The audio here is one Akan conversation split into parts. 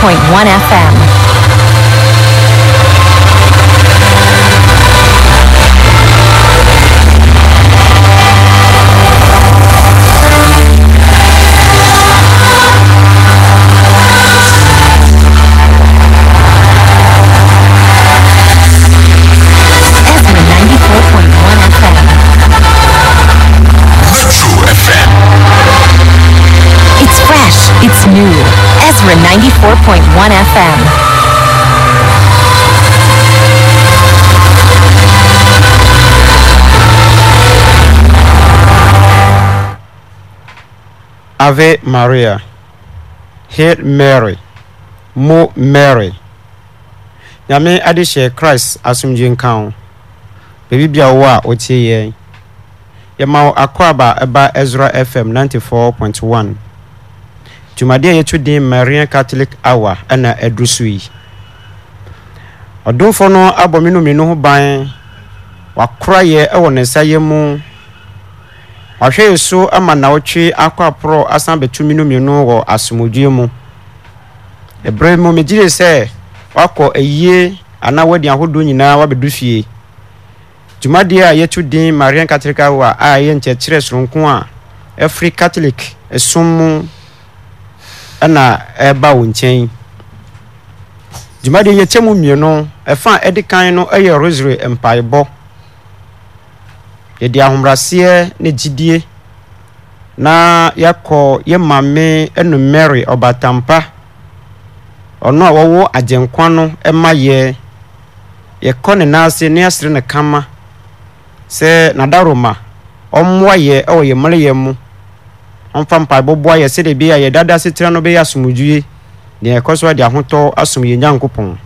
101 FM. Ave Maria, Hail Mary, Mo Mary. Nyame ade Christ asomdwe nka ho. Baabi bia wɔ a wotie yɛn. Yɛma wo akoraba ɛba Ezra FM 94.1. Dwumadeɛ a yɛto din Marian Catholic Hour ɛna ɛduru so yi. Ɔdomfo no abɔ me no ho ban. Wakora yɛ ɛwɔ ne nsa yɛ mu. ɔhwɛ so ama nawɔtwe akɔ aporɔ asan bɛtumi no mmienu wɔ asomdwe mu ɛberɛ mu megyere sɛ wakɔ ayie anaa wadi ahodoɔ nyinaa wabɛdu fie dwumadeɛ a yɛto din marian catholical wa a ɛyɛ nkyerɛkyerɛ soronko a ɛfiri catholic som mu ɛna ɛba wo nkyɛn dwumadeɛ yɛkyɛ mu mmienu ɛfa a ɛde kan no ɛyɛ rosary mpaebɔ yɛde ahobraseɛ ne gyidie na yɛkɔ yɛ maame ɛnu mary ɔbatampa ɔno a wɔwɔ agyenkwa no ɛma yɛ yɛkɔ ne nan ase ne yɛsere ne kama sɛ nadaroma ɔmmoa yɛ ɛwɔ yɛ mmerɛ mu ɔmfa mpaebɔ boa yɛ sɛdeɛ bi a yɛ dada asetena no bɛyɛ asomdwie deɛ ɛkɔ so ade ahotɔ asom yɛ nyankopɔn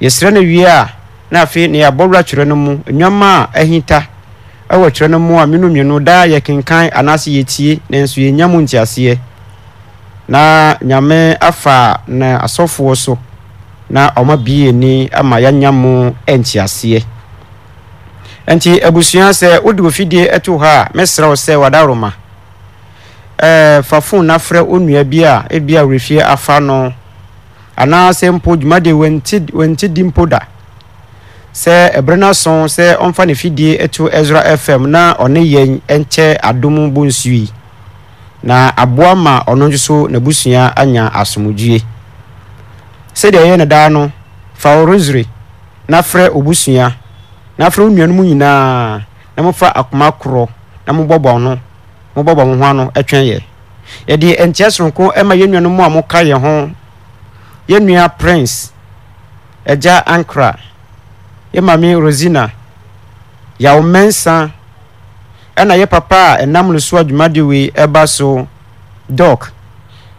yɛsrɛ no wie a na afei ne yɛabɔwura twerɛ no mu nneɛma a ahita ɛwɔ kyerɛ no mu a menu mmienu daa yɛ kenkan anaasɛ yɛtie nanso yɛnya mu nteaseɛ na nyame afa na asɔfoɔ so na ɔma bie ni ama yɛanya mu nteaseɛ nti abusua sɛ wode ofidie ɛto hɔ a mesrɛ wo sɛ wadaroma ɛɛ fa fon na frɛ onua bi a ebi a werɛfie afa no anaasɛ mpo dwumadeɛ wɔnti di mpo da sɛ ɛberɛ no aso sɛ ɔmfa ne fidie ɛto ɛzra fm na ɔne yɛn ɛnkyɛ adom bo nsui na aboa ma ɔno nso so n'abusua anya asomdwie sɛdeɛ ɛyɛ no daa no fa wo rosary na frɛ obusua na frɛ wo nuanom nyinaa na mofa akoma korɔ na mobɔbɔ no mobɔbɔ mo ho ano ɛtwɛn yɛ yɛde ɛnkyɛ soronko ɛma yɛn nuanom a moka yɛn ho yɛn nua prince agya ankra yɛ maame rosina yɛawo mɛnsa ɛna yɛ papa a ɛnam no so adwumadeɛ wei ɛba so dɔk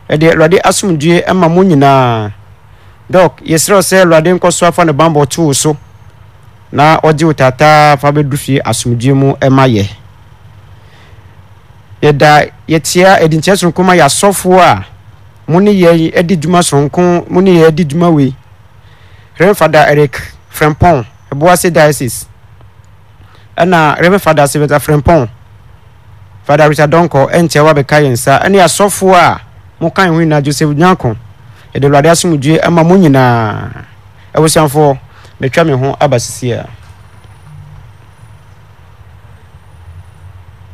ɛde awurade asomdue ɛma mo nyinaa dɔk yɛserɛ sɛ awurade nkɔ so afa ne bambɔ too so na ɔgye wo taataa fa bɛdu fie asomdue mu ɛma yɛ yɛda yɛtia adinkyerɛ soronko ma yɛasɔfoɔ a mo ne yɛ adi dwuma soronko mo ne yɛ adi dwuma wei rɛmfada eric frempɔn Boase Diocese ɛna Reverend Father Sylvester Frimpong Father Richard Donko ɛnkyɛ wabɛka yɛn nsa ɛne asɔfoɔ a mo kan ho nyinaa Joseph Nyanko yɛde Awurade asomdwe ama mo nyinaa ɛwosanfoɔ metwa me ho aba sisi a.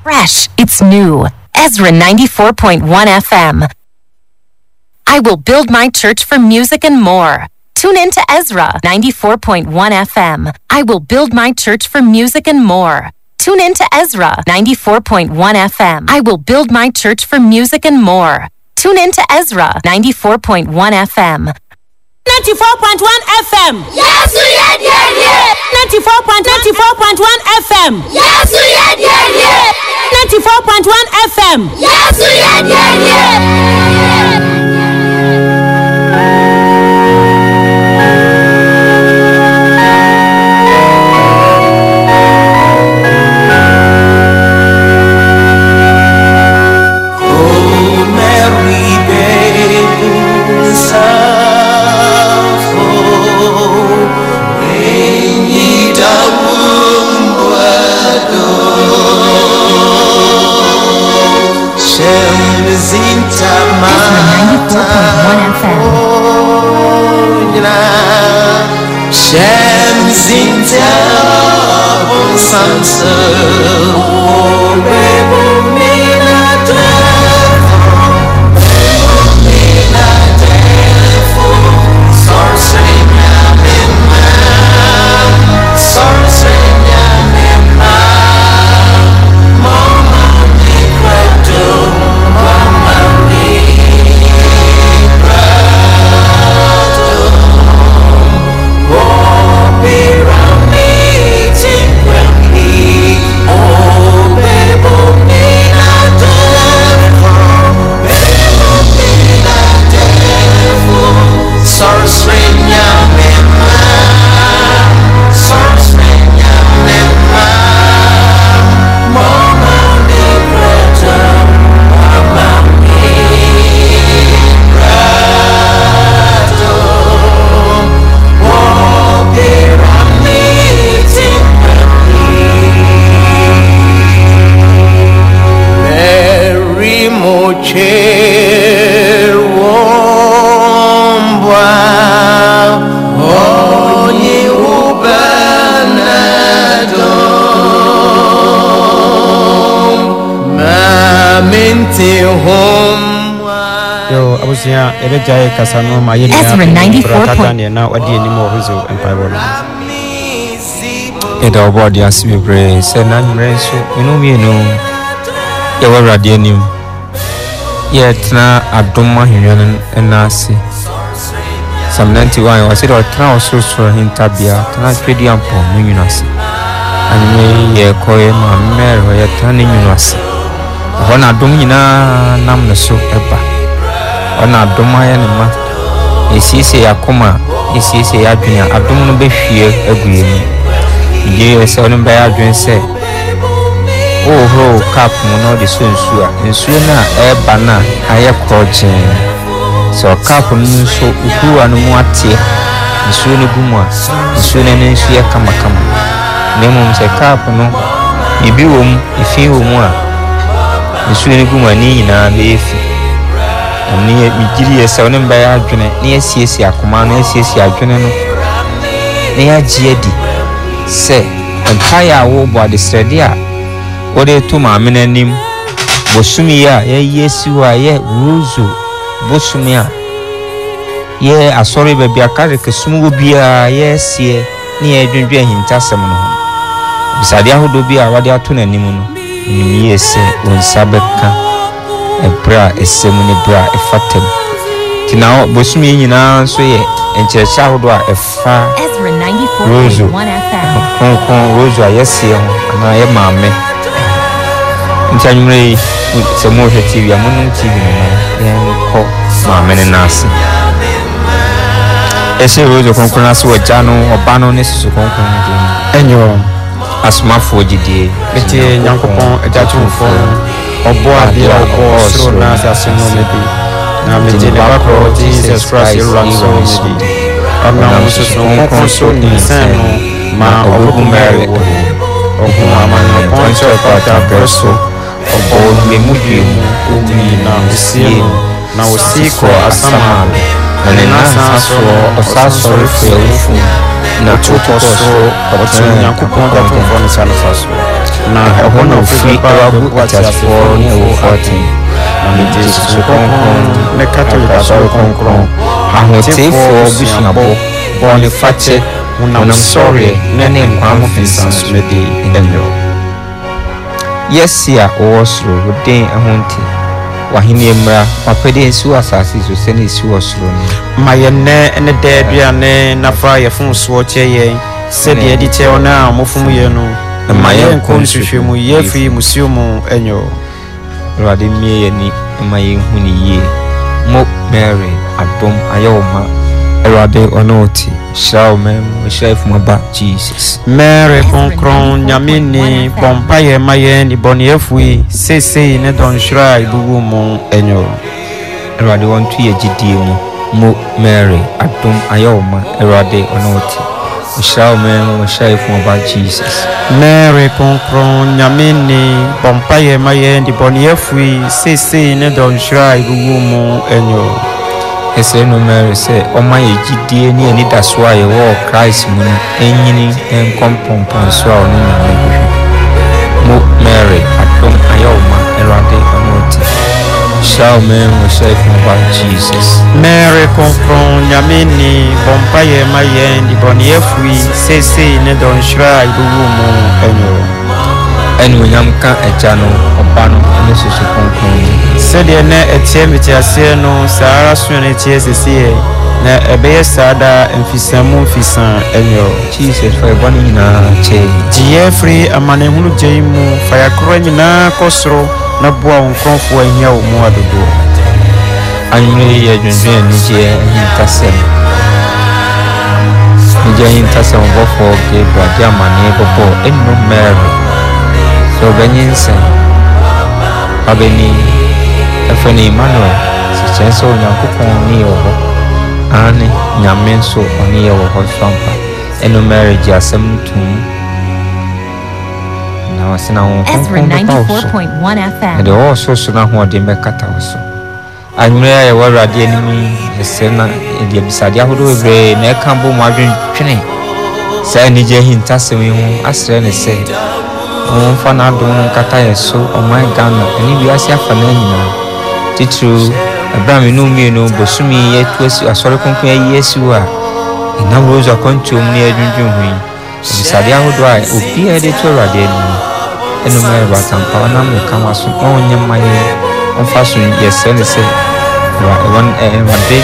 Fresh, it's new. Ezra 94.1 FM. I will build my church for music and more. Tune in to Ezra 94.1 FM. I will build my church for music and more. Tune in to Ezra 94.1 FM. I will build my church for music and more. Tune in to Ezra 94.1 FM. 94.1 FM. Yes, we are dear, dear. 94.94.1 FM. Yes, we are dear, dear. 94.1 FM. Yes, we are dear, dear. 那伤心的风声声不悲。abusua yɛbɛgyae kasa no ma yɛnuabratadeɛ na wade anim wɔ ho so mpaebɔ no yɛda wɔbɔ ɔde ase bebree sɛ na mmerɛ nso meno mmienu yɛwɔ awurade anim yɛtena adom ahennwa no ɛna ase sam 91 wɔse dɛ ɔtena ɔsorosoro hentabea tena twɛdi ampɔ no nwunu ase anwummerɛ yi yɛkɔ yɛ ma mɛrɛ hɔ yɛtena ne nwunu ase ɛhɔ na adom nyinaa nam ne so ɛba ɔna adom ayɛ ne ma ɛsiesie akoma ɛsiesie adwene a adom no bɛhwie agu yɛ mu gye yɛ sɛ ɔno bɛyɛ adwene sɛ wohohoro cup mu na ɔde so nsuo a nsuo no a ɛreba no a ayɛ korɔgyee sɛ ɔcup no nso kuruwa no mu ateɛ nsuo no gu mu a nsuo no ani nso yɛ kamakama na mmom sɛ cup no ebi wɔ mu efi wɔ mu a nsuo no gu mu a ne nyinaa bɛyɛ fi ɛno yɛ megyiri yɛ sɛ wo ne mbɛyɛ adwene na yɛasiesie akoma no yɛasiesie adwene no na yɛagye adi sɛ mpaeɛ a worebɔ adesrɛde a wode to maame no anim bosome yi a yɛayi asi hɔ a yɛ roso bosome a yɛ asɔre baabi akarekasum wɔ biara yɛaseɛ na yɛadwendwe ahintasɛm no ho bisadeɛ ahodoɔ bi a wade ato n'anim no nim yie sɛ wo nsa bɛka ɛberɛ a ɛsɛ mu ne berɛ a ɛfatam nti na bosom yi nyinaa nso yɛ nkyerɛkyerɛ ahodoɔ a ɛfa roso kronkron roso a yɛseɛ ho anaa yɛ maame nti anwummerɛ yi sɛ mohwɛ tv a monom tv no ma yɛnkɔ maame no no ɛhyɛ roso kronkron ase wɔ gya no ɔba no ne susu kronkron no deɛ ɛnyɛ asomafoɔ gyidie mete nyankopɔn agyatomfoɔ ɔbɔ adeɛ a ɔbɔ ɔsoro na asase no ne bi na megye ne bakorɔ jesus christ ewura nso ne bi ɔnam soso nkron so nsan no ma ɔbɛbu mary wɔ hɔ ɔhu amanneɛpɔn kyɛ ɔpata berɛ so ɔbɔ ɔdwemu dwemu owii na ɔsie no na ɔsii kɔ asamaalo na ne nasan soɔ ɔsa sɔre firi awufo na ɔtu kɔ soro ɔtene onyankopɔn dɔtomfɔ ne sa ne fa soɔ na ɛhɔ na ofi awagu ateasefoɔ ne ɛwɔ fourteen na megye susu kronkron ne katolik asɔre kronkron ahotefoɔ busuabɔ bɔne fakyɛ honam sɔreɛ ne ne nkwa ho nsansomede yɛsi a wɔwɔ soro wo den ho wahene mmra wapɛde nsi asase so sɛne ɛsi wɔ soro no ma yɛnnɛ ne daa aduane nafa yɛfom soɔ kyɛ yɛn sɛdeɛ ɛde kyɛ wɔn a mofom yɛ no ma yɛnkɔ nhwehwɛmu yɛ firi musuo mu ɛnyɛ o awurade mmie yɛni ma yɛnhu ne yie mo mary adom ayɛ wo ma awurade ɔne wo te hyira wo ma mu hyira afuma ba jesus mary kronkron nyame ni bɔ mpayɛ ma yɛn nnebɔneyɛfo yi seesei ne dɔnhwerɛ a ɛbuwu mu ɛnyɛ o awurade wɔnto yɛ gyidie mu mo mary adom ayɛ wo ma awurade ɔne wo te nhyira wo mɛ wɔhyɛe fo ɔba jesus mary kronkron nyame nne bɔmpayɛ ma yɛn de bɔneyɛfui seesei ne dɔnhwerɛ a ɛbɛwu mu anyɛ ɛsɛ no mary sɛ ɔma yɛ gyidie ne anidasoɔ a yɛwɔ christ mu no ɛnyini ɛnkɔ mpɔmpɔnso a ɔno nyinaa ɛhwehwɛ mo mary adom ayɛ wo ma awurade ɔno te shall men myself about Jesus. Mary confront Yamini, Bompaye Mayen, the Boniefui, Sese, Nedon Shra, Ibumu, e Enyo. Ẹnu ònyàmka e ẹja no ọba no ẹne soso kọnkọn yi. Sẹ́deẹ̀ na ẹtiẹ́ mìtì aseẹ no saa ara sùn ní tiẹ́ sèse yẹ e. na ẹbẹyẹ saa da mfisamu mfisan ẹnyọ. Jesus fa ẹbọ no nyinaa kyẹ. Gyeẹ firi amanehunu gye yi mu fayakoro nyinaa kọ soro na boa wo nkurɔfoɔ ahia wo mu adodoɔ anwummerɛ yi yɛ adwendwen anigyeɛ ahintasɛm nigye ahintasɛm bɔfoɔ gabriel de amanneɛ bɔbɔ ɛnu mary sɛ ɔbɛnye nsɛm abɛni ɛfɛ no emmanuel sikyɛn sɛ onyankopɔn ne yɛ wɔ hɔ ane nyame nso ɔne yɛ wɔ hɔ fampa ɛnu mary gye asɛm no ho sɛ na hohonkɔwsode wɔwɔsoso no ahoɔden bɛkata so anwummerɛ a yɛwɔ awurade anim ɛsɛ na ɛde abisadeɛ ahodoɔ bebree na ɛka bɔ mu adwentwene saa anigye ahintasɛm yi ho asrɛ ne sɛ ɔmfa n'adom nkata yɛ so ɔman ghana ɛne wiase afa no nyinaa titiriw ɛberɛ a mmienu bosome yɛatu asi asɔre kronkron ayi asi hɔ a ɛnam rosa kɔntuom ne yɛadwendwen ho yi abisadeɛ ahodoɔ a obiaa de to awurade anim ɛna ɔma yɛ batampa ɔnam ne ka ma so na ɔnyɛ mma yɛ ɔmfa so yɛsrɛ ne sɛ awurade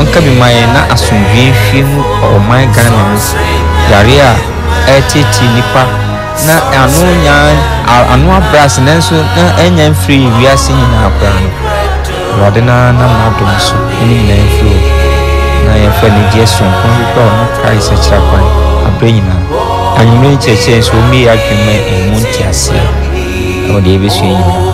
ɔnka bi ma yɛ na asomdwie fie mu ɔman ghana mu yare a ɛretietie nnipa na ano nyaa ano abrɛ ase nanso na ɛnya mfiri wiase nyinaa koraa no awurade na nam n'adom so ne nyinaa mfiri na yɛmfa anigyeɛ sonko bi pɛ ɔno kae sɛ kyerɛ kwan aberɛ nyinaa anwummerɛ nkyerɛkyerɛ nso ɔmmie adwuma ɛmu nte aseɛ na wɔde ɛbɛsua nyinaa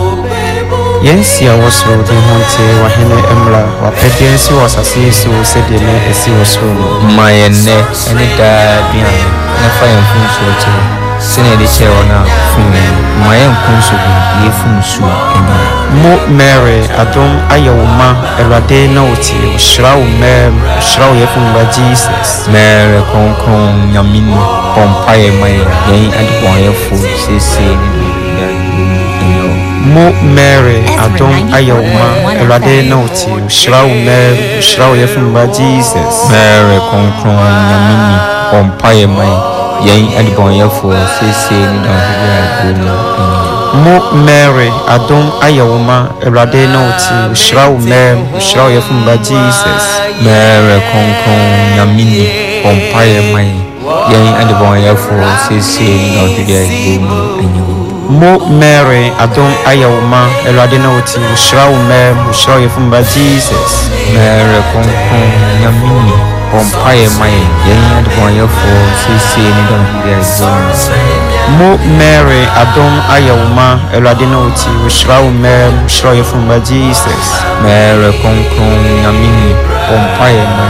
yɛn si a wɔ soro de ho nte wahene mmra wapɛdeɛ nsi wɔ asase yi so sɛdeɛ na ɛsi wɔ soro no ma yɛn nnɛ ɛne daa aduane na fa yɛn mfomsoɔ kyerɛ sɛnea yɛde kyerɛ wɔn a fom no ma yɛnko nsogo yɛfom suo ani mo mary adom ayɛ wo ma awurade na wote ɔhyira wo mɛr ɔhyira wo yɛfom ba jesus mɛrɛ kronkron nyame ni bɔ mpayɛ ma yɛ yɛn adebɔnyɛfo seesei ne mo mary adom ayɛ wo ma awurade na wo te ɔhyira wo mɛr ɔhyira wo yɛfom ba jesus mɛrɛ kronkron nyame ni bɔ mpayɛ ma yɛ yɛn adebɔnyɛfoɔ seesei ne dɔnhwehwɛ agro mu mo mary adom ayɛ wo ma awurade ne wo te wohyira wo mɛm wohyira wo yɛfomba jesus mɛrɛ kronkron nyameni bɔ mpayɛ ma yɛn yɛn adebɔnyɛfoɔ seesei ne dɔnhwehwɛ agro mu mo mary adom ayɛ wo ma awurade ne wo te wohyira wo mɛm wohyira wo yɛfomba jesus mɛrɛ kronkron nyameni ɔmpaeɛ ma yɛn yɛn adebɔnyɛfoɔ siesie ne dɔnhode agye mo mary adom ayɛ wo ma awurade ne wo ti wohyira wo mmaa mu hyerɛ yɛfomba jesus Mary, kronkron nyameni ɔmpaeɛ ma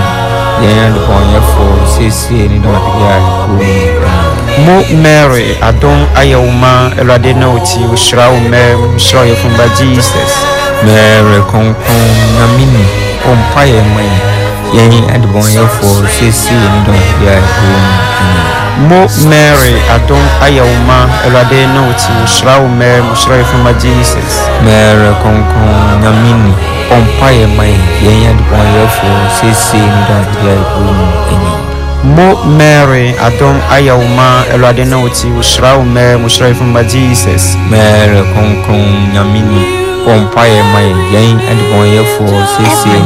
yɛn adebɔnyɛfoɔ siesie ne dɔnhode agye mo mary adom ayɛ wo ma awurade ne wo ti wohyira wo mmaa mu hyerɛ yɛfomba jesus Mary, kronkron nyameni ɔmpaeɛ ma yɛn yɛn ɛde bɔn yɛfoɔ siesie yɛn dɔn yɛ mo mary adom ayɛ wo ma awurade ne wo te wohyira wo mary mohyira yɛ fama jesus mary kronkron nyameni ɔmpa yɛ ma yɛn yɛn yɛde bɔn yɛfoɔ siesie yɛn dɔn yɛ mo mary adom ayɛ wo ma awurade ne wo te wohyira wo mary mohyira yɛ fama jesus mary kronkron nyameni bɔ mpaeɛ ma yɛn yɛn ne bɔnyɛfoɔ siesie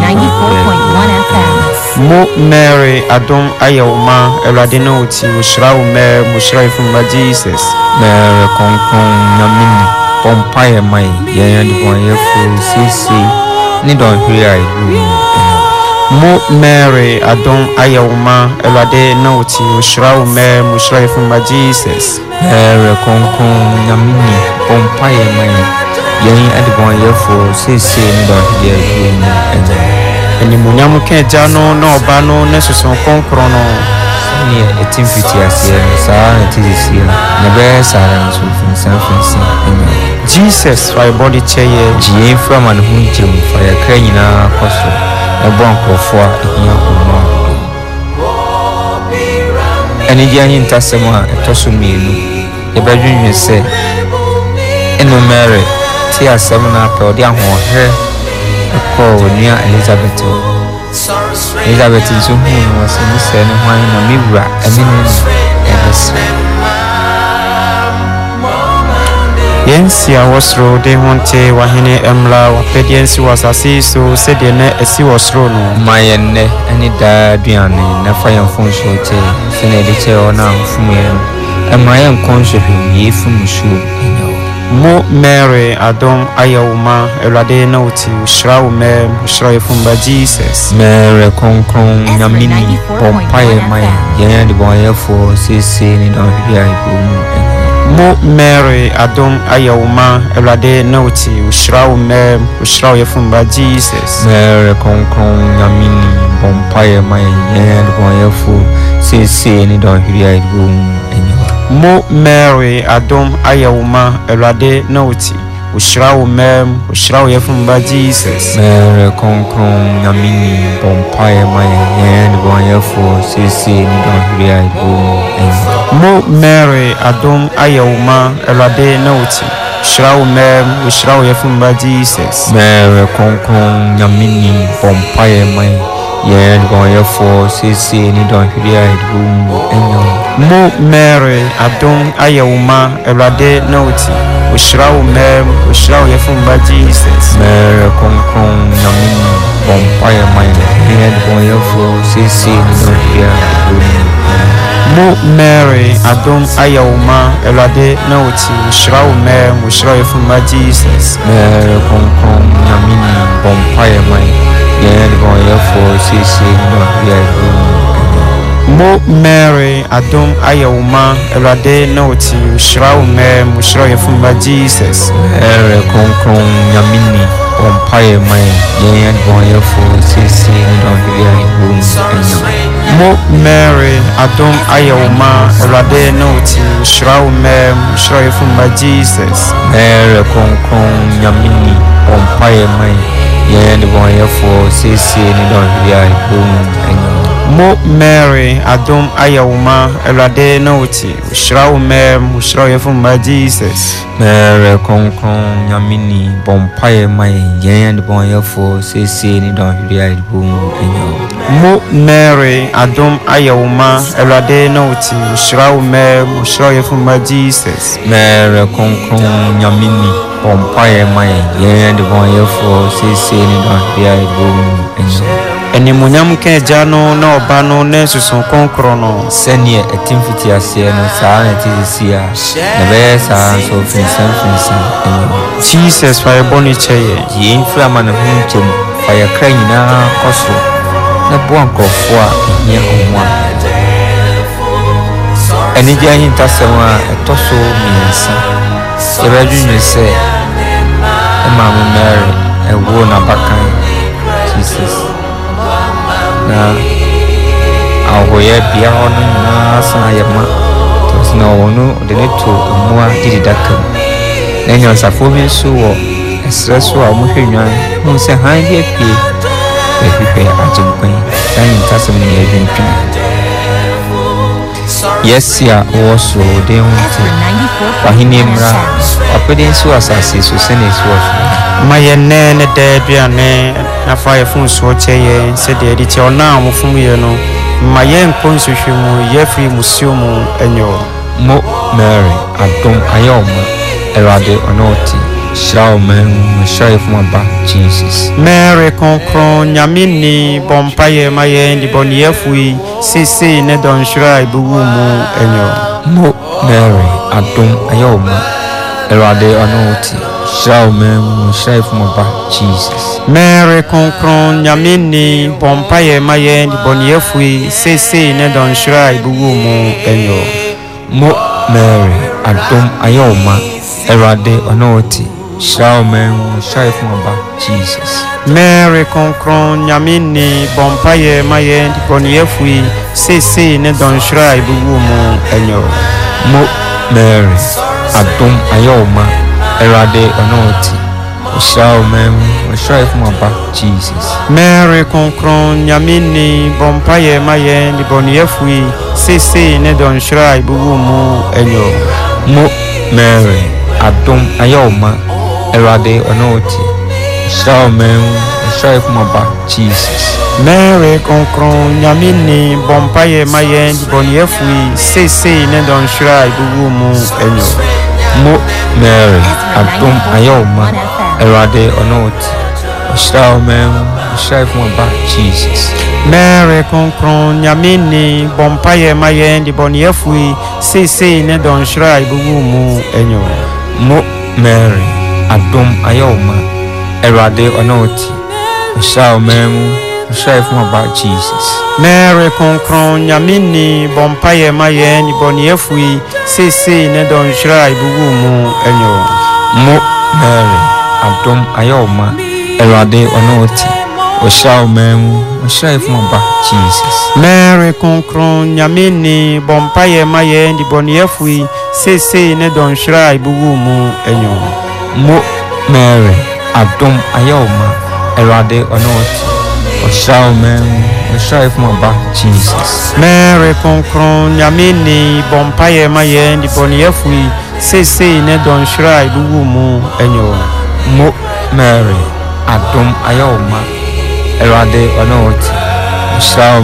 mo mary adom ayɛ wo ma awurade na wo ti wɔhyira wo mɛɛ mohyira ifomma jesus mɛɛrɛ kronkron nyame mu bɔ mpaeɛ ma yɛn yɛn ne bɔnyɛfoɔ siesie ne dɔnhwere a ɛduru mu mo mary adom ayɛ wo ma awurade na wo ti wɔhyira wo mɛ mohyira ifomma jesus mɛɛrɛ kronkron nyame mu bɔ mpaeɛ ma yɛn yɛn adebɔnyɛfoɔ seesei ne dɔnhwedeɛ yɛn mu ɛnyɛ animonyam ka no na ɔba no ne soson kɔnkorɔn no sɛneɛ ɛte mfiti aseɛ no saa na ɛte sesie na ɛbɛyɛ saa nso mfinsa mfinsa ɛnyɛ jesus fa yɛ bɔde kyɛ yɛ gye yɛn firi amane ho gye mu fa yɛkra nyinaa kɔ so ɛbɔ nkurɔfoɔ a ɛhia ahoma anigye anyi ntasɛm a ɛtɔ so mmienu yɛbɛdwendwen sɛ ɛno mary te asɛm no apɛ ɔde ahoɔherɛ ɛkɔɔ wɔnua elizabeth hɔ elizabeth nso huu no wɔ sɛ me sɛe ne hwan na me wura ɛne ne no ɛbɛsere yɛn si a wɔ soro de ho nte wahene mmra wapɛdeɛ nsi wɔ asase yi so sɛdeɛ na ɛsi wɔ soro no ma yɛn nnɛ ne daa aduane na fa yɛn fo nsuo te sɛnea yɛde kyɛɛ wɔn a mfom yɛn ɛma yɛn nkɔ nhwehwɛ yɛfom nsuo ɛnyɛ mo mary Adam ayɛ wo ma na wo te hyira wo mɛm hyira yɛ fomba jesus mɛrɛ kronkron nyameni bɔ mpayɛ ma yɛ yɛn adebɔnyɛfoɔ seesei ne dɔnhwehwɛ a mo mary adom ayɛ wo ma awurade na wo te hyira wo mɛm hyira yɛ fomba jesus mɛrɛ kronkron nyameni bɔ mpayɛ ma yɛ yɛn adebɔnyɛfoɔ seesei ne dɔnhwehwɛ a mo mary adom ayɛ wo ma awurade na wo te wɔhyira wo mmam wɔhyira wo yɛfomba jesus mary kronkron nyameni bɔmpaeɛ ma yɛyɛn ne bɔnyɛfoɔ seesei ne dɔnhwere a ɛbɔ mu mo mary adom ayɛ wo ma awurade na wo te hyira wo mmam wɔhyira wo jesus mary kronkron nyameni bɔmpaeɛ ma yɛyɛn ne bɔnyɛfoɔ seesei ne dɔnhwere a ɛbɔ mu mo mary adom ayɛ wo ma awurade na wo ti ɔhyira wo mɛr ɔhyira wo yɛfomba jesus mɛrɛ kronkron nyame bɔ mpayɛ man ne yɛde bɔnyɛfoɔ seesei ne mo mary adom ayɛ wo ma awurade wo ti ɔhyira wo mɛr ɔhyira wo jesus mɛrɛ kronkron nyame bɔ mpayɛ man ne yɛde bɔnyɛfoɔ seesei ne mo mary adom ayɛ wo ma awurade na wɔte wohyira wo mmerɛ mohyira yɛ fo mma jesus ɛrɛ kronkron nyameni ɔmpaeɛ ma yɛn adebɔnyɛfo siesie ne dɔmpebia yɛbom anyam mo mary adom ayɛ wo ma awurade ne wɔte wohyira wo mmerɛ mohyira yɛ fo mma jesus ɛrɛ kronkron nyameni ɔmpaeɛ ma yɛn adebɔnyɛfo siesie ne dɔmpebia mo mary adom ayɛ wo ma awurade na wo te wohyira wo mɛr m wohyira wo yɛfo mma jesus mɛrɛ kronkron nyame ni bɔ mpaeɛ ma yɛn yɛn ade bɔn yɛfoɔ seesei ne mo mary adom ayɛ wo ma awurade na wo te wohyira wo mɛr m wohyira wo yɛfo mma jesus mɛrɛ kronkron nyame ni bɔ mpaeɛ ma yɛn yɛn ade bɔn yɛfoɔ seesei ne animuonyam ka agya no na ɔba no na nsusunkon korɔ no sɛneɛ ɛtim fiti aseɛ no saa na ɛte sisi a na ɛbɛyɛ saa nso finsan finsan ɛmu jesus fa yɛbɔ ne kyɛ yɛ yei mfiri ama ne ho nkyɛm fa yɛkra nyinaa kɔ soro na boa nkurɔfoɔ a ɛhia ho a anigye ahintasɛm a ɛtɔ so mmiɛnsa yɛbɛdwennwe sɛ ɛmaame mary ɛwoo n'abakan jesus na ahoyɛ bea hɔ no nyinaa san na ɔwɔ no ɔde ne to mmoa dididaka mu na nyansafoɔ bi nso wɔ ɛserɛ so a wɔhwɛ nnwan hu sɛ hann bi yɛsia wɔ soro wo den ho nti wahene mmra wapɛde nsi asase so sɛnea ɛsi wɔ ma yɛnnɛ ne daa aduane afa yɛfo nsoɔ kyɛ yɛn sɛdeɛ ɛde kyɛ ɔno a wɔfom yɛ no ma yɛnkɔ nsohwɛ mu yɛafiri musuo mu anyɛ mo mary adom ayɛ ɔ awurade ɔne ɔte hyira wo man mu hyira yɛ fom jesus mary kronkron nyame ni bɔ mpayɛ ma yɛn debɔneyɛfo yi seesei ne dɔnhwerɛ mu mo mary adom Ayoma, Erade Anoti. awurade ɔne wo te man mu hyira yɛ fom jesus mary kronkron nyame ni bɔ mpayɛ ma yɛn debɔneyɛfo yi seesei ne dɔnhwerɛ mu mo mary adom Ayoma, Erade Anoti. Shalom, wo man mu hyirae aba jesus mary kronkron nyamini, bompaye bɔ mpayɛ ma yɛ ne dɔnhwerɛ a ɛbɛwuo mu ɛnyɛ mo mary adum ayoma, erade onoti. Shalom, ɔne wo te ɔhyira aba jesus mary kronkron nyamini, bompaye bɔ mpayɛ ma yɛ ne dɔnhwerɛ a ɛbɛwuo mu ɛnyɛ mo mary adum ayoma awurade ɔno wɔti hyira wo man mu ɔhyira yɛ kumaba jesus mɛre kronkron nyame ni bɔ mpayɛ ma yɛn bɔneyɛfo yi seesei ne dɔnhwere a mu anyo mo mɛre adom ayɛ wo ma awurade ɔno wɔti ɔhyira wo man mu ɔhyira yɛ jesus mɛre kronkron nyame ni bɔ mpayɛ ma yɛn de bɔneyɛfo yi seesei ne dɔnhwere mu anyo mo mɛre adom ayɛ wo ma awurade ɔne wo te ɔhyɛ wo mmerɛ mu ɔhyɛɛ fom aba jesus mɛɛre kronkron nyame nni bɔ mpayɛ ma yɛn nnibɔneyɛfo yi seesei ne dɔnhwerɛ a ɛbuwu mu anyɛ wo mo mɛɛre adom ayɛ wo ma awurade ɔne wo te ɔhyɛ wo mmerɛ mu ɔhyɛɛ fom aba jesus mɛɛre kronkron nyame nni bɔ mpayɛ ma yɛn nnibɔneyɛfo yi seesei ne dɔnhwerɛ a ɛbuwu mu anyɛ wo mo mary adom ayɛ wo ma awurade ɔne ɔte ɔhyira wo man mu ɔhyira jesus mary kronkron nyame ni bɔ mpayɛ ma yɛn dibɔneyɛfo yi seesei ne dɔnhwerɛ a ɛbɛwu mu anyɛ wɔ mo mary adom ayɛ wo ma awurade ɔne ɔte ɔhyira wo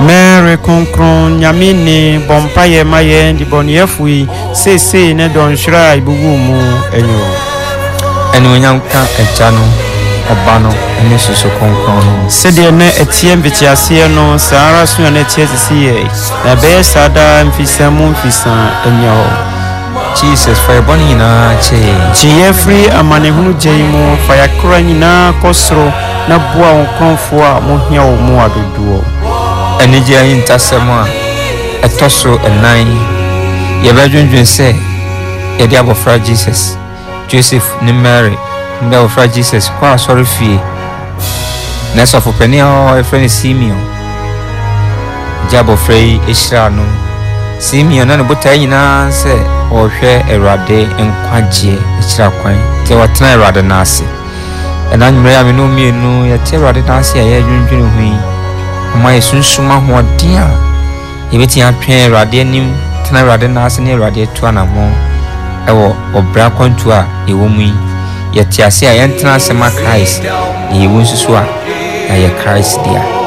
mɛɛre kronkron nyame ne bɔ mpayɛ ma yɛn de bɔneyɛfo yi seesei ne dɔnhwerɛ a ɛbɛwu mu anyo ɛnuonyam ka agya no ɔba no ne soso kronkron no sɛdeɛ na ɛteɛ mfitiaseɛ no saa ara so a na ɛteɛ sisi yɛ na ɛbɛyɛ saa daa mfisaa mu mfisaa jesus fa yɛ bɔne nyinaa kyɛe gye yɛ firi amanehunu gya yi mu fa yɛakora nyinaa kɔ soro na boa wo nkurɔmfoɔ a mohia wo mu adodoɔ anigye ayi ntasɛm a ɛtɔ so ɛnan yɛbɛdwendwen sɛ yɛde abɔfra jesus joseph ne mary mde abɔfra jesus kɔ asɔre fie na ɛsɔfopani a ɔyɛfrɛ no simeon gye abɔfra yi hyiraa no simeon na ne botae nyinaa sɛ wɔrehwɛ awurade nkwagyeɛ akyira kwan nti wɔtena awurade no ase ɛna nwummerɛ a mene mmienu yɛte awurade no ase a yɛadwendwene ho yi ama yɛ sunsum ahoɔden a yɛbɛtumi atwɛn awurade anim tena awurade no ase ne awurade atu anammɔ ɛwɔ ɔbra kwantu a ɛwɔ mu yi yɛte ase a yɛntena asɛm a christ na yɛwɔ nsusu a yɛayɛ christ dea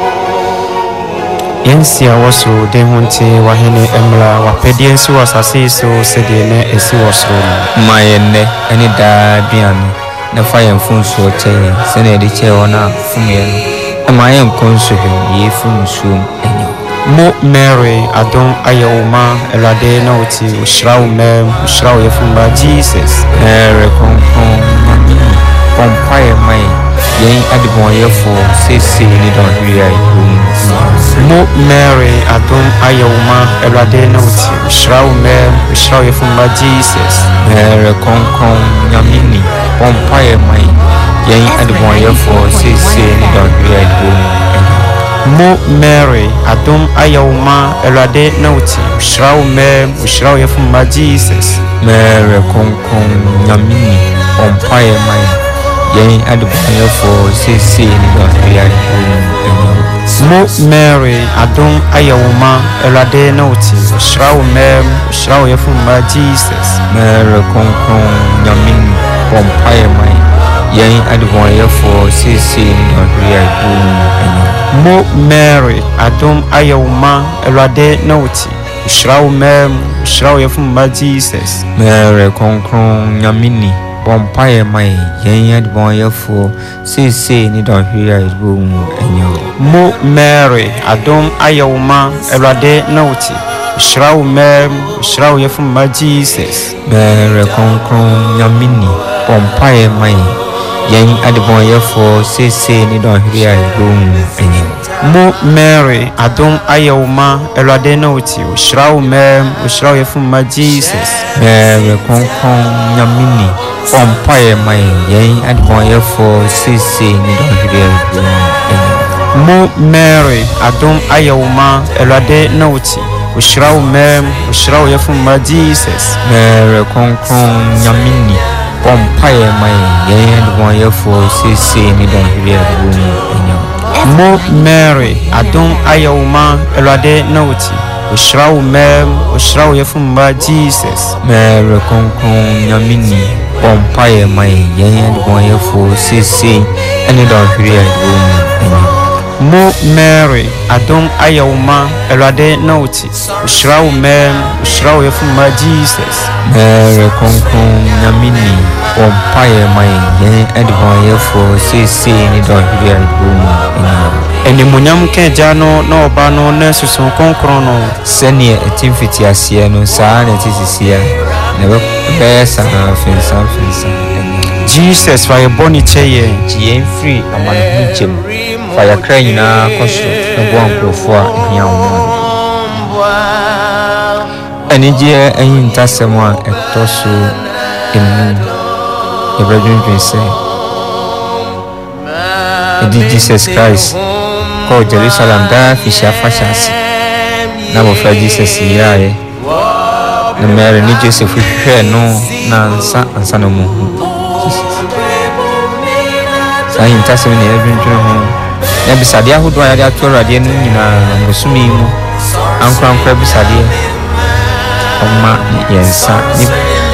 yɛnsi a wɔso den ho nte wahene mmra wapɛdeɛ nsi wɔ asase yi so sɛdeɛ na ɛsi wɔ soro no ma yɛn nnɛ ne daa aduane na fa yɛn mfonsuo kyɛ yɛn sɛnea yɛde kyɛɛ wɔn a fom yɛn no ɛma yɛnkɔ nsohwɛ yɛɛfi nsuom anyɛ mo mary adom ayɛ wo ma awurade na wote wohyira wo mmaa wohyira wo yɛfomba jesus mary kronkron nyame pɔmpa ma yɛn adebɔnyɛfoɔ seesei ne dɔnhwere a ɛwɔ mu mo mary adom ayɛ wo ma awurade na wotie mehyira wo mɛr mehyira wo yɛfomba jesus mɛrɛ kronkron nyame ni bɔ mpaeɛ ma yɛn adebɔnyɛfoɔ seesei ne dɔnhwerɛ adibɔ mu mo mary adom ayɛ wo ma awurade na wotie mehyira wo mɛr mehyira wo yɛfomba jesus mɛrɛ kronkron nyame ni bɔ mpaeɛ ma yɛn adebɔnyɛfoɔ seesei ne dɔnhwerɛ adibɔ mu mo mary adom ayɛ wo ma awurade na wo te ɔhyira wo mmaa mu ɔhyira jesus mary kronkron nyame bɔ mpaeɛ ma yɛn adebɔnyɛfoɔ seesei ne dɔnhwere a ɛbuu mu ɛnyɛ mo mary adom ayɛ wo ma awurade na wo te ɔhyira wo mmaa mu ɔhyira jesus mary kronkron nyame ni bɔ mpaeɛ ma yɛn yɛn adebɔnyɛfoɔ seesei ne dɔnhwere a yɛdebɔ mu ɛnyɛ wo mo mary adom ayɛ wo ma awurade na wo te hyira wo mɛm hyira yɛfo mma jesus mɛrɛ kronkron nyame ni mpaeɛ ma yɛn yɛn adebɔnyɛfoɔ seesei ne dɔnhwere a yɛdebɔ mu ɛnyɛ wo mo mary adom ayɛ wo ma awurade na wo te ɔhyira wo mɛm ɔhyira wo yɛfo mma jesus mɛrɛ kronkron nyame ɔmpa yɛ ma yɛn yɛn adebɔnyɛfoɔ seesei ne dɔnhwereɛ biara ɛyɛ mo mary adom ayɛ wo ma awurade na wo te wɔhyira wo mɛm wɔhyira wo yɛfo mmara jesus mɛrɛ kronkron nyame ni ɔmpa yɛ ma yɛn yɛn adebɔnyɛfoɔ seesei ne dɔnhwereɛ biara ɛyɛ mo mary adom ayɛ wo ma ɔhyira wo mɛm ɔhyira wo yɛfo mma jesus mɛrɛ kronkron nyame ni bɔ mpayɛ ma yɛ yɛn yɛn de bɔ yɛfoɔ seesei ɛne dɔhwere a ɛwɔ mu mo mary adom ayɛ wo ma awurade na wo te wohyira wo mɛm ma jesus mɛrɛ kronkron nyame ni ɔmpayɛ ma yɛn yɛn ɛde hɔ yɛfoɔ seesei ne da ɔhwere adekorɔ mu ɛnyina animuonyam ka agya no na ɔba no na susun kronkron no sɛneɛ ɛte mfitiaseɛ no saa na ɛte sisiɛ na ɛbɛyɛ saa jesus fa yɛbɔ ne kyɛ yɛ gye yɛn firi amanneho gye mu fa yɛkra nyinaa kɔ so na boa nkurɔfoɔ a ɛhia wo mu anigyeɛ ayi ntasɛm a ɛtɔ so ɛnum yɛbɛdwendwen sɛ ɛde jesus christ kɔɔ jerusalem daa fihyia fahyɛ ase na abɔfra jesus yeraeɛ na mary ne joseph hwehwɛɛ no na ansa ansa na ɔmuhu saa ahintasɛm na yɛdwendwene ho na bisadeɛ ahodoɔ a yɛde ato awuradeɛ no nyinaa bosome yi mu ankorankora bisadeɛ ɔma yɛn nsa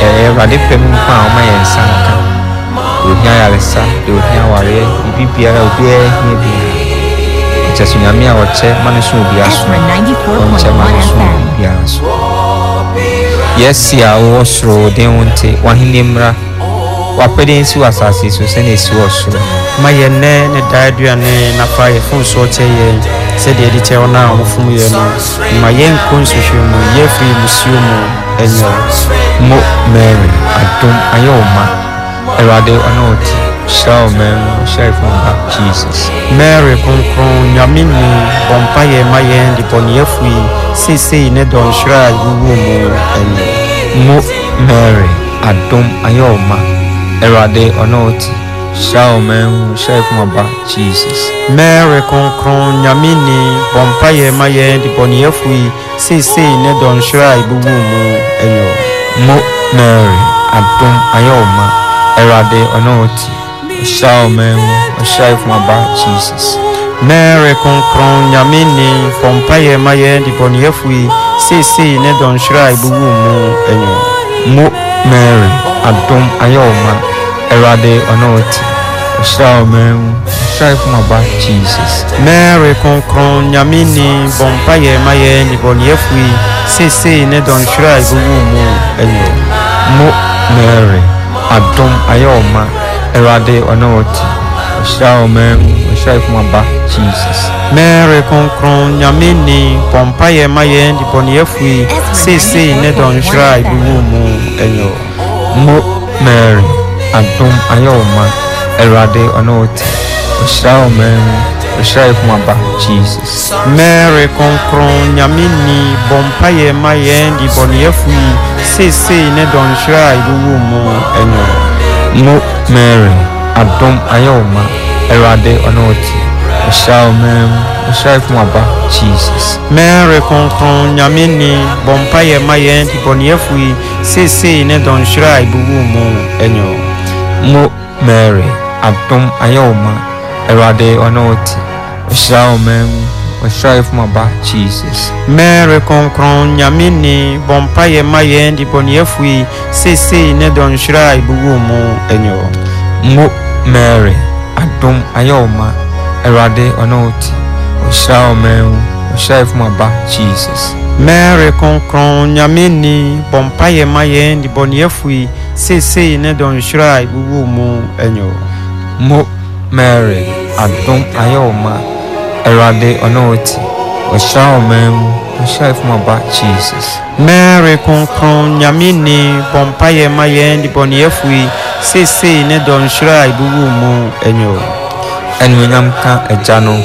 ɛyɛ eh, awurade pɛ mu nko a ɔma yɛn nsa nka ohia yaresa de ohia awareɛ obi biara obiara hia biara nkyɛ nyame a ɔkyɛ ma no so obia so ɔnkyɛ ma no so obiara so yɛsi a wowɔ soro den wo nte wahenni mmara wapɛdeɛ nsi wɔ asase so sɛne ɛsi wɔ soro ma yɛ nnɛ ne daa aduane nafa yɛfo nsoɔ kyɛ yɛn sɛdeɛ ɛde kyɛ wɔn a wɔfom yɛ no ma yɛnkɔ nsuhwɛ mu yɛfiri musuo mu ɛnyɛ mo mary adom ayɛ wo ma awurade ɔne wo te hyira wo mary hyira fo ba jesus mary kronkron nyame ni bɔmpa yɛ ma yɛn de bɔneyɛfo yi seesei ne dɔnhwerɛ a wuwuo mu ɛnyɛ mo mary adom ayɛ wo ma Erade Onoti, Shaomen Shef Maba, Jesus. Mary Konkron Yamini, Bompaye Maye, the Boniefui, Sisi Nedon Shrai mu Eyo. Mo Mary, Abdom Ayoma, Erade Onoti, Shaomen Shef Maba, Jesus. Mary Konkron Yamini, Bompaye Maye, the Boniefui, Sisi Nedon Shrai mu Eyo. Mo mary adom Ayoma, wo ma awurade ɔne wo te ɔhyira jesus mary kronkron nyame ni bɔ mpa yɛ ma yɛ nnebɔneyɛfo yi seesei mu ɛyɛ mo mary adom Ayoma, wo ma awurade ɔne wo te ɔhyira jesus mary kronkron nyame ni bɔ mpa yɛ ma yɛ nnebɔneyɛfo yi mu ɛyɛ mo mary adom ayɛ wo ma awurade ɔne ɔhyira wo mu ɔhyira yɛ ba jesus mary kɔnkron nyame ni bɔ mpayɛ ma yɛn de bɔneyɛfo yi seesei ne dɔnhwerɛ a ɛwuwu mu ɛnyɛ mo mary adom ayɛ wo ma awurade ɔne ɛhyɛ wo mam ɛhyɛ fom aba jesus mɛre kronkron nyame ni bɔ mpayɛ ma yɛn bɔneyɛfo yi seesei ne dɔnhwerɛ a mu ɛnyɛ wo mo mɛre adom ayɛ wo ma awurade ɔne wo te ɛhyɛ aba jesus mɛre kronkron nyame ni bɔ mpayɛ ma yɛn bɔneyɛfo yi seesei ne dɔnhwerɛ a mu ɛnyɛ wo mo mɛre adom ayɛ awurade ɔne wo ti ɔhyira ɔman mu aba jesus. mary kronkron nyame ni bɔ mpaeɛ ma yɛn nnebɔneyɛfo yi seesei ne dɔnhwere mu ɛnyɛ mo mary adom ayɛ wo ma awurade ɔne wo ti ɔhyira ɔman aba jesus. mary kronkron nyame ni bɔ mpaeɛ ma yɛn nnebɔneyɛfo yi seesei ne dɔnhwere mu ɛnyɛ ɛnuonyam ka agya no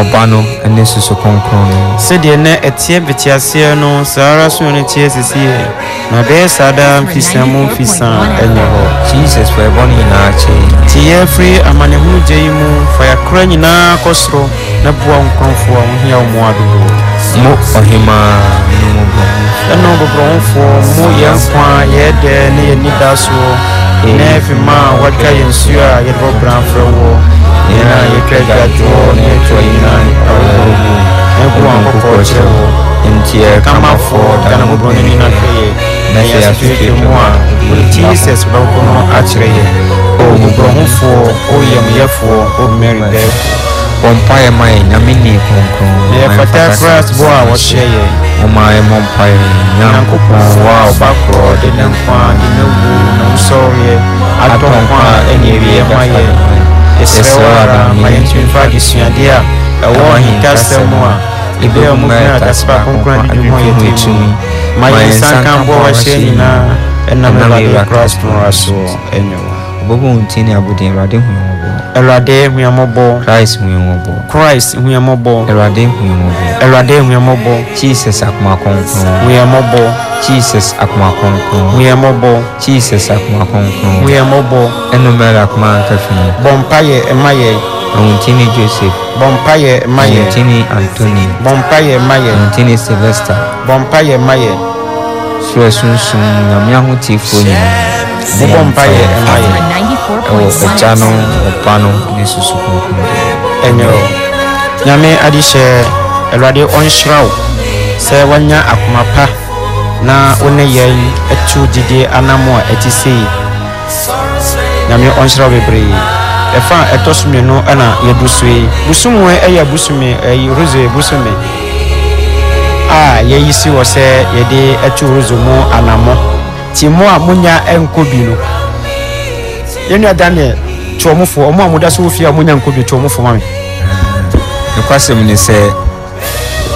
ɔba no ne susu kronkron no sɛdeɛ na ɛteɛ betiaseɛ no saa ara so no teɛ sesieɛ na ɔbɛyɛ saa daa mfisa mu mfisa ɛnyɛ hɔ jesus fa ɛbɔ no nyinaa kyɛe nti yɛafiri amanehunu gya yi mu fa yɛakora nyinaa kɔ soro na boa wo a wohia wo mmoa mo ɔhemaa no mu bɔ ɛno bɔborɔhofoɔ mo yɛn nkwa yɛɛdɛ ne yɛnni da soɔ na ma a wɔatwa yɛn suo a yɛde bɔbra mfrɛ wɔ nyinaa yɛtwa dwatoɔ ne yɛtwa nyinaa awerɛhomu ɛnko ankokɔ kyɛ hɔ nti ɛkamafoɔ danoboro no nyina hwɛ yɛ na yɛ asotwe mu a jesus bɛko no akyerɛ yɛ ɔmuborɔhofoɔ ɔyɛmyɛfoɔ ɔmary bɛɛko bɔmpa yɛ ma yɛ nyame ni kronkron yɛfata kras bɔ a wɔhyɛ yɛ ɔma yɛ mɔ mpa yɛ nyankopɔn wɔ a ɔba korɔ de ne nkwa de ne wu na wosɔreɛ atɔ nkwa a ɛne awie ma yɛ ɛsrɛ wɔ ara ma yɛntumi mfa adesuadeɛ a ɛwɔ ahintasɛm mu a ebɛyɛ ɔmo gyina atase baako nkora ne dwuma yɛ tumi ma yɛn nsa nka mbɔ wahyɛ nyinaa ɛnam ɛwɔ yɛ kora so ɛnyɛ wɔ. ɔbɛbɔ wɔn ti ne abɔden awurade hu wɔn. Erade huyamobo. Christ huyamobo. Christ huyamobo. Erade huyamobo. Erade huyamobo. Jesus akumakonkron. Huyamobo. Jesus akumakonkron. Huyamobo. Jesus akumakonkron. Huyamobo. Enumere akumankafin. Bọmpaye emaye. Awuntini Joseph. Bọmpaye emaye. Awuntini Anthony. Bọmpaye emaye. Awuntini Sylvester. Bọmpaye emaye. Sùrẹ̀sùnsùn nyàmíàhùn tí fò yẹn. Bọ̀bọ̀ mpaye emaye ɛwɔ agya no ɔba no ne susu kronkron deɛ ɛnyɛ nyame ade hyɛ awurade ɔnhyira wo sɛ wanya akoma pa na wo ne yɛn atu gyegye anam a ɛte sei nyame ɔnhyira wo bebree ɛfa a ɛtɔ so mmienu ɛna yɛdu so yi busumwe ɛyɛ busumi ɛyi rose busumi a yɛyi si wɔ sɛ yɛde atu rose mu anammɔ ti mu a monya ɛnkɔ bi no yɛnua daniel kyɛ ɔmo fo ɔmo a mo da so wɔ fie a mo nya nkonnwa kyɛ ɔmo fo ma mi. nokwasɛm ne sɛ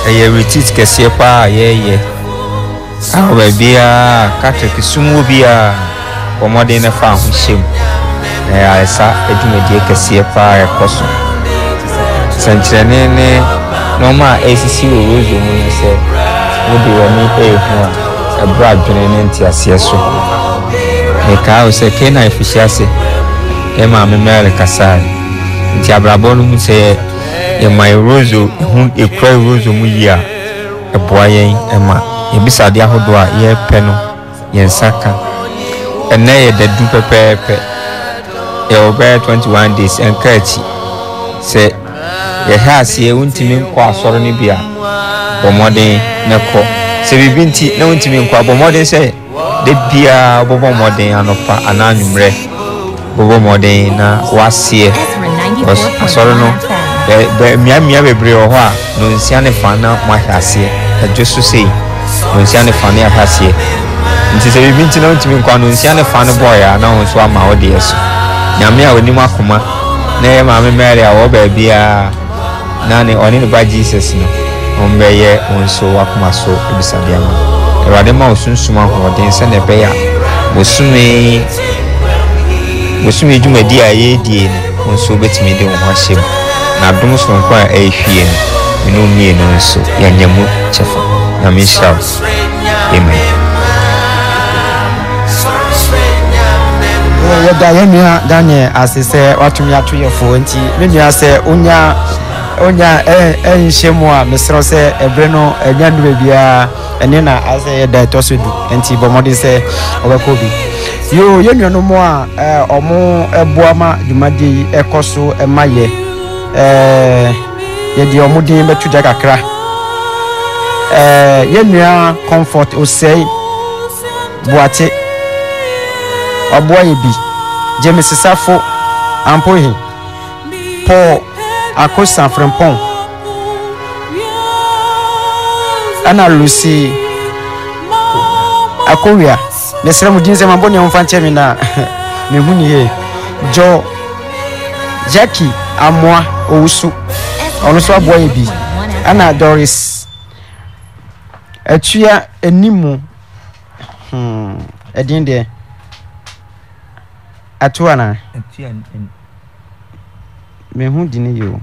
ɛyɛ retit kɛseɛ paa yɛɛyɛ a baabiaa catholic sum wɔ biaa wɔmmɔden no fa ho hyɛ mu na ɛyɛ saa adwumadie kɛseɛ paa ɛkɔ so sɛnkyerɛne ne nneɛma a ɛsisi wɔ rosu mu ne sɛ wode w'ani ɛɛhu a ɛbrɛ adwene ne nteaseɛ so mekaa wo sɛ kena ɛfiri ase ɛma me mɛre kasaa nti abrabɔ no mu sɛ yɛma ɛrozo ho ɛkura ɛrozo mu yie a ɛboa yɛn ɛma yɛbisadeɛ ahodoɔ a yɛrepɛ no yɛn nsa ka ɛnɛ yɛ dadu pɛpɛɛpɛ yɛwɔ bɛyɛ 21 days ɛnka akyi sɛ yɛhɛ aseɛ wontumi nkɔ asɔre no bi a bɔ mmɔden na kɔ sɛ biribi nti na wontumi nkɔ a bɔ mmɔden sɛ de biara wobɛbɔ anɔpa anaa anwummerɛ wobɛbɔ mmɔden na waseɛ asɔre no mmeammea bebree wɔ hɔ a nonsia ne fa na moahwɛ aseɛ adwo e so sei nonsia ne fa ne ahwɛ aseɛ nti sɛ biribi nti na wontumi nkɔ a nonsia ne fa no bɔɔyɛ a na wo nso ama wo so nyame a wɔnim akoma na ɛyɛ maame mary a wɔ baabiara na ne ɔne ne ba jesus no ɔmbɛyɛ wo nso wakoma so abisadeɛ awurade ma osunsun ahoɔden sɛnea ɛbɛyɛ a bosome bosome dwumadi a yɛredie no wo nso wobɛtumi de wo ho ahyɛ mu na adom sononko a ɛyɛ no mene mmienu nso yɛanyɛ mu kyɛfa na menhyira wo amen yɛda yɛ nua daniel ase sɛ watumi ato yɛfoɔ nti me nua sɛ wonya wonya ɛnhyɛ mu a mesrɛ sɛ ɛberɛ no ɛnya nnuma biara ɛne na asɛ yɛ da ɛtɔ so bi nti bɔmmɔden sɛ ɔbɛkɔ bi yoo yɛn nuanom a ɔmo ɛboa ma dwumadie ɛkɔ so ɛma yɛ yɛde ɔmo din bɛtu gya kakra ɛɛ nua comfort osɛe buate ɔboa yɛ bi james sisafo ampohi paul akosanfrempɔn. ana lucy akowia mesrɛ mu din sɛ mabɔ nea momfa nkyɛ me na mehu ne yie jo jacki amoa owusu ɔno so aboa yɛ bi ana doris atua animu ɛdin hmm, deɛ ato anaa mehu dine yie o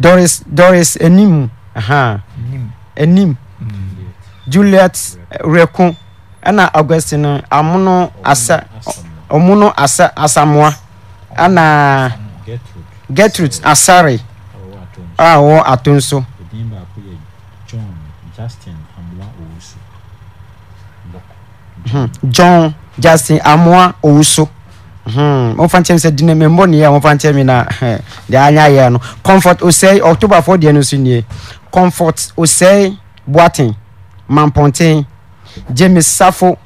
doris doris enim enim mm. juliet reko ɛna augustine amuno asa ɔmuno asa asamoa ɛna gertrude asare a ɔwɔ ato nso. Hmm. john justin amoa owusu. Hmm. momfa nkyɛm sɛ dina memmɔneɛ a momfa nkyɛm na eh, deɛ anyɛ yɛ no comfort osɛe october 4 deɛ no so nie comfort osɛe boaten mampɔnten james safo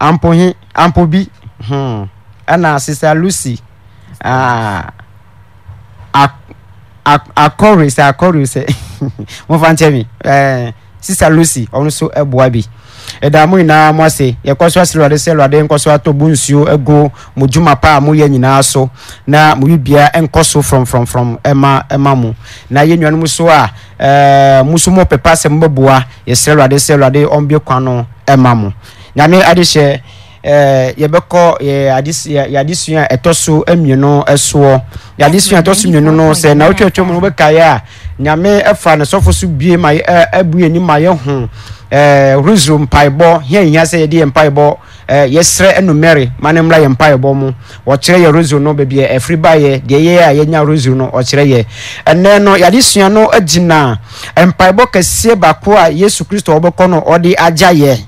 ampohi ampobi hmm. ɛna sister lucy ah, akɔre sɛ akɔre sɛ momfa nkyɛm eh, sister lucy ɔno so ɛboa bi ɛda mu nyinaa mo ase yɛkɔ so asere awurade sɛ awurade nkɔ so atɔ bu nsuo agu mo dwuma pa a moyɛ nyinaa so na mo bibia nkɔ so frɔmfrɔmfrɔm ɛma ɛma mo na yɛ nuanom so a ɛɛ mo so mo pepa sɛ mo bɛboa yɛsrɛ awurade sɛ awurade ɔmbie kwan no ɛma mo nyame adehyɛ ɛɛ yɛbɛkɔ yɛ adesi yɛ adesua ɛtɔ so mmienu ɛsoɔ yɛ adesua ɛtɔ so mmienu no sɛ na wotwa twɛ mu no wobɛkaeɛ a nyame ɛfa ne sɔfo so bie ma ɛ abue ni ma yɛ ho ɛɛ rezo mpaebɔ hia hia sɛ yɛde yɛ mpaebɔ ɛɛ yɛsrɛ ɛnumɛri ma ne mla yɛ mpaebɔ mu wɔkyerɛ yɛ rezo no beebi ɛfiri ba yɛ deɛ yɛ a yɛnya rezo no ɔkyerɛ yɛ ɛnɛ no yɛde sua no gyina mpaebɔ kɛseɛ baako a yesu kristo ɔbɛkɔ no ɔde agya yɛ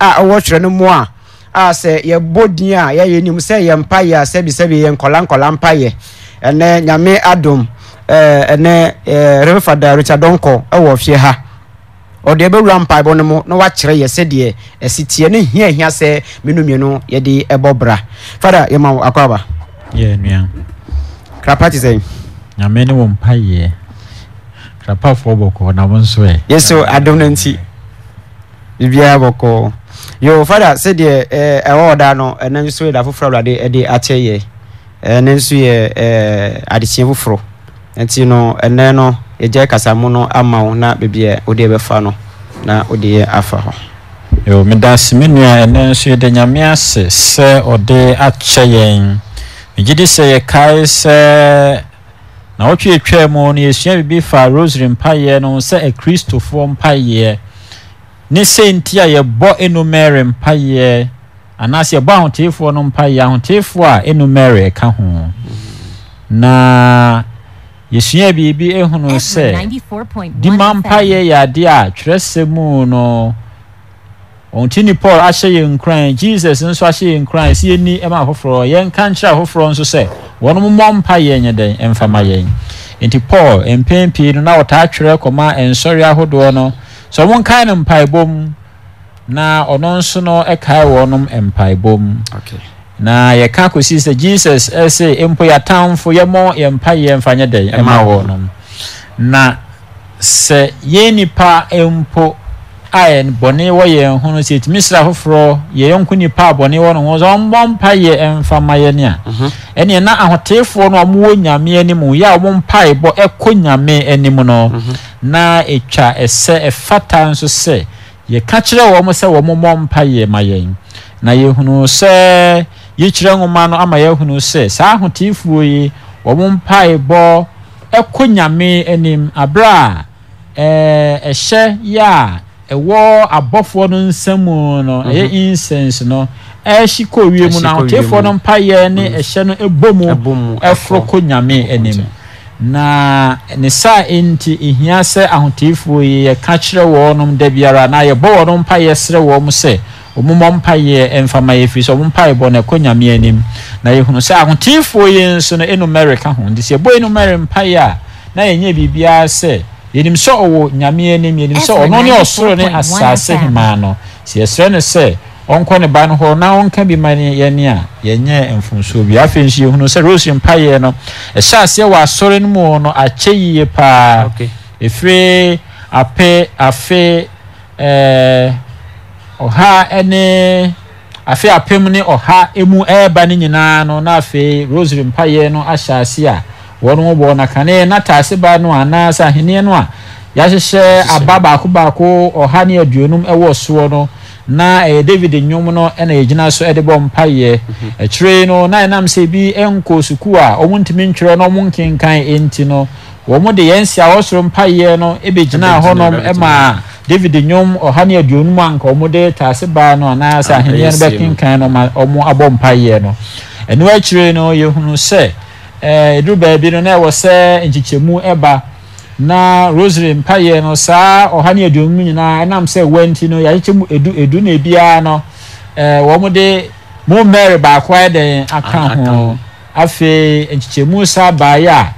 a ɔwɔ twerɛ no mu a a sɛ yɛbɔ din a yɛyɛ nim sɛ yɛ mpaeɛ a sɛbisɛbi yɛ nkɔla nkɔla mpaeɛ ɛnɛ nyame adom ɛnɛ eh, eh, revefada richard donko ɛwɔ eh, fie ha ɔde ɛbɛwura mpaebɔ no mu na wakyerɛ yɛ sɛdeɛ ɛsi tiɛ ne hia hia sɛ menu mmienu yɛde ɛbɔ bra fada yɛma wo akɔ aba yɛ nua krapa te sɛn nyame ne wɔ mpayɛ krapafoɔ bɔkɔ na wo nso ɛ yɛso adom no nti biribiara bɔkɔ yo fada sɛdeɛ ɛwɔ ɔda no ɛno nso da foforɔ awurade de akyɛ yɛ ɛno nso yɛ adekyeɛ foforɔ nti no ɛnɛ no yɛgya kasamu no ama wo na baabi wode bɛfa no na wode yɛ afa hɔ yo meda ase me nua ɛnɛ nso yɛda nyame ase sɛ ɔde akyɛ yɛn megye di sɛ yɛkae sɛ na wɔtwe atwa mu no yɛsua biribi fa rosary mpayɛ no sɛ akristofoɔ mpayɛ ne sɛ nti a yɛbɔ enumere mpayɛ anaasɛ yɛbɔ ahoteefoɔ no mpayɛ ahoteefoɔ a enumere ɛka ho na yɛsua biribi ehunu sɛ dima mpaeɛ yɛ adeɛ a twerɛsɛmu no ɔntini paul ahyɛ yɛn nkuran jesus nso ahyɛ yɛn nkuran si yɛn ni ɛma afoforɔ yɛn nka nkyerɛ nso sɛ wɔn mmɔ mpaeɛ nyɛ dɛn mfama yɛn nti paul mpɛn pii no na wɔtaa twerɛ kɔma nsɔre ahodoɔ no sɛ wɔn nkae no mpaebom na ɔno nso no ɛkae wɔn mpaebom. Okay. na yɛka kɔsi sɛ jesus ɛsɛ eh, mpo yɛatamfo yɛmmɔ yɛmpa yɛmfa nyɛ dɛn ma wɔ no na sɛ yɛn nipa mpo a yɛn bɔne wɔ yɛn ho no sɛ yɛtumi sra foforɔ yɛn nko nipa a bɔne wɔ no ho sɛ ɔmbɔ mpa yɛ mfa ma yɛn a mhm. ɛneɛ na ahoteefoɔ no a wɔwɔ nyame anim yɛ a wɔn mpa bɔ ɛkɔ nyame anim no mhm. na etwa ɛsɛ ɛfata nso sɛ yɛka kyerɛ wɔn sɛ wɔn mmɔ mpa yɛ ma yɛn na yɛhunu sɛ yɛkyerɛ nwoma no ama yɛhunu sɛ saa ahoteefoɔ yi wɔn mpaebɔ ɛkɔ nyame anim abere a ɛɛ ɛhyɛ yɛ a ɛwɔ abɔfoɔ no nsa mu no mhm. ɛyɛ incense no ɛhyi kɔ wie mu na ahoteefoɔ no mpaeɛ ne mhm. ɛhyɛ no ɛbɔ mu ɛforo kɔ nyame anim na ne saa nti ehia sɛ ahoteefoɔ yi yɛka kyerɛ wɔn dabiara na yɛbɔ wɔn mpaeɛ srɛ wɔn sɛ wɔn mmɔ mpaeɛ mfama yɛ firi sɛ wɔn mpaeɛ bɔ na ɛkɔ nyame anim na yɛhunu sɛ ahoteefoɔ yi nso no ɛnu ka ho nti sɛ ɛbɔ ɛnu mpaeɛ a na yɛnyɛ biribiara sɛ yɛnim sɛ ɔwɔ nyame anim yɛnim sɛ ɔno ne ɔsoro ne asase hemaa no sɛ yɛsrɛ no sɛ ɔnkɔ ne ba no hɔ na ɔnka bi ma yɛne a yɛnyɛ mfonsuo bi afei nso yɛhunu sɛ rose mpaeɛ no ɛhyɛ aseɛ wɔ asɔre no mu no akyɛ yie paa ɛfiri apɛ afe eh, ɔha ɛne afe apem ne ɔha emu ɛreba ne nyinaa no na afei rosary mpaeɛ no ahyɛ ase a wɔn wɔ na kane na taase ba no anaasɛ ahenneɛ no a yɛahyehyɛ aba baako baako ɔha ne aduonum ɛwɔ soɔ no na ɛyɛ david nnwom no ɛna yɛgyina so ɛde bɔ mpaeɛ mhm. akyire no na ɛnam sɛ bi ɛnkɔ sukuu a wɔn ntumi ntwerɛ na wɔn nkenkan ɛnti no wɔn de yɛn si a wɔsoro mpaeɛ no ɛbɛgyina hɔnom ɛmaa. david nnwom ɔha ne aduonum a nka ɔmo de taase baa no anaasɛ ah, ahenneɛ no bɛkenkan no ma ɔmo abɔ mpaeɛ no ɛno akyire no yɛhunu sɛ eh, ɛɛ eduru baabi no na ɛwɔ sɛ nkyekyɛmu ɛba na rosary mpaeɛ no saa ɔha ne aduonum nyinaa ɛnam sɛ wanti no yɛakyekyɛ mu edu edu na ebiara no ɛɛ eh, wɔn de mo mary baako ayɛ den aka ho afei nkyekyɛmu saa baayɛ a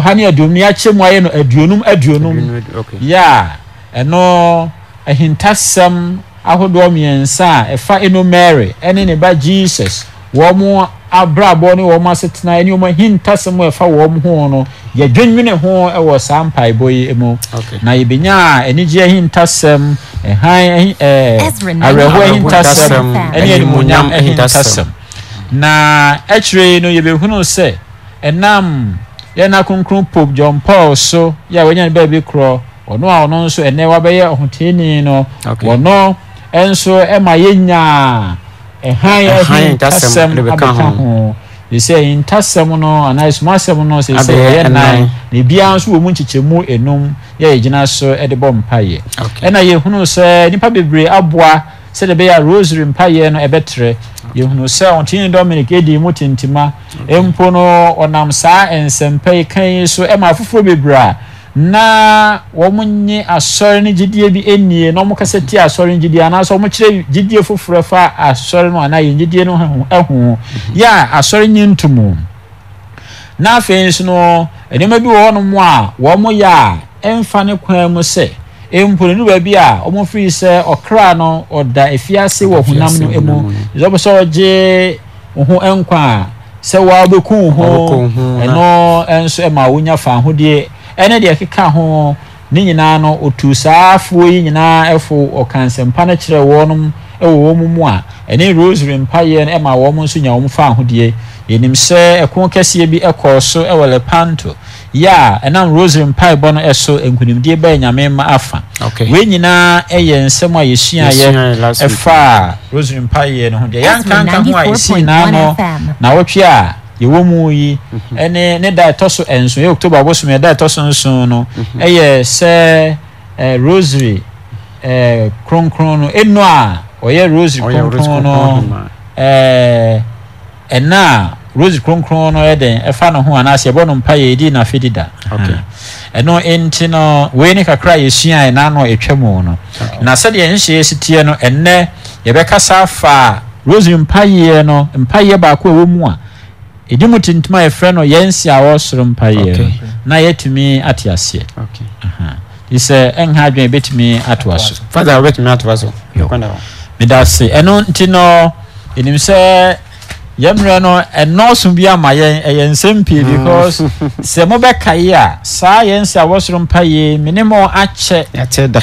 ɔha eh, ne aduonum yɛakyɛ mu ayɛ no aduonum aduonum yaa ɛno ahintasɛm ahodoɔ mmiɛnsa a ɛfa eno mary ɛne ne ba jesus wɔn abrabɔ ne wɔn asetena ne wɔn ahintasɛm a ɛfa wɔn ho no yɛdwennwene ho ɛwɔ saa mpaebɔ yi mu na yɛbɛnya a anigye ahintasɛm ɛhan ɛɛ awerɛhoɔ ahintasɛm ɛne animuonyam ahintasɛm na akyire no yɛbɛhunu sɛ ɛnam yɛn akonkron pope john paul so yɛ a wɔnyɛ ne baabi korɔ ɔno a ɔno nso ɛnɛ wabɛyɛ ɔhoteni no wɔno nso ɛma yɛnyaa ɛhan ɛhan ntasɛm abɛka ho sɛ ntasɛm no anaa sumasɛm no sɛ sɛ ɛyɛ nan na ebiara nso wɔ mu nkyekyɛmu enum yɛ yɛgyina so de bɔ mpaeɛ ɛna yɛhunu sɛ nipa bebree aboa sɛdeɛ ɛbɛyɛ a rosary mpaeɛ no ɛbɛtrɛ yɛhunu sɛ ɔtini dominic edi mu tentima mpo no ɔnam saa nsɛmpa yi kan yi so ɛma afoforɔ bebree a na wɔn nye asɔre ne gyidie bi nie na wɔn kasa ti asɔre ne gyidie anaasɛ wɔn kyerɛ gyidie foforɔ fa asɔre no anaa yɛn gyidie no ɛho mhm. yɛ a asɔre nye ntomo na afei nso no nneɛma bi wɔ hɔnom a wɔn yɛ a ɛmfa ne kwan mu sɛ mpono no baabi a wɔn firi sɛ ɔkra no ɔda efiase wɔ honam no mu zɔbɔ sɛ ɔgye ho nkwa a sɛ wɔabɛku ho ɛno nso ma ɛma wonya fa ahodeɛ. ɛne deɛ keka ho ne nyinaa no otu saa afuo yi nyinaa ɛfo ɔkansɛmpa no kyerɛ wɔnom ɛwɔ wɔn mu mu a ɛne rosary mpaeɛ no ɛma wɔn nso nya wɔn fa ahodeɛ yɛnim sɛ ɛko kɛseɛ bi ɛkɔɔ so ɛwɔ lepanto yɛ a ɛnam rosary mpaebɔ no ɛso nkunimdie bɛyɛ nyame ma afa wei nyinaa ɛyɛ nsɛm a yɛsuaeɛ ɛfa a rosary mpaeɛ no ho deɛ yɛnkanka ho a yɛsi nyinaa no na wɔtwe a yɛwɔ mu yi mhm. ɛne ne da ɛtɔ so nson ɛyɛ october abosom ɛda ɛtɔ so nson no mhm. ɛyɛ sɛ ɛɛ rosary ɛɛ kronkron no enu a ɔyɛ rosary kronkron no ɛɛ ɛna a rosary kronkron no ɛdɛn ɛfa ne ho anaasɛ yɛbɔ no mpa yɛ edi na afei dida ɛno nti no wei ne kakra yɛsua ɛnaano ɛtwa mu no na sɛdeɛ nhyɛ si tie no ɛnnɛ yɛbɛkasa afa rosary mpayeɛ no mpayeɛ baako ɛwɔ mu a ɛdi mu tuntum a yɛfrɛ no yɛnsi a wɔsoro mpa yɛ no na yɛtumi ate aseɛ ti sɛ ɛnha adwene yɛbɛtumi atoa so fada wobɛtumi atoa so meda ase ɛno nti no ɛnim sɛ yɛmmerɛ no ɛnɔɔso bi ama yɛn ɛyɛ nsɛm pii because mm. sɛ mobɛkae a saa yɛn sɛ awɔsoro mpa yi me ne mɔ akyɛ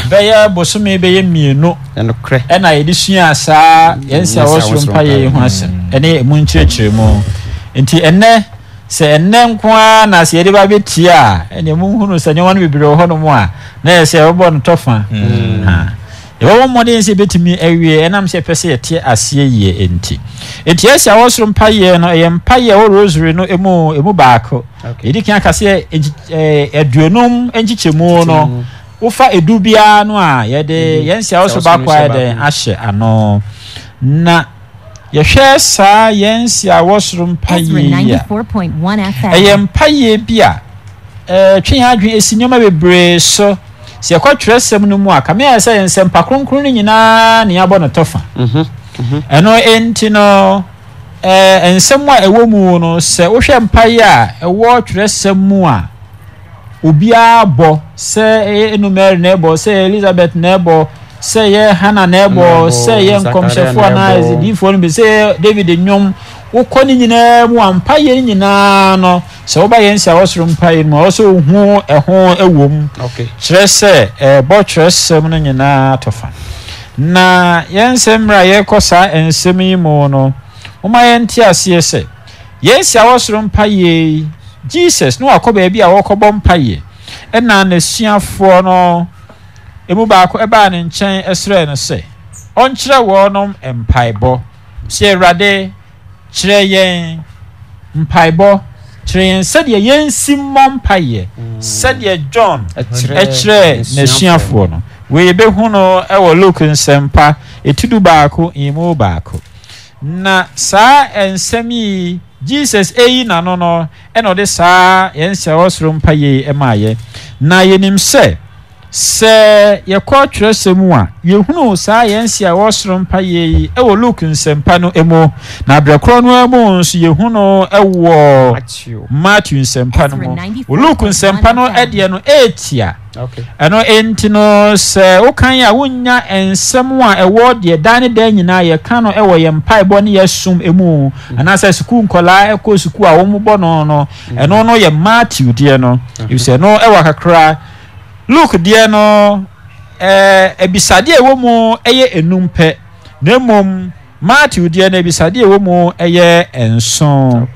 bɛyɛ bosome bɛyɛ mmienu ɛna yɛde sua saa mm. yɛn sɛ awɔsoro mpa yi ho asɛm ɛne mu nkyerɛkyerɛ mu nti ɛnɛ sɛ ɛnɛ nko ara na sɛ yɛde ba bɛtie a ɛnea muhunu sɛ nneɛma no bebree wɔ hɔnom a na yɛ sɛ ɛbɛbɔ no tɔfa mm. yɛbɛbɔ mmɔden sɛ ɛbɛtumi awie ɛnam sɛ ɛpɛ sɛ yɛte aseɛ yie nti nti ɛsɛ awɔ soro mpayɛ no ɛyɛ mpayɛ wɔ rosary no emu emu baako yɛdi kan aka sɛ ɛɛ aduonum nkyekyɛmu no wofa edu biara no a yɛde mm. yɛn sɛ awɔ soro baako ayɛ dɛ ahyɛ ano na yɛhwɛ saa yɛn nsi a wɔsoro mpayie a ɛyɛ mpayie bi a ɛtwe yɛn adwene esi nneɛma bebree so sɛ yɛkɔ twerɛsɛm no mu a kame ayɛ sɛ yɛn sɛ mpa kronkron no nyinaa ne yɛabɔ no tɔfa mhm, mhm. ɛno enti no ɛɛ nsɛm a ɛwɔ mu no sɛ wohwɛ mpayie a ɛwɔ twerɛsɛm mu a obiara bɔ sɛ ɛyɛ e, e, enumere na ɛbɔ sɛ elizabeth na ɛbɔ sɛ yɛ hana na ɛbɔ sɛ yɛ nkɔmhyɛfoɔ anaa ɛdiifoɔ no bi sɛ david nnwom wokɔ ne nyinaa mu a mpayɛ no nyinaa no sɛ woba yɛn si wɔsoro mpayɛ no mu a wɔsɛ ohu ɛho ɛwɔ mu kyerɛ sɛ ɛbɔ kyerɛsɛm no nyinaa tɔfa na yɛn nsɛm mmerɛ a yɛrekɔ saa nsɛm yi mu no woma yɛn te aseɛ sɛ yɛn si wɔsoro mpayɛ jesus na wakɔ baabi a wɔkɔbɔ mpayɛ ɛna n'asuafoɔ no emu baako ɛbaa ne nkyɛn ɛsrɛ no sɛ ɔnkyerɛ wɔnom mpaebɔ sɛ awurade kyerɛ yɛn mpaebɔ kyerɛ yɛn sɛdeɛ yɛnsi mmɔ mpaeɛ sɛdeɛ john ɛkyerɛ n'asuafoɔ no wei bɛhu no ɛwɔ luke nsɛmpa etudu baako emu baako na saa nsɛm yi jesus eyi n'ano no ɛna ɔde saa yɛn sɛ ɔsoro mpaeɛ yi ɛmaa yɛ na yɛnim sɛ sɛ yɛkɔ twerɛsɛm a yɛhunu saa yɛnsi a wɔsoro mpa yi ɛwɔ luke nsɛmpa no mu na abrɛkorɔ no mu nso yɛhunu ɛwɔ matthew nsɛmpa no mu luke nsɛmpa no ɛdeɛ no ɛɛtia ɛno nti no sɛ wokan a wonya nsɛm a ɛwɔ deɛ dan ne dan nyinaa yɛka no ɛwɔ yɛn mpaebɔ ne yɛsom mu mm. anaasɛ sukuu nkɔlaa ɛkɔ sukuu a wɔn no no mm. ɛno no yɛ matthew deɛ no mm-hmm. ebi sɛ no ɛwɔ kakra. Look deɛ no ɛɛ ebisadeɛ ɛwɔ mu ɛyɛ enum pɛ na mmom matthew deɛ no ebisadeɛ ɛwɔ mu ɛyɛ nson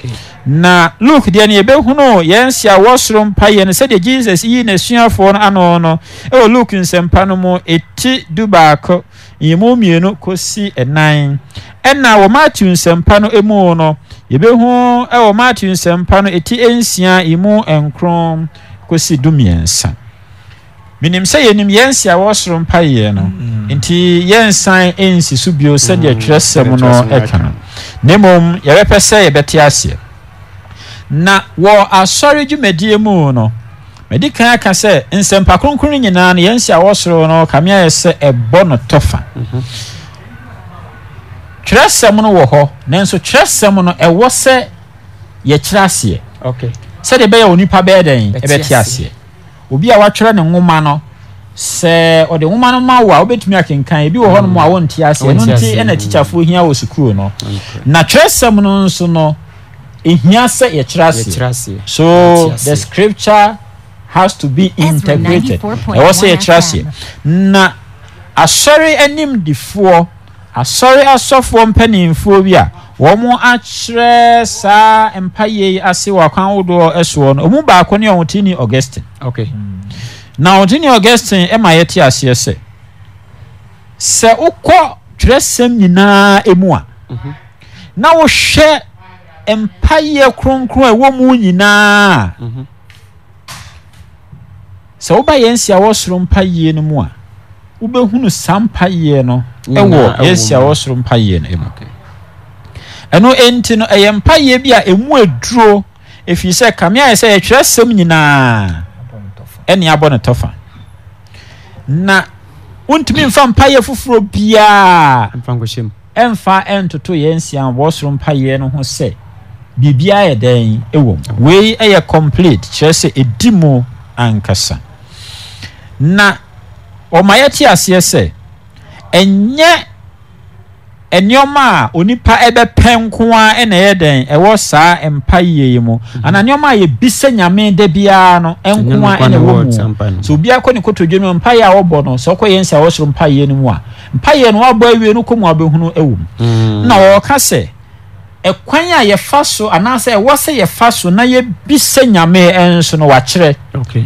na luke deɛ no yɛbɛhunu yɛn si a wɔsoro mpa yɛn no sɛdeɛ jesus yi n'asuafoɔ no ano no ɛwɔ look nsɛmpa no mu eti du baako nyɛmu mmienu kɔsi ɛnan ɛna wɔ matthew nsɛmpa no emu no yɛbɛhu ɛwɔ matthew nsɛmpa no eti nsia emu nkron kɔsi du mmiɛnsa. menim sɛ yɛnim yɛnsi a wɔsoro mpayɛ no mm. nti yɛnsan nsi so bio sɛdeɛ mm. twerɛsɛm no ɛka no na mmom yɛbɛpɛ sɛ yɛbɛte aseɛ na wɔ asɔre dwumadie mu no mɛdi kan aka sɛ nsɛmpa kronkron nyinaa no yɛnsi a wɔsoro no kamea yɛ sɛ ɛbɔ no tɔfa mm-hmm. twerɛsɛm no wɔ hɔ nanso twerɛsɛm no ɛwɔ sɛ yɛkyerɛ aseɛ sɛdeɛ ɛbɛyɛ onipa bɛyɛ dɛn ɛbɛte aseɛ obi a watwerɛ ne nwoma no sɛ ɔde nwoma no ma wo a wobɛtumi akenkan ebi wɔ hɔnom a mm. wɔnte aseɛ ɛno nti ɛna mm. tikyafoɔ hia wɔ sukuu no na twerɛsɛm no nso no ehia sɛ yɛkyerɛ aseɛ so the scripture has to be integrated ɛwɔ sɛ yɛkyerɛ aseɛ na asɔre anim difoɔ asɔre asɔfoɔ mpanimfoɔ bi a wɔn akyerɛ saa mpaeɛ yi ase wɔ akwan ahodoɔ ɛsoɔ no ɔmu baako ne ɔwotini augustine okay. mm. na ɔwotini augustine ɛma yɛte aseɛ sɛ sɛ wokɔ twerɛsɛm nyinaa emu a mhm. na wohwɛ mpaeɛ kronkron a ɛwɔ mu nyinaa mm -hmm. sɛ woba yɛn si a wɔsoro mpaeɛ no mu a wobɛhunu saa mpaeɛ no ɛwɔ yɛn si a wɔsoro mpaeɛ no mu. Okay ɛno nti no ɛyɛ mpayɛ bi a ɛmu aduro ɛfiri sɛ kame ayɛ sɛ yɛtwerɛ sɛm nyinaa ɛne abɔ ne tɔfa na wontumi mfa mpayɛ foforɔ biaa ɛmfa ɛntoto yɛn nsia wɔsoro mpayɛ no ho sɛ biribiaa yɛ dɛn ɛwɔ mu wei ɛyɛ complete kyerɛ sɛ ɛdi mu ankasa na ɔma yɛte aseɛ sɛ ɛnyɛ nneɛma a onipa bɛpɛ nko na ɛyɛ den ɛwɔ saa mpa yie yi mu mhm. ana nneɛma a yɛbisa nyame de biara no nko na ɛwɔ mu so obiara kɔ ne kotodwe no mpa yie a wɔbɔ no sɛ ɔkɔ yɛn sɛ ɛwɔ soro mpa yie no mu a mpa yie no wɔabɔ awie no kɔ mu abɛhunu ɛwɔ mu mm. na wɔreka sɛ ɛkwan a yɛfa so anaasɛ ɛwɔ sɛ yɛfa so na yɛbisa nyame nso no wakyerɛ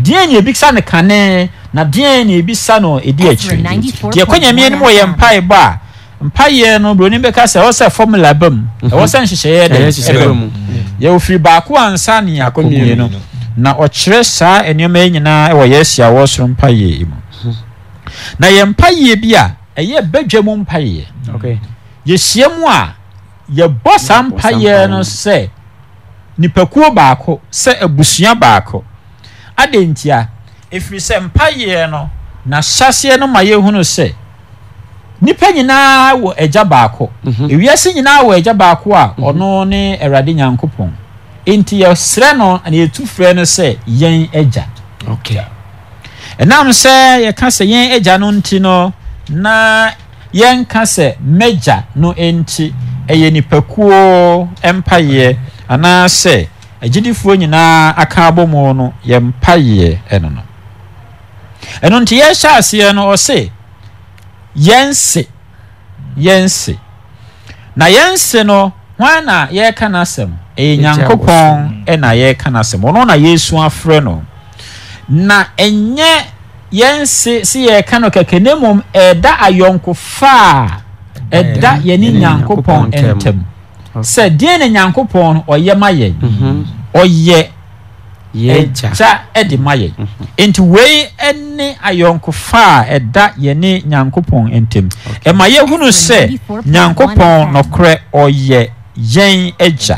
deɛ na yɛbisa no kane na deɛ na yɛbisa no ɛdi akyire deɛ kɔ nyame anim wɔ yɛ mpaebɔ a mpayɛ no buroni bɛka sɛ ɛwɔ sɛ fɔmula bɛ mu mhm. ɛwɔ sɛ nhyehyɛeɛ dɛ ɛbɛ mu baako ansa ne akɔ mmienu na ɔkyerɛ saa nneɛma yi nyinaa ɛwɔ yɛ asi awɔ soro mpayɛ mu na yɛ mpayɛ bi a ɛyɛ badwa mu mpayɛ yɛhyia mu a yɛbɔ saa mpayɛ no sɛ nipakuo baako sɛ abusua baako adantia ɛfiri sɛ mpayɛ no na hyɛseɛ no ma yɛhunu sɛ nipa nyinaa wɔ agya baako mhm. ewiase nyinaa wɔ agya baako a mhm. ɔno ne awurade nyankopɔn nti yɛsrɛ no na yɛtu frɛ no sɛ yɛn agya ɛnam sɛ yɛka sɛ yɛn agya no nti no na yɛnka sɛ mɛgya no nti ɛyɛ nipakuo mpayeɛ anaasɛ agyidifoɔ nyinaa aka abɔ mu no yɛmpayeɛ ɛno no ɛno nti yɛhyɛ aseɛ no ɔse yɛn se na yɛn se no hwan na yɛreka n'asɛm ɛyɛ nyankopɔn ɛna yɛreka n'asɛm ɔno na yɛsu afrɛ no na ɛnyɛ yɛn si yɛreka no kɛkɛ na mmom ɛda ayɔnkofa a ɛda yɛne nyankopɔn ntam sɛ deɛ ne nyankopɔn ɔyɛ ma yɛn mhm. ɔyɛ ɛgya ɛde ma yɛ mhm. nti wei ɛne ayɔnkofa a ɛda yɛne nyankopɔn ntam ɛma yɛhunu sɛ nyankopɔn nɔkorɛ ɔyɛ yɛn agya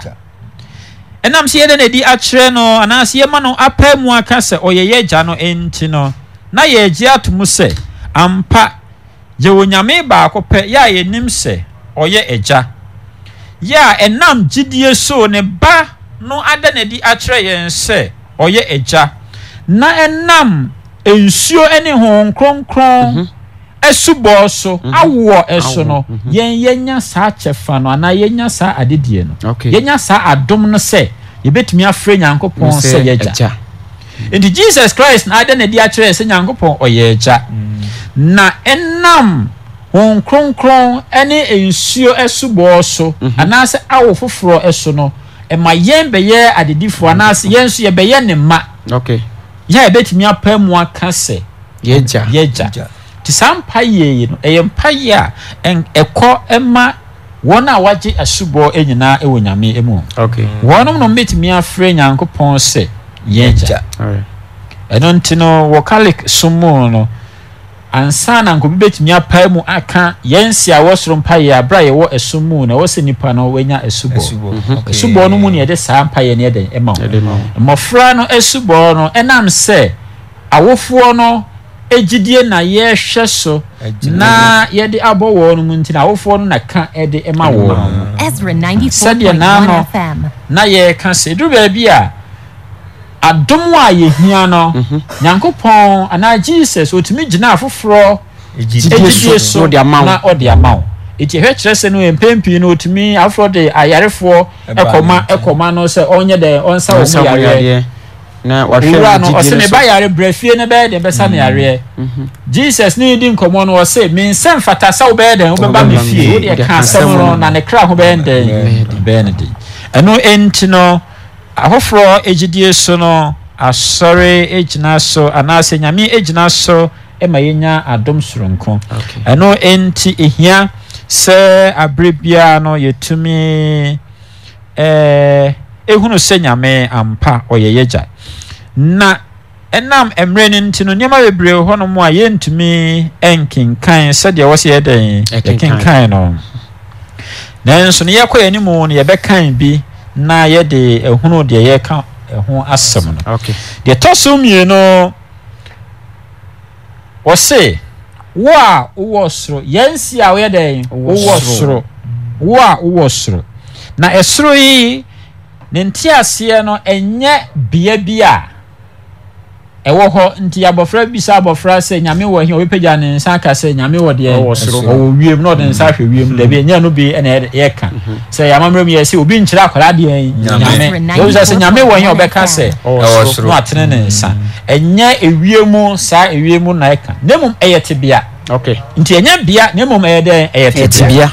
ɛnam sɛ yɛde no adi akyerɛ no anaasɛ yɛma no apɛ mu aka sɛ ɔyɛ yɛ agya no nti no na yɛagye ato mu sɛ ampa yɛwɔ nyame baako pɛ yɛ a yɛnim sɛ ɔyɛ agya yɛ a ɛnam gyidie so ne ba no ada n'adi akyerɛ yɛn sɛ ɔyɛ agya na ɛnam nsuo ne hon kronkron mhm. asubɔ so mhm. awoɔ ɛso no mhm. yɛn yɛnya saa kyɛfa no anaa yɛnya saa adedeɛ no yɛnya saa adom no sɛ yɛbɛtumi afrɛ nyankopɔn sɛ yɛgya nti jesus christ na adɛ na ɛde akyerɛ sɛ nyankopɔn ɔyɛ agya mm. na ɛnam hon kronkron ne nsuo asubɔ so anaasɛ awo foforɔ so no ɛma yɛn bɛyɛ adedifoɔ anaasɛ yɛn nso yɛbɛyɛ ne mma yɛ a yɛbɛtumi apɛ mu aka sɛ yɛgya nti saa mpa yie no ɛyɛ mpa yie a ɛkɔ ma wɔn a wagye asubɔ nyinaa wɔ nyame mu wɔn no mbɛtumi afrɛ nyankopɔn sɛ yɛgya ɛno nti no wɔ kalik so mu no. Okay ansa na nkɔmbi bɛtumi apae mu aka yɛn si a wɔsoro mpaeɛ abera yɛwɔ ɛso mu na ɛwɔ sɛ nipa no wanya asubɔ asubɔ mhm. no mu ne yɛde saa mpaeɛ no yɛde ɛma wo mmɔfra no asubɔ no ɛnam sɛ awofoɔ no egyidie na yɛhwɛ so na yɛde abɔ wɔn mu nti na awofoɔ no na ka ɛde ɛma wɔn sɛdeɛ naa na yɛka sɛ duru baabi a. adom a yɛhia no mhm. nyankopɔn anaa jesus ɔtumi gyina afoforɔ gyidie so na ɔde ama wo ɛhwɛ kyerɛ sɛ no mpɛn pii no ɔtumi afoforɔ de ayarefoɔ ɛkɔma ɛkɔma no sɛ ɔnyɛ dɛ ɔnsa wɔ mu yareɛ owura no ɔsɛ yare brɛ fie bɛyɛ bɛsa me mhm. yareɛ mhm. jesus ne di nkɔmmɔ no ɔse mensɛ mfata sɛ wobɛyɛ dɛn me fie wodeɛ ka asɛm no na ne kra ho bɛyɛ dɛn bɛyɛ no den ɛno ɛnti ahoforɔ gyidie so no asɔre gyina so anaasɛ nyame gyina so ma yɛnya adom soronko ɛno nti ɛhia sɛ aberɛ biara no yɛtumi ɛhunu eh, sɛ nyame ampa ɔyɛ yɛgya na ɛnam mmerɛ no nti no nneɛma bebree hɔ no mu a yɛntumi nkenkan sɛdeɛ wɔ sɛ yɛdɛn yɛkenkan no nanso no yɛkɔ yɛnimu no yɛbɛkan bi na yɛde ɛhunu deɛ yɛka ɛho asɛm no deɛ ɛtɔ so mmienu wɔse wo a wowɔ soro yɛn si a woyɛ dɛn wowɔ soro wo a wowɔ soro na ɛsoro yi ne nteaseɛ no ɛnyɛ bea bi a ɛwɔ hɔ nti abɔfra bi sɛ abɔfra sɛ nyame wɔ hia ɔbɛpagya ne nsa aka sɛ nyame wɔ deɛ ɔwɔ wiem na ɔde nsa ahwɛ wiem hmm. dabi ɛnyɛ no bi ɛna yɛka mhm. sɛ yɛamammerɛ mu yɛ sɛ obi nkyerɛ akwadaa deɛ nyame ɛwu sɛ nyame wɔ hia ɔbɛka sɛ na atene ne hmm. nsa ɛnyɛ ewie mu saa ewie mu na ɛka na mmom ɛyɛ tebea nti ɛnyɛ bea na mmom ɛyɛ dɛ ɛyɛ tebea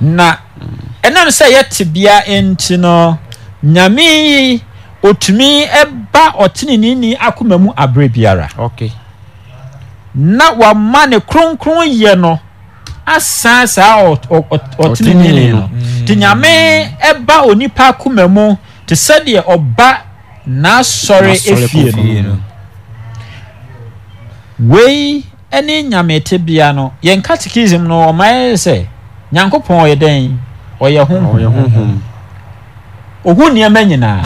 na ɛnam sɛ ɛyɛ tebea nti no nyame yi otumi ba ɔtenenini akoma mu biara na wama ne kronkron yɛ no asan saa ɔtenenini no mm. nti nyame onipa akoma mu te sɛdeɛ ɔba naasɔre fie no wei ne nyametebea no yɛn catechism no ɔma sɛ nyankopɔn ohu nneɛma nyinaa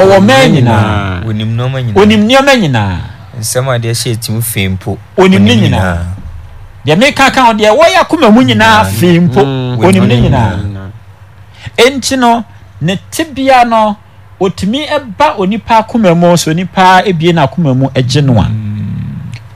ɔwɔ mɛn nyinaa onim nneɛma nyinaa nsɛm adeɛ hyɛ etimi fii mpo onim ne nyinaa deɛ meka ka ho deɛ wɔyɛ akoma mu nyinaa fii mpo mm. onim ne nyinaa enti no ne tibea no otumi ba onipa akoma mu so onipa ebie na akoma mu gye no Mm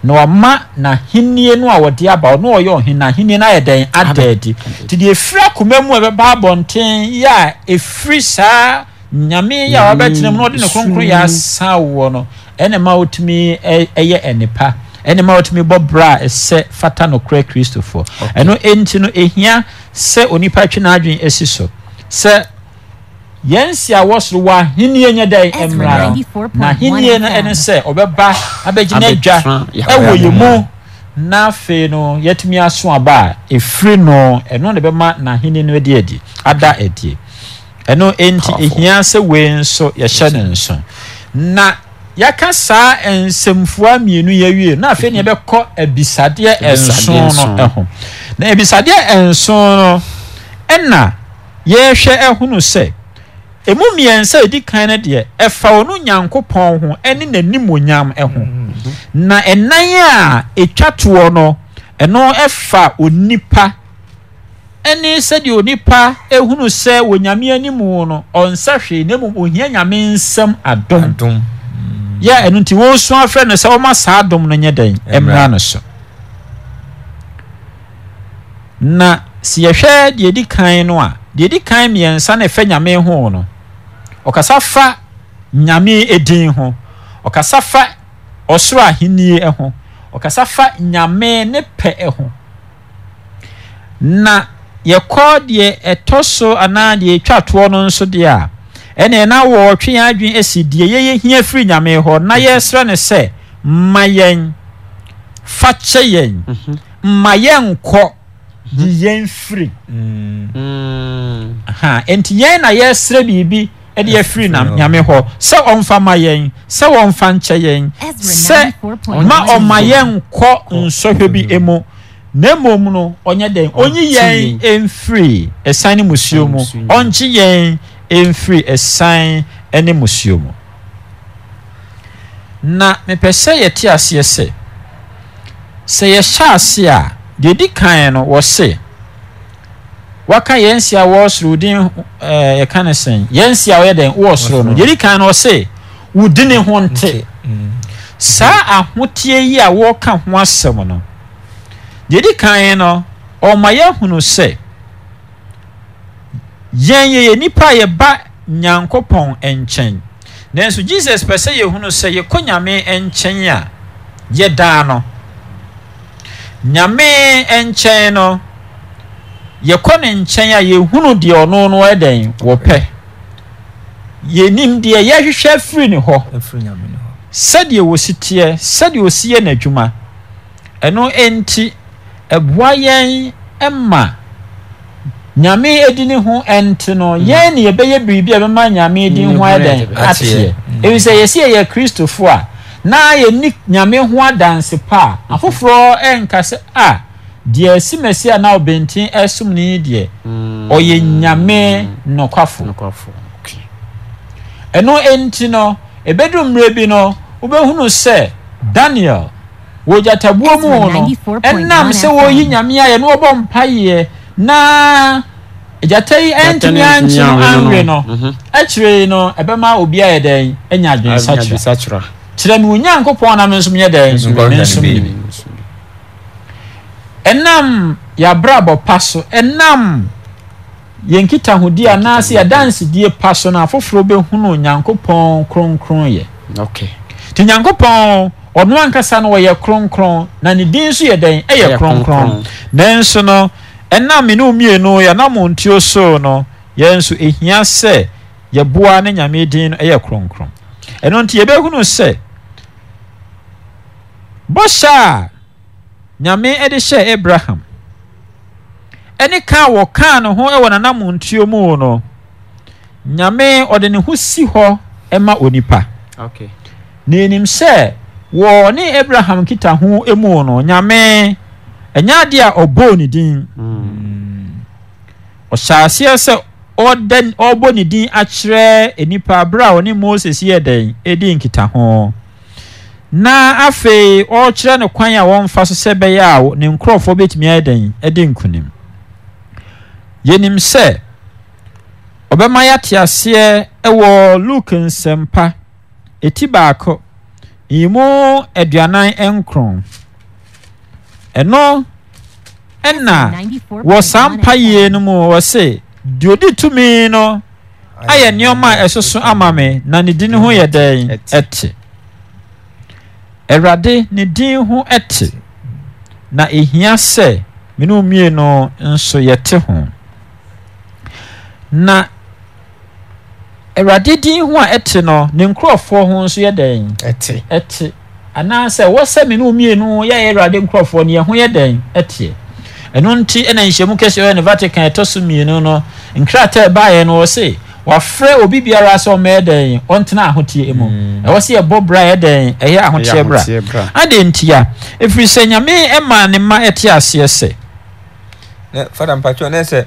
na wama n'ahenie no a wɔde aba ɔno ɔyɛ ɔhen n'ahenie no ayɛ dɛn adaadi te deɛ efiri akoma mu a ɛbɛba abɔnten yɛ a efiri saa nyame yɛ a wabɛtena mu na ɔde ne kronkron yɛ asa wɔ no ɛna ma wotumi ɛyɛ ɛnipa ɛna ma wotumi bɔ bra a ɛsɛ fata nokorɛ kristofoɔ ɛno enti no ehia sɛ onipa twe n'adwene esi so sɛ yɛn si a wɔsoro wɔ ahenie nyɛ dɛ mmra na ahenie no ɛne sɛ ba abɛgyina adwa ɛwɔ yɛn mu na afei no yɛtumi aso aba a efiri no ɛno na bɛma na ahenie no adi adi ada adi ɛno nti ehia sɛ wei nso yɛhyɛ ne nso na yɛaka saa nsɛmfua mmienu yɛwie na afei na yɛbɛkɔ abisadeɛ nson no ho na abisadeɛ nson no ɛna yɛrehwɛ ɛhono sɛ ɛmu mmiɛnsa ɛdi kan no deɛ ɛfa ɔno nyankopɔn ho ɛne n'animonyam e ho mm-hmm. na ɛnan a ɛtwa toɔ no ɛno ɛfa onipa ɛne sɛdeɛ onipa ehunu sɛ wɔ nyame anim no ɔnsa hwee na mmom ohia nyame nsɛm adom yɛ ɛno nti wɔresu afrɛ no sɛ wɔma saa adom no nyɛ dɛn ɛmra no so na si yɛhwɛ deɛ ɛdi kan no a deɛ di kan mmiɛnsa na ɛfɛ nyame ho no ɔkasa fa nyame edin ho ɔkasa fa ɔsoro ahennie ho ɔkasa fa nyame ne pɛ ho na yɛkɔ deɛ ɛtɔ so anaa deɛ etwa toɔ no nso deɛ a ɛna ɛna wɔɔtwe yɛn esi deɛ yɛyɛ hia firi nyame hɔ na yɛsrɛ no sɛ mma yɛn fakyɛ yɛn mma mhm. yɛn kɔ. Mm-hmm. yɛn firi ɛnti mm-hmm. yɛn na yɛserɛ biribi deɛfiri nyame hɔ sɛ ɔmfa ma yɛn sɛ ɔmfa nkyɛ yɛn sɛ ma ɔma yɛnkɔ nsɔhwɛ bi mu na mmom no ɔyɛ den ɔyi yɛn mfiri sae ne musuo mu ɔnkye yɛn mfiri sanee ne musuo mu mepɛ sɛ yɛteseɛ sɛsɛyɛhyɛ se deɛ di kan no wɔse waka yɛn si a wɔwɔ soro din ɛɛ eh, yɛka ne sɛn yɛn si a wɔyɛ dɛn wɔwɔ soro no deɛ di kan no wɔse wò ne ho nte mm. saa ahoteɛ yi a wɔreka ho asɛm no deɛ di kan no ɔma yɛhunu sɛ yɛn yɛ yɛ nipa a yɛba nyankopɔn nkyɛn nanso jesus pɛ sɛ yɛhunu sɛ yɛkɔ nyame nkyɛn a yɛdaa no. nyame nkyɛn no yɛkɔ ne nkyɛn a yɛhunu deɛ ɔno no ɛdɛn wɔpɛ yɛnim deɛ yɛhwehwɛ afiri ne hɔ sɛdeɛ wɔsi teɛ sɛdeɛ wɔsi yɛ n'adwuma ɛno nti ɛboa yɛn ma nyame edi ne ho ɛnte no mm. yɛn ne yɛbɛyɛ biribi a bɛma nyame edi ho ɛdɛn ateɛ mm. ebi sɛ yɛsi yɛ kristofoɔ a. na yɛni nyame ho adanse paa a mhm. afoforɔ ɛnka sɛ a deɛ si mɛsi a na ɔbɛnten ɛsom ne deɛ mm. ɔyɛ nyame nɔkwafo ɛno nti no ebedu mmerɛ bi no wobɛhunu sɛ daniel wɔgyatabuo mu no ɛnam sɛ wɔyi nyame ayɛ no wɔbɔ mpayeɛ na gyata yi ɛntumi ankye no anwe no akyire mhm. no ɛbɛma obi ayɛ dɛn ɛnya adwensakyera kyerɛ me onyankopɔn na me nso menyɛ dɛ mensom ne bi ɛnam yɛabrabɔ pa so ɛnam yɛnkitahodi anaasɛ yɛdansedie pa so no afoforɔ bɛhunu onyankopɔn kronkron yɛ nti nyankopɔn ɔno ankasa no wɔyɛ kronkron na ne din nso yɛ dɛn ɛyɛ kronkron nanso no ɛnam me ne mmienu yɛnam ntuo so no yɛn nso ɛhia sɛ yɛboa ne nyame din no e ɛyɛ kronkron ɛno nti yɛbɛhunu sɛ bɔhyɛ a nyame de hyɛ abraham ɛne kaa wɔkaa ne ho wɔ nanamontuo mu no nyame ɔde ne ho si hɔ ma onipa na ɛnim sɛ wɔ ne abraham kita ho mu no nyame ɛnyɛ adeɛ a ɔbɔɔ ne din mm. ɔhyɛ aseɛ sɛ ɔbɔ ne din akyerɛ nipa berɛ a ɔne moses yɛ dɛn di nkita ho na afei ɔkyerɛ no kwan a wɔmfa so sɛ bɛyɛ a ne nkurɔfoɔ bɛtumi yɛ dn denknim yɛni sɛ ɔbɛma yɛateaseɛ wɔ luk nsɛmpa ɛt baak maankr ɛno ɛna wɔ sa mp yie no muɔs deɛ ɔdi tumi no ayɛ nneɛma a ɛsoso ama me na ne din ho yɛ dɛn ɛte awurade ne din ho ɛte na ehia sɛ mene mie no nso yɛte ho na awurade din ho a ɛte no ne nkurɔfoɔ ho nso yɛ dɛn ɛte ɛte anaasɛ wɔsɛ mene mie no yɛyɛ awurade nkurɔfoɔ no yɛho yɛ dɛn ɛteɛ ɛno nti ɛna nhyɛmu kɛseɛ ɔyɛ ne vatican ɛtɔ so mmienu no nkrataa baeɛ no wɔse wafrɛ obi biara sɛ ɔmɛyɛ dɛn ɔntena ahoteɛ mu mm. ɛwɔ sɛ yɛbɔ bra yɛ dɛn ɛyɛ ahoteɛ bra ade nti a ɛfiri sɛ nyame ɛma ne ma ɛte aseɛ sɛ fada mpatwɛ ne sɛ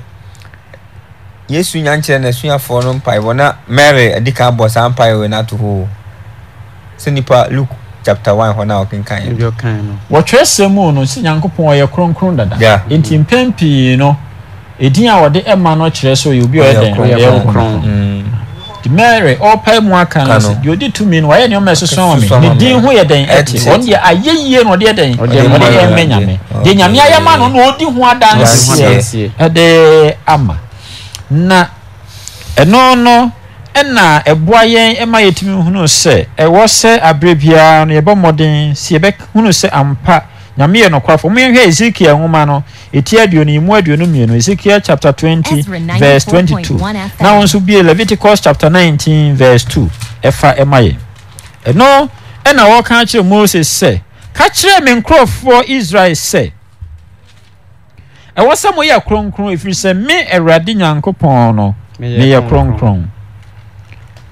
yesu nya nkyerɛ n'asuafoɔ no mpaebɔ na mary adi ka bɔ saa mpaeɛ wei no ato hoo sɛ nipa luke chapter one hɔ na ɔkenkan yɛ. wɔtwerɛ sɛm mu no sɛ nyankopɔn ɔyɛ kronkron dada nti mpɛn pii no edin a wɔde ɛma no kyerɛ sɛ ɔyɛ obi ɔyɛ dɛn ɔyɛ kron nti mary ɔpae mu aka no sɛ deɛ ɔde tumi no wayɛ nneɛma ɛsoso ama me ne din ho yɛ dɛn ɛte ɔno deɛ ayɛ yie no ɔde dɛn ɔde yɛ mɛ nyame deɛ nyame ayɛ ma no na ɔdi ho adanseɛ ɛde ama na ɛno no. ɛna ɛboa yɛn ɛma yɛtumi hunu sɛ ɛwɔ sɛ abere biara no yɛbɔ mmɔden si yɛbɛhunu sɛ ampa nyame yɛ nokwarafo mo yɛhwɛ ezekiel nwoma no ɛti aduonu mu aduonu mmienu chapter 20 verse 22 na nso bie leviticus chapter 19 verse 2 ɛfa ɛma yɛ ɛno ɛna wɔka kyerɛ moses sɛ ka kyerɛ me nkurɔfoɔ israel sɛ ɛwɔ sɛ moyɛ kronkron ɛfiri sɛ me awurade nyankopɔn no meyɛ kronkron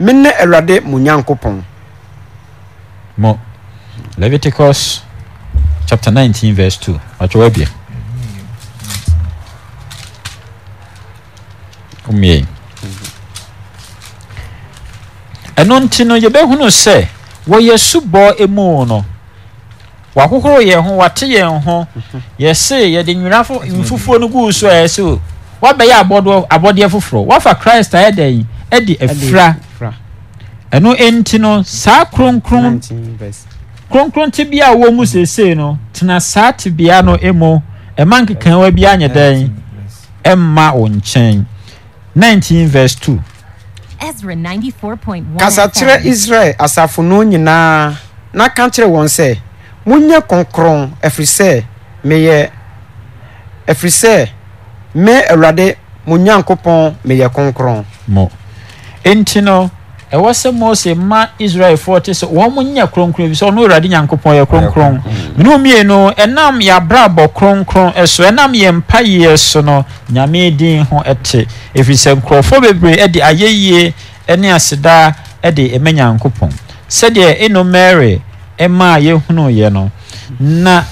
mene awurade mo nyankopɔn mo leviticus chapter 19 verse 2 matwɛwa bie wommiei ɛno nti no yɛbɛhunu sɛ wɔyɛ subɔ mu no wɔahohoro yɛn ho wɔate yɛn ho yɛse yɛde nwera mfufuo no guu so a ɛsɛ o woabɛyɛ abɔdeɛ foforɔ woafa christ ayɛ dɛn ɛde ɛfira ɛno nti no saa kronkron kronkron tibea a wɔn mu sesee no tena saa tibea no mu ɛma nkekanwa bi anyɛ dɛn ɛmma wo nkyɛn 19 verse 2 kasa kyerɛ israel asafo no nyinaa na ka kyerɛ wɔn sɛ monyɛ kronkron ɛfiri sɛ meyɛ ɛfiri sɛ me awurade mo nyankopɔn meyɛ kronkron mo nti no ɛwɔ sɛ mose ma israelfoɔ te sɛ wɔn nyɛ kronkron bi sɛ ɔno awurade nyankopɔn yɛ kronkron mene mmienu ɛnam yɛabrabɔ kronkron so ɛnam yɛ mpayɛ so no nyame din ho ɛte ɛfiri sɛ nkurɔfoɔ bebree de ayɛyie ne asedaa de ɛma nyankopɔn sɛdeɛ ɛno mary ɛmaa yɛhunuiɛ no na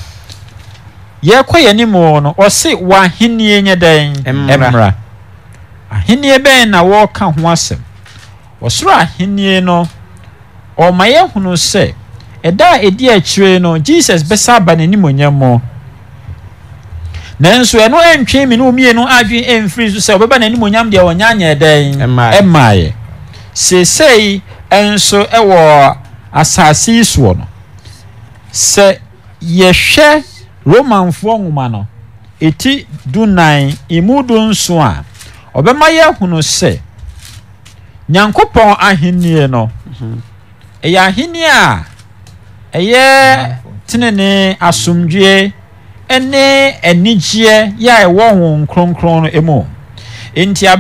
yɛkɔ yɛn anim wɔ no ɔse wɔ ahennie nyɛ dɛn mmra ahennie bɛn na wɔreka ho asɛm ɔsoro ahenni no ɔma yɛhunu sɛ ɛda a ɛdi akyire no jesus bɛsa aba n'animonyam mu nanso ɛno ɛntwe mi no mmienu adwene ɛmfiri so sɛ ɔbɛba n'animonyam deɛ ɔnyɛ anyɛ dɛn ɛmmaeɛ seesei nso ɛwɔ asase yi soɔ no sɛ yɛhwɛ romanfoɔ nwoma no ɛti dunan emu du nso a ɔbɛma yɛhunu sɛ nyankopɔn ahennie no ɛyɛ ahennie a ɛyɛ tenene asomdwoe ne anigyeɛ yɛ a ɛwɔ ho nkronkron no mu enti a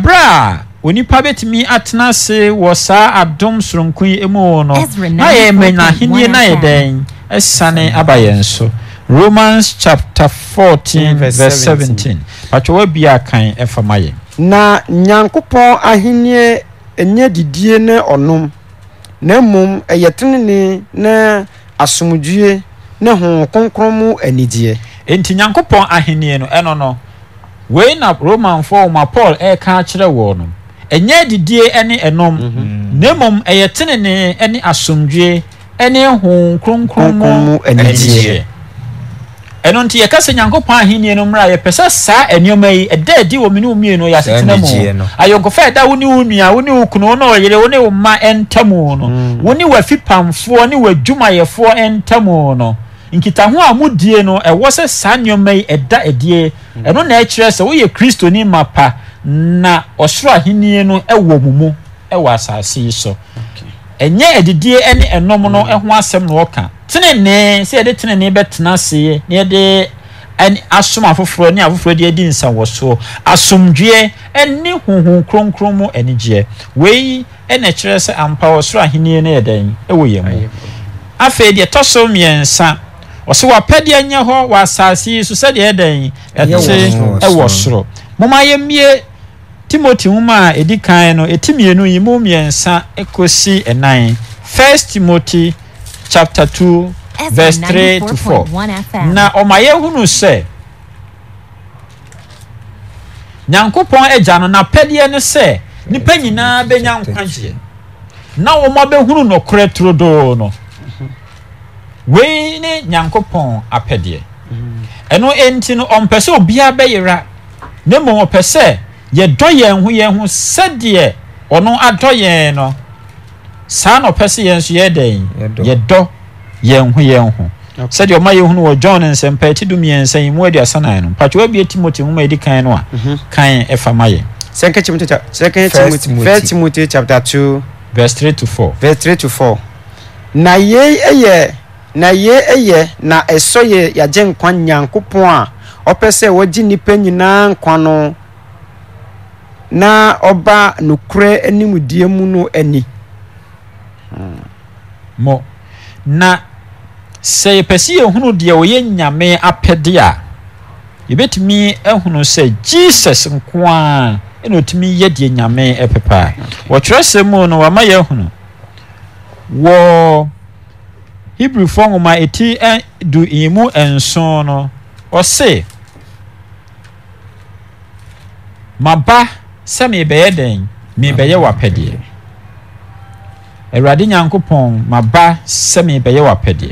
onipa bɛtumi atena ase wɔ saa adom soronko yi mu no na yɛ na yɛ dɛn ɛsane aba yɛn so romans chapter 14 verse 17 patwɛ kan na nyankopɔn ahennie ɛnyɛ didie ne ɔnom na mmom ɛyɛ tenene na asomdwie ne ho kronkron mu anigyeɛ enti nyankopɔn ahenni no ɛno no wei na romanfoɔ ɔma paul ɛreka kyerɛ wɔ no ɛnyɛ didie ne ɛnom mhm. na mmom ɛyɛ tenene ne asomdwie ne ho kronkron mu anigyeɛ ɛno nti yɛka sɛ nyankopɔn ahenni no mmra yɛpɛ sɛ saa nneɛma yi ɛda adi wɔ me ne wo mmienu yɛ asetena mu ayɔnkofa ɛda wo ne wo nua wo ne wo kunu wo ne ɔyere wo ne wo mma ɛntam no wo ne w'afipamfoɔ ne w'adwumayɛfoɔ ɛntam no nkitaho a modie mm. no ɛwɔ sɛ saa nneɛma yi ɛda adie ɛno na ɛkyerɛ sɛ woyɛ kristoni mapa na ɔsoro ahenni no ɛwɔ mu mu ɛwɔ asase yi so ɛnyɛ adidie ne ɛnom no ho asɛm na ɔka tenenee sɛ yɛde tenenee bɛtena aseɛ na yɛde asom afoforɔ ne afoforɔ de adi nsawɔsoɔ asomdwoeɛ ne honhom kronkron mu anigyeɛ wei na kyerɛ sɛ ampa ɔsoro ahenni no yɛ dɛn ɛwɔ yɛn mu afei deɛ ɛtɔ so mmiɛnsa ɔsɛ wapɛdeɛ nyɛ hɔ wɔ asase yi so sɛdeɛ ɛdɛn ɛte ɛwɔ soro moma yɛmmie timoti nwoma a ɛdi kan no ɛti mmienu yi mu mmiɛnsa kɔsi ɛnan first timoti chapter 2 verse 3 to 4 na ɔma yɛhunu sɛ nyankopɔn agya no n'apɛdeɛ ne sɛ nipa nyinaa bɛnya nkwagyeɛ na wɔn abɛhunu nɔkorɛ turodoo no wei ne nyankopɔn apɛdeɛ ɛno enti no ɔmpɛ sɛ obiara bɛyera na mmom ɔpɛ sɛ yɛdɔ yɛn ho yɛn ho sɛdeɛ ɔno adɔ yɛn no saa na ɔpɛ sɛ yɛn nso yɛ dɛn yɛdɔ yɛn ho yɛn ho sɛdeɛ ɔma yɛhunu wɔ john nsɛmpa ɛti dum yɛnsa yi mu aduasa nan no mpatwa wabie timoti nwoma ɛdi kan no a mhm. kan ɛfa ma yɛn second timothy second timothy first timothy chapter two verse three to four verse three to four na yei ɛyɛ na yei ɛyɛ na ɛsɔ yɛ yagye nkwa nyankopɔn a ɔpɛ sɛ wɔgye nipa nyinaa nkwa no na ɔba nokorɛ animdeɛ mu no ani mmɔ na sɛ yɛpɛ sɛ yɛhunu deɛ ɔyɛ nyame apɛde a yɛbɛtumi ahunu sɛ jesus nko a ɛna ɔtumi yɛ deɛ nyame ɛpɛpɛ a wɔtwerɛsɛm mu no wama yɛahunu wɔ hebrifoɔ nwoma ɛti du mu nson no ɔse maba sɛ mebɛyɛ dɛn mebɛyɛ wapɛdeɛ awurade nyankopɔn maba sɛ mebɛyɛ w'apɛdeɛ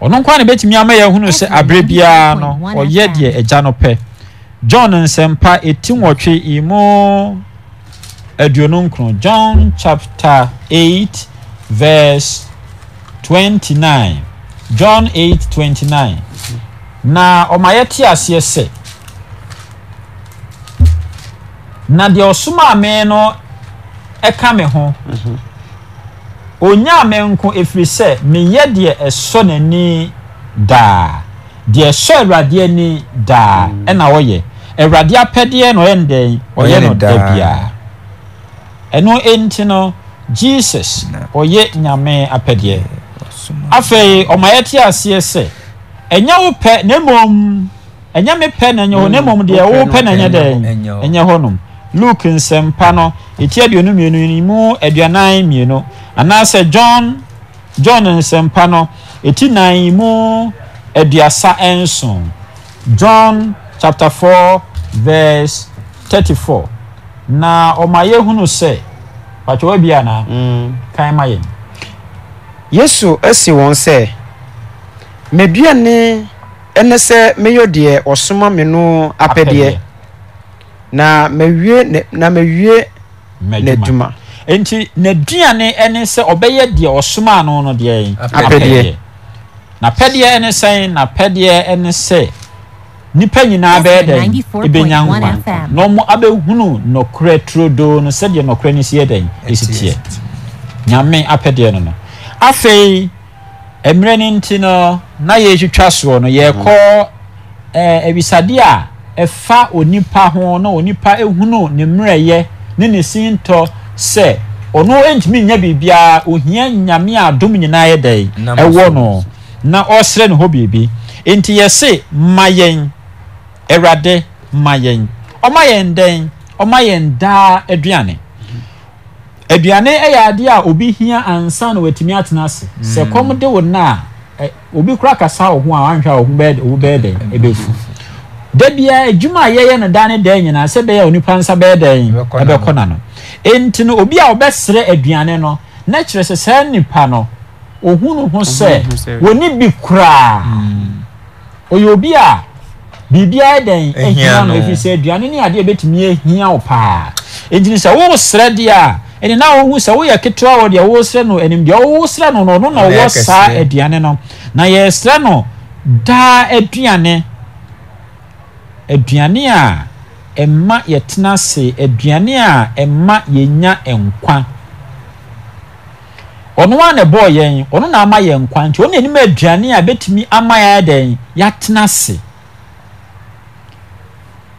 ɔno nkwa na bɛtumi ama yɛhunu sɛ aberɛ biara no ɔyɛ deɛ agya no pɛ john nsɛmpa ɛti nwɔtwe imu aduonu nkron john chapter 8 verse 29 john 8 29 na ɔma yɛte aseɛ sɛ na deɛ ɔsomaa me no ɛka me ho onyaa me nko ɛfiri sɛ meyɛ deɛ ɛsɔ n'ani daa deɛ ɛsɔ awurade ani daa mm. ɛna ɔyɛ awurade apɛdeɛ na ɔyɛ no dɛn ɔyɛ no da biara ɛno enti no jesus ɔyɛ nyame apɛdeɛ afei ɔma yɛte aseɛ sɛ ɛnyɛ wo pɛ na mmom ɛnyɛ me pɛ na ɛnyɛ hɔ na mmom deɛ wo pɛ na ɛnyɛ dɛn ɛnyɛ hɔnom luke nsɛmpa no eti aduonu mmienu yi mu aduanan mmienu anaasɛ john john nsɛmpa no eti nan yi mu aduasa nson john chapter four verse thirty four na ɔma yɛhunu sɛ pàtó wa bi ana. Mm. kan ma yɛn. yesu esi wɔn sɛ meduane ɛne sɛ meyɛ deɛ ɔsoma me no apɛdeɛ. apɛdeɛ na mewie ne na mewie n'adwuma nti n'aduane ne sɛ ɔbɛyɛ deɛ ɔsomaa no no deɛ apɛdeɛ n'apɛdeɛ ne sɛn n'apɛdeɛ ne sɛ nipa nyinaa bɛyɛ dɛn ebɛnya nkwa na ɔmo abɛhunu nɔkorɛ turodoo no sɛdeɛ nɔkorɛ no si yɛ dɛn esi teɛ nyame apɛdeɛ no no afei mmerɛ no nti no na yɛretwitwa soɔ no yɛrekɔ ɛɛ eh, ebisadeɛ a. ɛfa onipa ho na onipa ehunu ne mmerɛyɛ ne ne si ntɔ sɛ ɔno ntumi nya biribiara ohia nyame dum nyinaa yɛ dɛ ɛwɔ no na ɔsrɛ ne hɔ biribi nti yɛse ma yɛn awurade ma yɛn ɔma yɛn dɛn ɔma yɛn daa aduane aduane yɛ adeɛ a obi hia ansa na watumi atena ase sɛ mm. kɔm de wo na a obi kura kasa wɔ ho a wanhwɛ a wo bɛyɛ dɛn ɛbɛfu debia adwuma a yɛyɛ no da ne dan nyinaa sɛ bɛyɛ onipa nsa bɛyɛ dan ɛbɛkɔ na no nti no obi a ɔbɛsrɛ aduane no na kyerɛ sɛ saa nipa no ohunu ho sɛ wɔni bi koraa hmm. ɔyɛ obi a biribiara dan ehia no efiri sɛ aduane ne adeɛ ebɛtumi ehia wo paa egyini sɛ wɔresrɛ deɛ a ɛni na wɔn ho sɛ wɔyɛ ketewa wɔ deɛ wɔresrɛ no anim deɛ wɔresrɛ no no ɔno na ɔwɔ saa aduane no na yɛresrɛ no daa aduane aduane a ɛma yɛtena ase aduane a ɛma yɛnya nkwa ɔno a na ɛbɔɔ yɛn ɔno na ama yɛn nkwa nti ɔno anim aduane a bɛtumi ama yɛn dɛn yɛatena ase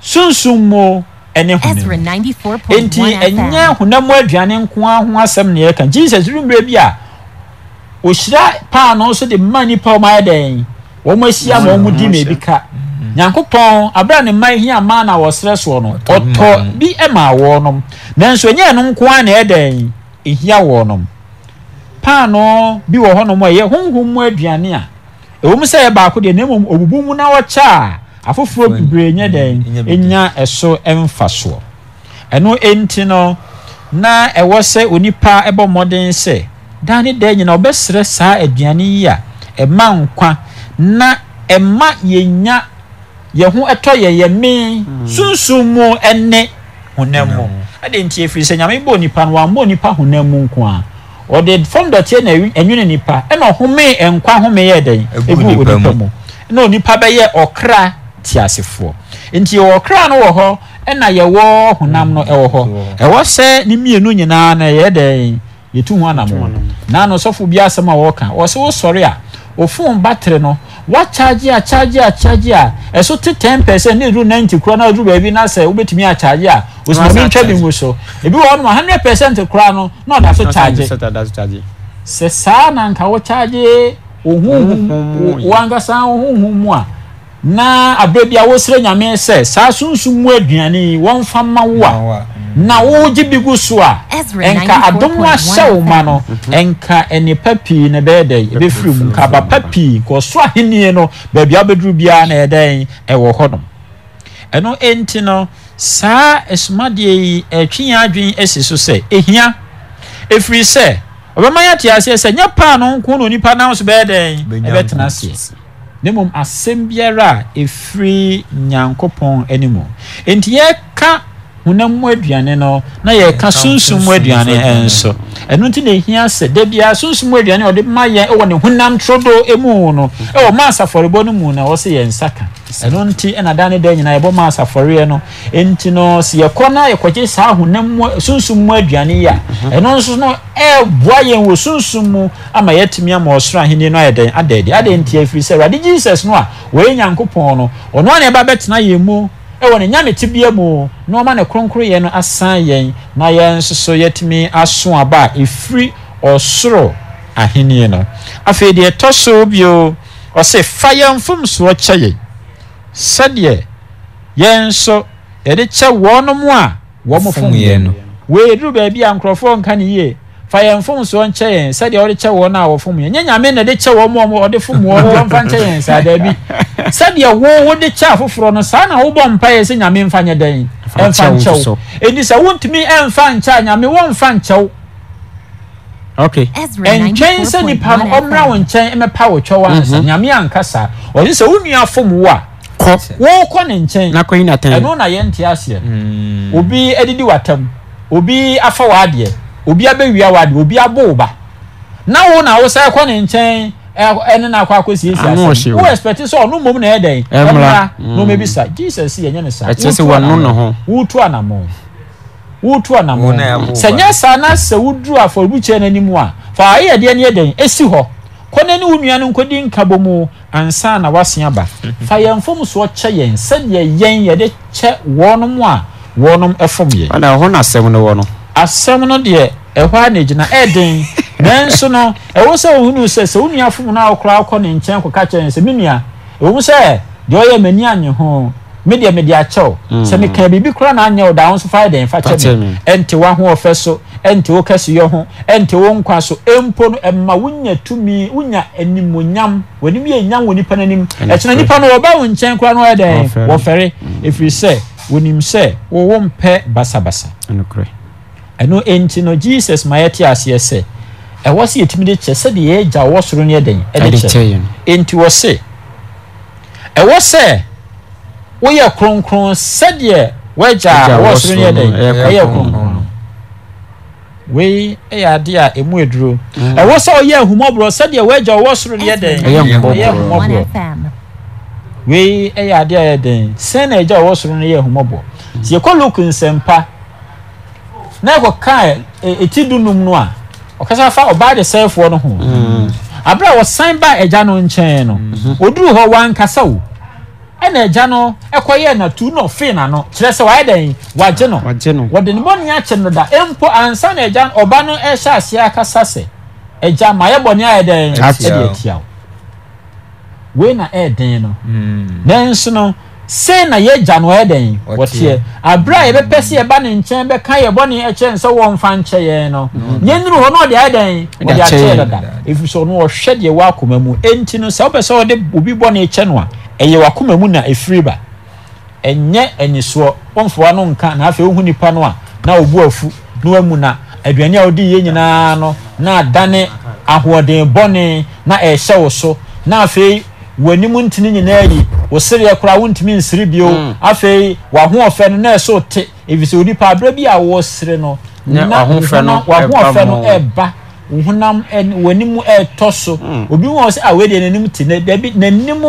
sunsun mu ɛne honam nti ɛnyɛ honam aduane nko ho asɛm na yɛka jesus rumire bi a ɔhyira paano nso de mma nipa ɔmo ayɛ dɛn wɔn ahyia ma wɔn di na ebi ka nyankopɔn abira ne mma ehi ama na wɔsrɛ soɔ no ɔtɔ bi ma wɔnom nanso enyi ɛno nko ara na ɛdan ehia wɔnom paano bi wɔ hɔnom a ɛyɛ huhum mu aduane a ɛwɔ mu sɛ ɛyɛ baako deɛ na mmom obubu mu na wɔkyɛ a afoforɔ bebree nyɛ dɛn enya ɛso mfa soɔ ɛno enti no na ɛwɔ sɛ onipa ɛbɔ mmɔden sɛ daa ne dan nyinaa ɔbɛsrɛ saa aduane yi a ɛma nkwa. na ɛma yɛnya yɛn ho ɛtɔ yɛ yɛn hmm. sunsun mu ɛne honam mu hmm. ɛde nti efiri sɛ nyame bɔ nipa no wɔn nipa honam mu nko a ɔde fam dɔteɛ na ɛnwene nipa ɛna ɔhome nkwa home yɛ dɛn egu onipa mu na onipa bɛyɛ ɔkra ti asefoɔ nti wɔ ɔkra no wɔ hɔ ɛna yɛwɔ honam no ɛwɔ hɔ hmm. ɛwɔ sɛ ne mmienu nyinaa na yɛ dɛn yɛtu ho anam naanu sɔfo bi asɛm a wɔka wɔsɛ wɔsɔre a ofun batere no wakyagye akyagye akyagye a ɛso te ten percent ne duru ninety kura na duru baabi na sɛ wobɛtumi akyagye a osimami ntwa bi mu so ebi wɔ hɔnom hundred percent kura no na ɔda so kyagye sɛ saa na nka wɔkyagye ohunhun wankasa ohunhun mu a na abere bi a wosere nyame sɛ saa sunsun mu aduane wɔnfa ma wo a na wogye bi gu so a nka adom ahyɛ wo ma no nka nipa pii na bɛyɛ dɛ ebɛfiri mu nka abapa pii nka ɔso ahenni no baabi a wobɛduru biara na ɛdɛn ɛwɔ hɔnom ɛno enti no saa esumadeɛ yi ɛtwi yɛn adwene esi so sɛ ehia efiri sɛ ɔbɛma yɛ ate aseɛ sɛ nyɛ paa no nko na onipa nam so bɛyɛ dɛn ɛbɛtena aseɛ na mmom asɛm biara a ɛfiri nyankopɔn anim enti honam mu aduane no na yɛka sunsun mu aduane nso ɛno nti na ehia sɛ debia sunsun mu aduane ɔde ma yɛn ɛwɔ ne honam trodo emu no ɛwɔ maas afɔrebɔ no mu na wɔsɛ yɛn nsa ka ɛno nti ɛna dan ne dan nyinaa yɛbɔ maas afɔreɛ no nti no si yɛkɔ na yɛkɔgye saa honam mu sunsun mu aduane yi a nso no ɛɛboa yɛn wɔ sunsun mu ama yɛtumi ama ɔsoro ahenni no ayɛ dɛn adɛɛde adɛɛ nti efiri sɛ ɛwɔ ade jesus no a wɔyɛ nyankopɔn no ɔno na ɛba ɛwɔ ne nyame tibea mu na ɔma ne kronkronyɛ no asan yɛn na yɛn nso so yɛtumi aso aba a ɛfiri ɔsoro ahenni no afei deɛ ɛtɔ so bio ɔsɛ fa yɛn mfomsoɔ kyɛ yɛn sɛdeɛ yɛn nso yɛde kyɛ wɔnom a wɔn fom yɛn no wɔreduru baabi a nkurɔfoɔ nka ne yie fa yɛn mfomsoɔ nkyɛ yɛn sɛdeɛ ɔde kyɛ wɔn a wɔfom yɛn nyɛ nyame na ɛde kyɛ wɔn a ɔde fom wɔn wɔmfa nkyɛ yɛn saa daabi sɛdeɛ wo wode kyɛ afoforɔ no saa na wobɔ mpaeɛ sɛ nyame mfa nyɛ dɛn ɛmfa nkyɛ wo ɛnti sɛ wontumi ɛmfa nkyɛ a nyame wɔmfa nkyɛ wo ɛntwɛn sɛ nipa no ɔmmra wo nkyɛn mɛpa wo twɛw ansa mhm. nyame ankasa ɔne sɛ wo nua fom wo a wɔkɔ ne nkyɛn ɛno na yɛnte aseɛ mm. obi adidi watam obi afa w'adeɛ obi abɛwia w'adeɛ obi abɔ wo ba na wo na wo sɛ ne nkyɛn ɛne no akɔ akɔ siesie wo expect sɛ ɔno mmom na ɛdɛn ɛmra na ɔmɛbi sa jesus si yɛnyɛ no sa wotu anammɔ wotu anammɔ sɛ nyɛ saa na sɛ woduru afɔrebukyɛ no anim a fa ayɛ deɛ ne ɛdɛn ɛsi hɔ kɔnɛ ne wo nua no nkɔdi nka bɔ ansa na woase aba fa yɛn fam soɔ kyɛ yɛn sɛdeɛ yɛn yɛde kyɛ wɔnom a wɔnom ɛfom yɛn ɛna ɛhɔ no asɛm no deɛ ɛhɔ a na ɛgyina ɛdɛn nanso no ɛwɔ sɛ ohunu sɛ sɛ wo nua fom no a wokora wokɔ ne nkyɛn kɔka kyerɛ ne sɛ me nua ɛwɔ mu sɛ deɛ ɔyɛ m'ani anye ho me mede akyɛw mm. sɛ meka biribi kora na anyɛ wo da wo nso fa dɛn fa kyɛ me ɛnte w'ahoɔfɛ so ɛnte wo kɛseyɛ ho ɛnte wo nkwa so ɛmpo no ɛma wonya tumi wonya animonyam w'anim yɛ nyam wɔ nipa no anim ɛkyena nipa no wɔba wo nkyɛn kora no ɔyɛ dɛn wɔfɛre mm. ɛfiri sɛ wonim sɛ wowo mpɛ basabasa ɛno ɛnti no jesus ma yɛte aseɛ sɛ ɛwɔ sɛ yɛtumi de kyɛ sɛdeɛ yɛagya wɔ soro no yɛdɛn ɛde kyɛ enti wɔ se ɛwɔ sɛ woyɛ kronkron sɛdeɛ woagya wɔ soro no yɛdɛn ɛyɛ kronkron wei yɛ ade a ɛmu aduro mm. ɛwɔ sɛ ɔyɛ ahumɔborɔ sɛdeɛ woagya wɔ soro no yɛdɛn ɛyɛ ahumɔborɔ wei yɛ ade a yɛ dɛn sɛn na agya wɔ soro no yɛ ahumɔborɔ mm. sɛ yɛkɔ luk nsɛmpa na ɛkɔka ɛti e, e, dunum no a ɔkasa fa ɔbaa de sɛefoɔ no ho mm. aberɛ a ba agya no nkyɛn no ɔduru mm-hmm. hɔ wankasa o ɛna no na na n'ano kyerɛ sɛ wayɛ dɛn wagye no wɔde ne no da ansa na agya ɔba no ɛhyɛ aseɛ akasa sɛ agya ma ayɛ dɛn wei na ɛyɛ no mm. nanso no sɛn na yɛ yɛgya no ɛdɛn wɔteɛ abere a yɛbɛpɛ si ɛba ne nkyɛn bɛka yɛ bɔne ɛkyɛ nsɛ wɔmfa nkyɛ yɛn no mm. yɛnuru hɔ no ɔde ɛdɛn ɔde akyɛ dada ɛfiri sɛ ɔno ɔhwɛ deɛ wɔ akoma mu ɛnti no sɛ ɔpɛ sɛ ɔde obi bɔne kyɛ no a ɛyɛ wakoma mu na efiri ba ɛnyɛ anisoɔ wɔmfoa no nka na afei wohu nipa no a na ɔbu afu na wamu na aduane a wodi yɛ nyinaa no na adane ahoɔden bɔne na ɛhyɛ w'anim ntini nyinaa yi wo sereɛ koraa wontumi nsiri bio mm. afei w'ahoɔfɛ no na ɛso te efisɛ onipa abirɛ bi a wɔsere no na w'ahoɔfɛ no ɛba honam w'anim ɛɛtɔ so mm. obi wɔn sɛ awo ah, deɛ n'anim te na dabi n'anim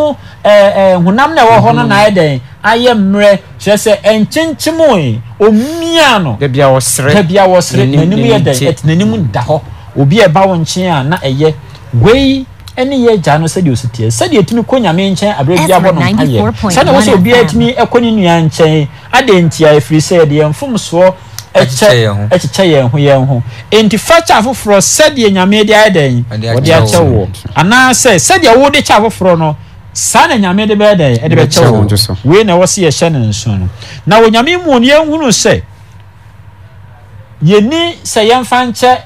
ɛɛ honam na ɛwɔ hɔ no na ayɛ dɛn ayɛ mmerɛ kyerɛ sɛ ɛnkyɛnkyɛmui omia no dabi a wɔsere dabi a wɔsere n'anim yɛ ɛte n'anim da hɔ obi a ɛba wɔn nkyɛn a na ɛyɛ wei ɛne yɛ gya no sɛdeɛ ɔsi teɛ sɛdeɛ ɛtumi kɔ nyame nkyɛn abere bi abɔ no ayɛ sɛdeɛ wɔsɛ obiara ɛtumi ɛkɔ ne nua nkyɛn adeɛ ntia ɛfiri sɛ yɛde yɛn mfomsoɔ ɛkyɛ ɛkyekyɛ yɛn ho yɛn ho nti fa kyɛ afoforɔ sɛdeɛ nyame de ayɛ dɛn wɔde akyɛ wɔ anaasɛ sɛdeɛ wɔde kyɛ afoforɔ no saa na nyame de bɛyɛ dɛn ɛde bɛkyɛ wɔ wei na wɔsi yɛhyɛ ne nso no na wɔ nyame mu no yɛnhunu sɛ yɛni sɛ yɛmfa nkyɛ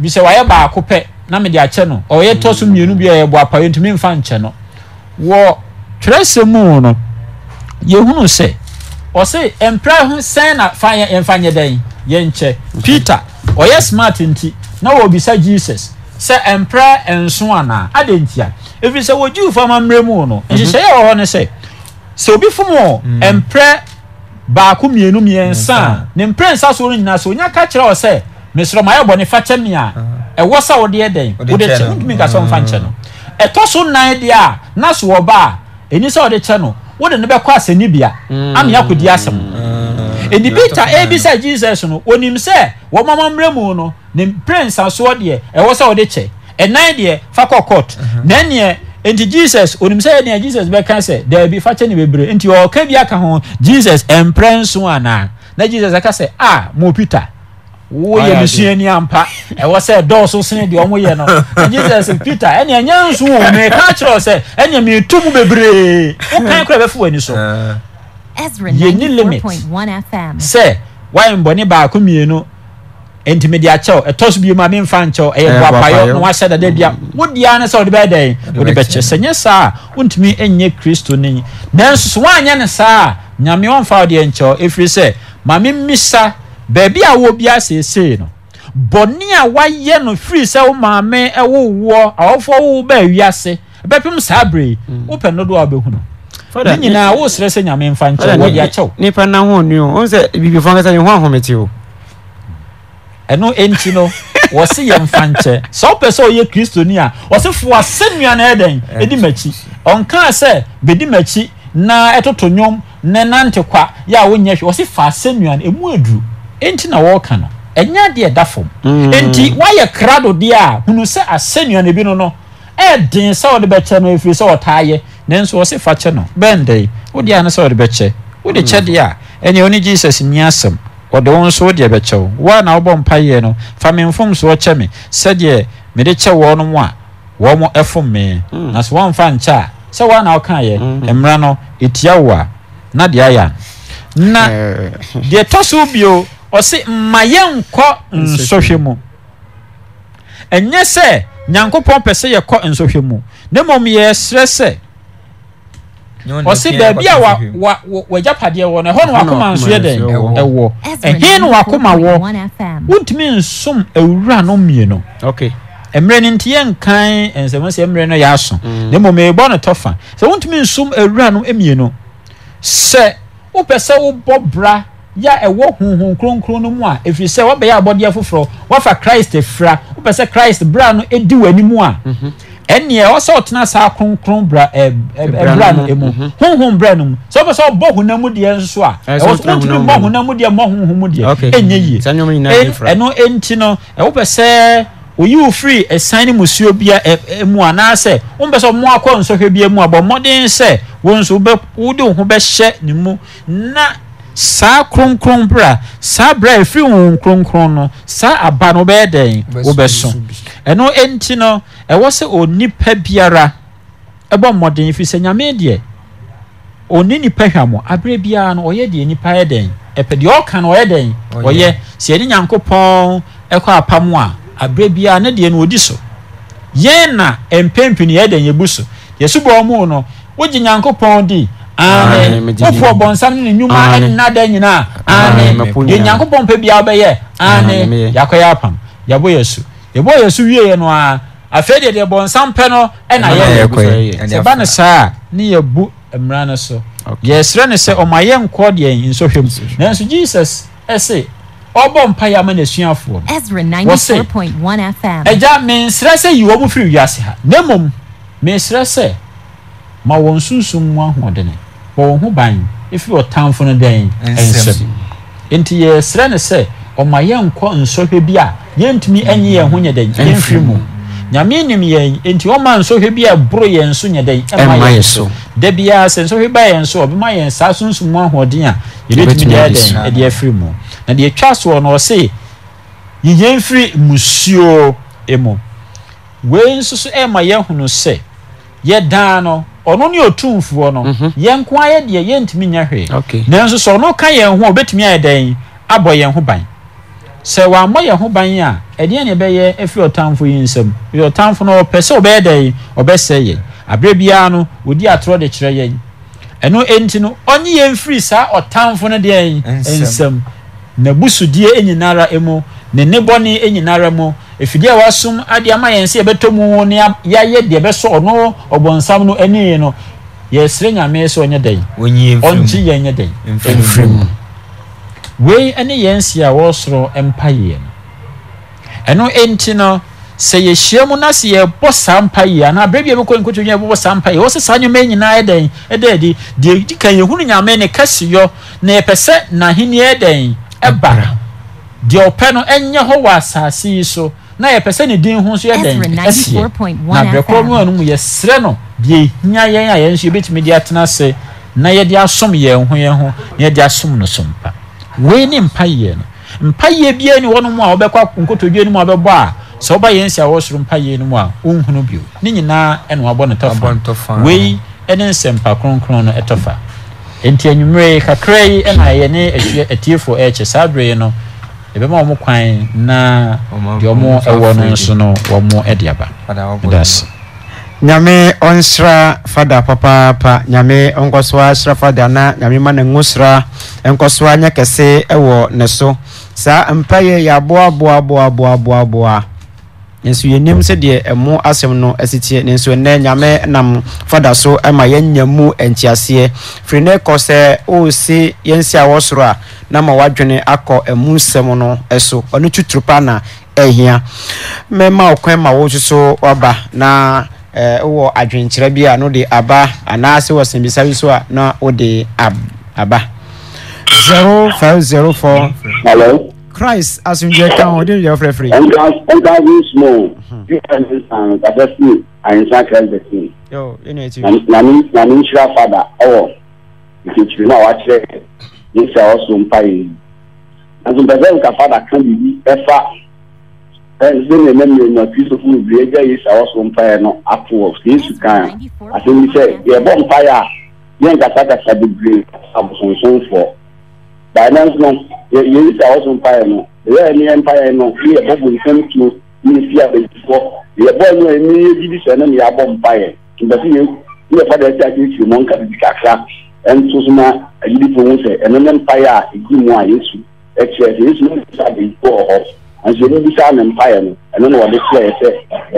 bi sɛ wɔayɛ baako pɛ na mede akyɛ no ɔyɛ tɔ so mmienu bi a yɛbɔ apaeɛ ntumi mfa nkyɛ no wɔ twerɛsɛ mu no yɛhunu sɛ ɔse mpra ho sɛn na fa yɛmfa nyɛ dɛn yɛnkyɛ peter ɔyɛ smart nti na wɔbisa jesus sɛ mpra nso anaa ade ntia ɛfiri sɛ wɔgyiwfo amammerɛ mu no mhm. nhyehyɛeɛ wɔ hɔ no sɛ sɛ obi fom mm. mprɛ baako mmienu mmiɛnsa a ne mprɛ nsa soɔ no nyinaa sɛ onya ka kyerɛ wɔ sɛ mesoro mayɛ bɔ ne fa kyɛ mia ɛwɔ sa wɔde yɛ dɛn wɔde kyɛ ntumi nka sɛ ɔnfa nkyɛ no ɛtɔ so nan deɛ a nurse wɔ ba a ɛni sɛ ɔde kyɛ no wɔde ne bɛkɔ asɛnibea hmm. ama akɔdi asɛm ɛdi peter ebisa jesus no onim sɛ wɔn mama mmerɛ mu no ne prince asoɔ deɛ ɛwɔ sɛ ɔde kyɛ ɛnan deɛ fa kɔ court na ɛneɛ nti jesus onim sɛ ɛneɛ jesus bɛka sɛ daabi fa kyɛ ne bebree nti ɔka bi aka ho jesus ɛmprɛ nso anaa na jesus aka sɛ a ah, mo peter woyɛ misuani ampa ɛwɔ sɛ dɔɔso sene deɛ ɔmo yɛ no jesus peter ɛnea ɛnyɛ nso wɔ me ka kyerɛ sɛ ɛnea metu mu bebree wokan kora bɛfa w'ani so eh. yɛni limit sɛ woayɛ mbɔne baako mmienu nti mede akyɛw ɛtɔ so bio ma memfa nkyɛw ɛyɛ eh, boapayɔ na wahyɛ dada bia mm. wodia ne sɛ wode bɛyɛ dɛn wode bɛkyɛ sɛ nyɛ saa a wontumi nyɛ kristo nanso so ne saa a nyame ɔmfa wodeɛ nkyɛw ɛfiri sɛ ma memmisa beebi a wɔ bi aseesei no bɔnne a wayɛ no firi sɛ wo maame ɛwo woɔ awɔfoɔ wo bɛɛ wiase bɛpem saa bere wopɛ no do a wobɛhu no ne nyinaa wosrɛ sɛ nyame mfa nkyɛ wɔde akyɛw nipa na ho ni o ɔn sɛ bibifo ankasa ne ho ahomete o ɛno enti no wɔsi yɛ mfa nkyɛ sɛ ɔpɛ sɛ ɔyɛ kristoni a wɔsi fo ase nua na ɛdɛn edi m'akyi ɔnkaa sɛ bedi m'akyi na ɛtoto nnwom ne nante kwa yɛ a wonyɛ hwɛ wɔsi fa ase nua emu eduru enti na wɔɔka no ɛnya deɛ da fam mm. enti wayɛ krado deɛ a hunu sɛ asɛnnua no bi no no ɛɛden sɛ wɔde bɛkyɛ no ɛfiri sɛ wɔtaa yɛ nanso wɔse fa kyɛ no bɛndɛn wode a ne sɛ wɔde bɛkyɛ wode kyɛ mm. deɛ a ɛneɛ wone jesus nni asɛm wɔde wo nso wodeɛ bɛkyɛ wo wo a na wobɔ mpayɛ no fa me mfomsoɔ kyɛ me sɛdeɛ mede kyɛ wɔ no mu a wɔn mo ɛfom me mm. na sɛ wɔmfa nkyɛ a sɛ wɔn a na ɔka yɛ mmara no etia wo a na deɛ ayɛ na eh. deɛ tɔ so bio ɔsi mma yɛn nkɔ nsɔhwɛ mu ɛnyɛ sɛ nyankopɔn pɛ sɛ yɛkɔ nsɔhwɛ mu ne mmom yɛsrɛ sɛ ɔsi baabi a wa wa wagyapadeɛ wɔ no ɛhɔ no wakoma nso yɛ dɛ ɛwɔ ɛhɛn no wakoma wɔ wuntumi nsom ewura no mmienu mmerɛ no nti yɛnkan nsɛm sɛ mmerɛ no yɛ aso mm. na mmom ɛbɔ no tɔfa sɛ wontumi nsom awura no mmienu sɛ wopɛ sɛ wobɔ bra yà ɛwɔ huhun kronkron no mu a efi sɛ wabɛyɛ abɔdeɛ foforɔ wafa christ fira wopɛ sɛ christ bra no edi wɔ anim a mhm. ɛnneɛ ɔsɛ ɔtena saa kronkron bra ɛ ɛbra no emu mhm. huhun bra no mu sɛ ɔpɛ sɛ ɔbɔ hunam mu deɛ nso a ɛwɔ sɛ ɔtumi bɔ hunam mu deɛ mɔ huhun mu deɛ ɛnyɛ yie ɛno ɛnti no ɛwopɛ sɛ oyi wo firi ɛsan ne musuo bi mu anaasɛ wɔn bɛ sɛ wɔn akɔ nsɔhwɛ bi mu a abɔ mmɔden sɛ wɔn nso wode wo ho bɛhyɛ ne mu na. saa kronkron berɛ a saa berɛ a ɛfiri wo kronkron no saa aba no wobɛyɛ dɛn wobɛso ɛno ɛnti no ɛwɔ sɛ onipa biara ɛbɔ mmɔden fi sɛ nyame deɛ ɔnni nipa hwa mɔ aberɛ biara no ɔyɛ deɛ nipa yɛ dɛn ɛpɛ deɛ ɔka no ɔyɛ dɛn ɔyɛ sɛ nyanko nyankopɔn ɛkɔ apam a aberɛ biara ne deɛ no ɔdi so yɛn na mpɛmpin yɛ dɛn yɛbu so deɛ so bɔ mu no wogye nyankopɔn di wofoɔ bɔnsam ne nnwuma nnada nyinaa ane deɛ nyankopɔn pɛ biaa wobɛyɛ ane yɛakɔyɛ apam yɛbɔ yɛ su yɛbɔ yɛ su wieɛ no a afei deɛ deɛ bɔnsam pɛ no ɛna yɛyɛ sɛ ba no saa a ne yɛbu mmara no so yɛsrɛ no sɛ ɔma yɛnkɔ deɛ nsɔhwɛ mu nanso jesus ɛse ɔbɔ mpaeɛ ama n'asuafoɔ no wɔse agya mensrɛ sɛ yi wɔ mu firi wiase ha na mmom mesrɛ sɛ ma wɔn sunsum mu ahoɔdene wɔn ho ban efi ɔtamfo no dɛn nsɛm nti yɛsrɛ no sɛ ɔma yɛnkɔ nsɔhwɛ bi a yɛntumi ɛnye yɛn ho nyɛ dɛn yɛnfiri mu nyame nim yɛn nti ɔma nsɔhwɛ bi a ɛboro yɛn so nyɛ dɛn ɛma yɛn so da biara sɛ nsɔhwɛ ba yɛn so ɔbɛma yɛn saa sunsun mu ahoɔden a yɛbɛtumi de ɛdɛn ɛde afiri mu na deɛ atwa soɔ no ɔse yiyɛn firi musuo mu wei nso so ɛma yɛhunu sɛ yɛdan no ɔno ne ɔtumfoɔ mhm. no yɛn nko ayɛ deɛ yɛntumi nyɛ hwee nanso sɛ ɔno ka yɛn ho a obɛtumi ayɛ dɛn abɔ yɛn ho ban sɛ wammɔ yɛn ho ban a ɛdeɛ ne ɛbɛyɛ afiri ɔtamfo yi nsam yɛ ɔtamfo no ɔpɛ sɛ ɔbɛyɛ dɛn ɔbɛsɛ yɛn aberɛ biara no wɔdi atorɔ de kyerɛ yɛn ɛno enti no ɔnye yɛn firi saa ɔtamfo no deɛ nsam n'abusudie nyinara mu ne ne bɔne nyinara mu efidie a wasum ade ama yɛn sɛ yɛbɛtɔ mu ne yɛayɛ deɛ ɛbɛsɔ ɔno ɔbɔnsam no ani no yɛsrɛ nyame sɛ ɔnyɛ dɛn ɔnkye yɛn nyɛ dɛn mfiri mu wei ne yɛn si a wɔresoro mpaeɛ no ɛno enti no sɛ yɛhyia mu na sɛ yɛbɔ saa mpaeɛ anaa berɛ bia bɛkɔ nkotwo nyɛ yɛbɛbɔ saa mpaeɛ wɔ sɛ saa nnwoma nyinaa ɛdɛn ɛda adi deɛ di ka yɛhunu nyame ne kɛseyɔ na yɛpɛ sɛ n'ahenni ɛdɛn ɛba deɛ ɔpɛ so na yɛpɛ sɛ ne din ho nso yɛ dɛn ɛseɛ na berɛkorɔ no a no mu yɛsrɛ no deɛ ɛhia yɛn a yɛn nso yɛbɛtumi de atena ase na yɛde asom yɛn ho yɛn ho na yɛde asom no so mpa wei ne mpayɛ no mpayɛ biara ni wɔn mu a wɔbɛkɔ nkotodwe no mu a wɔbɛbɔ a sɛ ɔba yɛn si a wɔsoro mpayɛ no mu a wɔnhunu bio ne nyinaa ɛna wabɔ ne tɔfa wei ɛne nsɛmpa kronkron no ɛtɔfa nti anwummerɛ kakra yi ɛna yɛne atiefoɔ ɛrekyɛ saa berɛ ɛbɛma wɔn kwan na deɛ wɔn ɛwɔ no nso no wɔn ɛde aba ɛdaase. nyame ɔnsra fada papaapa nyame ɔnkɔso sra fada na nyame ma ne ŋusra nkɔso anyɛ kɛse ɛwɔ ne so saa mpaeɛ yɛ aboaboaboaboaboaboa nso yɛnim sɛdeɛ ɛmo asɛm no ɛsiteɛ nanso ɛnɛ nyame nam fada so ma yɛnya mu ntiaseɛ firi ne kɔ sɛ ɔrese yɛnsi a wɔsoro a na ma wadwene akɔ ɛmu nsɛm no ɛso ɔno tuturu pa na ɛhia mmɛma ɔkwan ma wɔn nso waba na ɛwɔ adwenkyerɛ bi a no de aba anaasɛ wɔ sɛmbisa bi so a na ɔde aba zero five zero four. Hello christ asunjẹ kan ọdún ìyá fẹfẹrẹ. ẹnka ẹnka bí small that hmm. me. you bí ẹni sàn kàfẹ́ sí àyìnsá kẹrẹsì sí. nani nani nhyira fada ɛwɔ nkekyere no a wakyerɛ yesu a ɔso mpa yi nanso mpɛ sɛ nka then, ka biribi ɛfa ɛnsɛ na ɛnɛ mmerɛ na kristofo bebree agya yesu a ɔso mpa yɛ no ato wɔ yesu kan a asɛm bi then, yɛbɔ mpa yɛ a yɛn nkasakasa bebree abosonsonfoɔ baa nanso no yɛyi sɛ ɔso mpaeɛ no ɛyɛ ne yɛ mpaeɛ no ne yɛbɔ bonsam tuo ne si abadifoɔ yɛbɔ no a ɛne yɛgyidi sɛ no ne yɛabɔ mpaeɛ mpɛsɛ yɛ ne yɛfa deɛ sɛ akyerɛkyerɛ mu ɔnka bibi kakra ɛnto so ma agyidifo ho sɛ ɛno ne mpaeɛ a ɛgu mu a yesu ɛkyerɛ sɛ yesu no sɛ abadifoɔ wɔ hɔ nsonye bi saa ne mpa yɛ no ɛno na wɔde kyerɛ yɛ e sɛ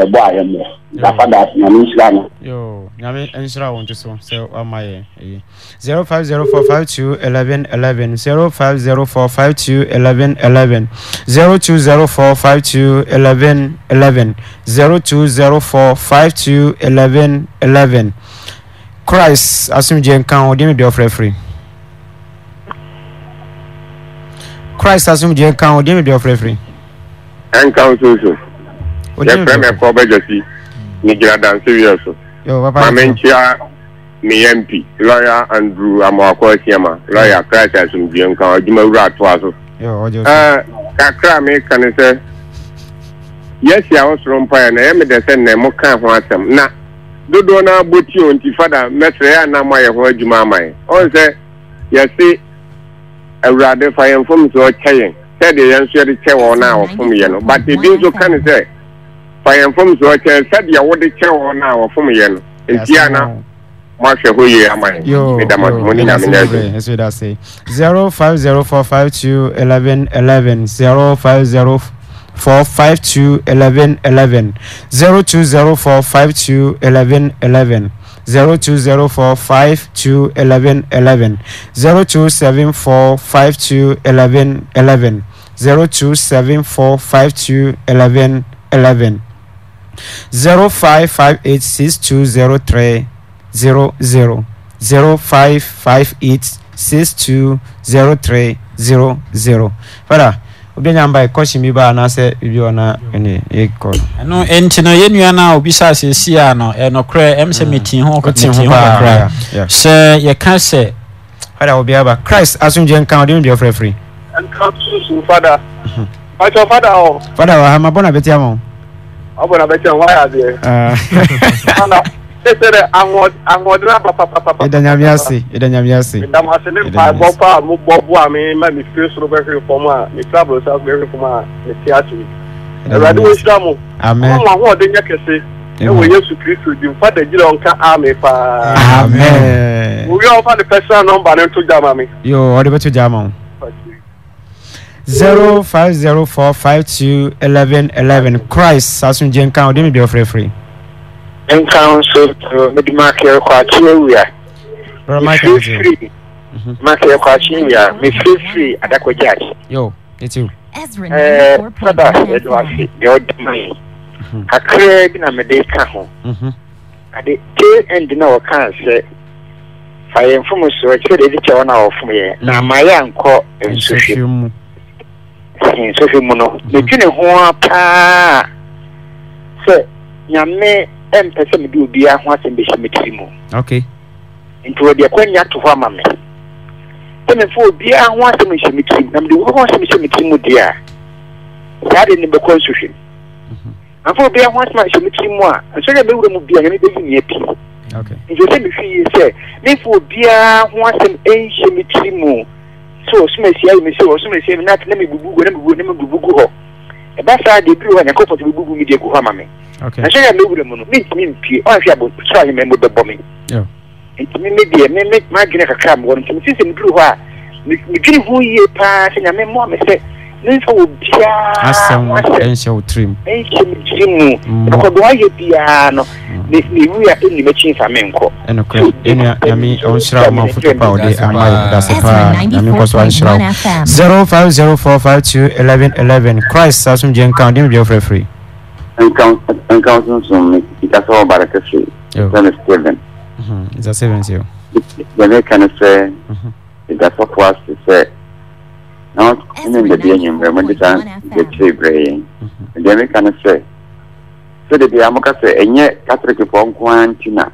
ɛbɔ a yɛmmɔ nafa da nyame nhyira no yo nyame nhyira wo nto so sɛ wama yɛ ɛyi 0504521111 0504521111 0204521111 0204521111 christ asomdwe nka wo deɛ me ɔfrɛfrɛ christ asomdwe nka wo deɛ me ɔfrɛfrɛ ɛnka nso so yɛfrɛ mm. eh, me kɔ bɛgya si megyina dansewiɛ so ma menkyia me mp lɔya andrew amawakɔ asiama lɔya christ asomdue nka adwuma wura atoa so kakra meka ne sɛ yɛsi a wosoro mpaeɛ na ɛyɛ medɛ sɛ nnɛ mo ka ho asɛm na dodoɔ no abɔ ti o nti fada mɛsrɛ yɛ anam ayɛ ho adwuma ama yɛ ɔn sɛ yɛse awurade fa yɛmfom sɛ sɛdeɛ yɛn nso yɛde kyɛ wɔn a wɔfom yɛ no but ebi nso ka ne sɛ fa yɛn fom so ɔkyɛ sɛdeɛ wɔde kyɛ wɔn a wɔfom yɛ no nti ana mo ahwɛ hɔ yie ama yɛn mi dama tumu ne nyame nyɛ ɛsɛ zero five zero four five two eleven eleven zero five zero four five two eleven eleven zero two zero four five two eleven eleven zero two zero four five two eleven eleven zero two seven four five two eleven eleven zero two seven four five two eleven eleven zero five five eight six two zero three zero zero zero five five eight six two zero three zero zero fada obi anya mba kɔsi e mi ba anaasɛ ebi wɔ na ɛnɛ yɛ kɔ. ɛnu nti no yɛn nua na obi sa ase si a no ɛnɔkorɛ e ɛm sɛ mm. mi ti ho mi ti ho kakra sɛ yɛ ka sɛ. fada obi aba christ asunjɛ nkan ɔdi mi bi ɔfrɛfrɛ nka fada pàtó fada ọ. fada wa ma bọ́ na àmọ́. ọ bọ̀ àmọ́ wáyà adìẹ. fada ṣẹṣẹ dẹ àwọn ọdún náà papapapa. ìdànyàmí àsè ìdànyàmí àsè. ìdàmú ní pa ẹgbọ́ pa mo bọ́ bú àmì má mi fi sọ̀rọ̀ bẹ́ẹ̀ fi fọ́ mu à mi fi àbúrò sáà bẹ́ẹ̀ fi fọ́ mu à mi fi àṣì. ẹ̀rọ adé wọ́n ṣíra mu. àmín. wọ́n mọ àwọn ọ̀dẹ́ yẹ kẹsẹ̀ ɛwɔ yesu kristo di nfa da gyina ɔnka ame paa amen owie a ɔfa de pɛsɛn nɔmba ne nto gyama me yo ɔde bɛto zero five zero four five two eleven eleven christ sasunjẹ nkan ọdún mi bí ọfẹrẹfẹrẹ. nkan so to medimaki ẹkọ akyi ewia mi feel free maki ẹkọ akyi ewia mi feel free mm-hmm. adakọjá akyi. yo etí o. ẹẹ sábà ẹdọ ase ẹ ọdún mayi kakra bi na mẹdẹ ka ho mm-hmm. ade knd na ọka sẹ fàyẹnfọmùsọ ẹ kyerẹ de ẹdi kyẹwọn na ọfọmù yẹ na àmàyà nkọ nsọhwẹ mu nsɛhwɛ mu no medwene mm. ho mm-hmm. a paa sɛ nyame ɛmpɛ sɛ mede obiaa ho asɛm bɛhyɛ me tiri mu nti wɔde akwanya ato hɔ ama me sɛ e memfa obiaa ho asɛm nhyɛ me tirim na mede wo ho asɛm hyɛ me mu deɛ a saa de ne bɛkɔ nsohwɛ mu amfa obiaa ho asɛm ahyɛ me tirim mu a nsɔre a bɛwura mu bia nyame bɛyi nnea pii nti sɛ mehwɛ yie sɛ memfa obiaa ho asɛm ɛnhyɛ me tirim mu sɛ ɔsoma si ayi mi sɛ ɔsoma si ayi mi na na mi bubu gu na mi bubu na mi bubu gu hɔ ɛba saa de bi wɔ nyɛ kɔpɔt mi bubu mi de gu hɔ ama mi na sɛ yɛ mi wura mu no mi ntumi mpie ɔn fi abo soro ayi mi mo bɛbɔ mi ntumi mi deɛ mi mi ma adwene kakra mi wɔ no ntumi sisi mi duru hɔ a mi dwene ho yie paa sɛ nyame mo a mi sɛ nfa obiara asɛm ɛnhyɛ wo tirim ɛnhyɛ me tirim mu ɛkɔdo ayɛ biara no ne wura ɛnim akyi nfa me nkɔ ɛnokorɛ ɛnua nyame ɔnhyira wo mamfo to pa wode ama yɛ dase paa nyame nkɔ so anhyira wo 0504521111 christ asomgye nka wode medwɛ frɛfiri nka wosonsom mika sɛ wɔbare kɛfiri sɛne steven ɛsɛ steven sɛ yɛmeka no sɛ ɛdasɔfoɔ ase sɛ na ne ndadeɛ nyimmerɛ mode saa nkyɛkyerɛ brɛ yɛn deɛ meka no sɛ sɛde deɛ moka sɛ ɛnyɛ katolikifoɔ nko ara nti na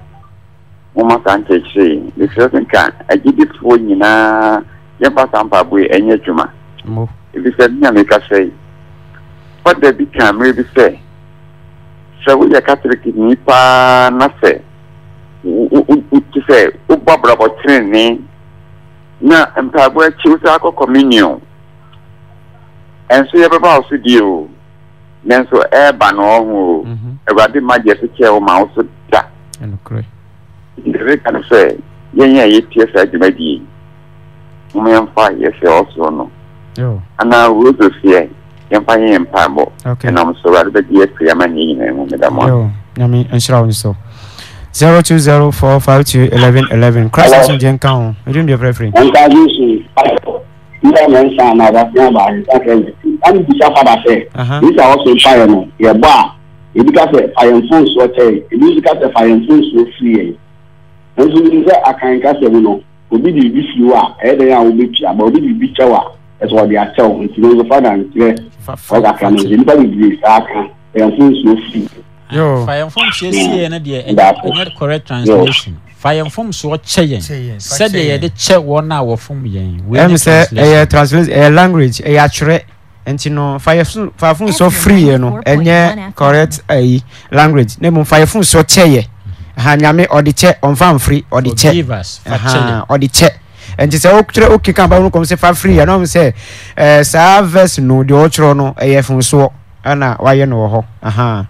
moma saa nkyɛkyerɛ yɛn ɛfirɛ sɛ nka agyedifoɔ nyinaa yɛmfa saa mpaboe ɛnyɛ adwuma ɛfisɛ mea meka sɛ yi fada bi ka mmerɛ bi sɛ sɛ woyɛ katolikini paa na sɛ wote sɛ wobɔ abrabɔ tenenee na mpaboa akyi sɛ akɔ communion nso yɛbɛba wo so die o nanso ɛreba na ɔho o awurade mhm. ma gyɛ so kyɛ wo ma wo so da dɛbɛka no sɛ yɛnyɛ a yɛtie saa dwumadie moma yɛmfa yɛsɛ ɔsoro no anaa roso seɛ yɛmfa yɛyɛ mpaebɔ ɛnam so awurade bɛgye yɛfiri ama neɛ nyinaa mu meda mo nyame nhyira wo nso zero two zero four five two eleven eleven christ asomdie nka ho ɛdum deɛ frɛfrɛ ndị ọmụ nsọ a na-agba ya bụ ahịhịa ka ezi a na-ebisa fada sị ịsa ọsọ fire nọ ya bụ a ebikasị fire fons ọcha ya ebikasị fire fons ofu ya nso ndị sị akankasị mụ nọ obi dị ibi fiw a ịdị ya ahụ bepi agba obi dị ibi kyɛw a ɛsɛ ɔde akyɛw nti na nso fada nkyerɛ ɔkaka no nti nipa bebree saa aka fire fons ofu. fire fons esie no Yo fa yɛn fom soɔ kyɛ yɛn sɛdeɛ yɛde kyɛ wɔn a wɔfom yɛn. ɛmu sɛ ɛyɛ translation ɛyɛ language ɛyɛ atwerɛ nti no fa yɛ soɔ firi yɛ no ɛnyɛ correct ɛyi language ne mu fa yɛ fom soɔ kyɛ yɛ ha nyame ɔde kyɛ ɔnfa nfiri ɔde kyɛ ɔde kyɛ nti sɛ wotwerɛ wokeka ba wonokɔm sɛ fa firi yɛ na ɔm sɛ saa verse no deɛ ɔkyerɛ no ɛyɛ fom soɔ ɛna wayɛ no wɔ hɔ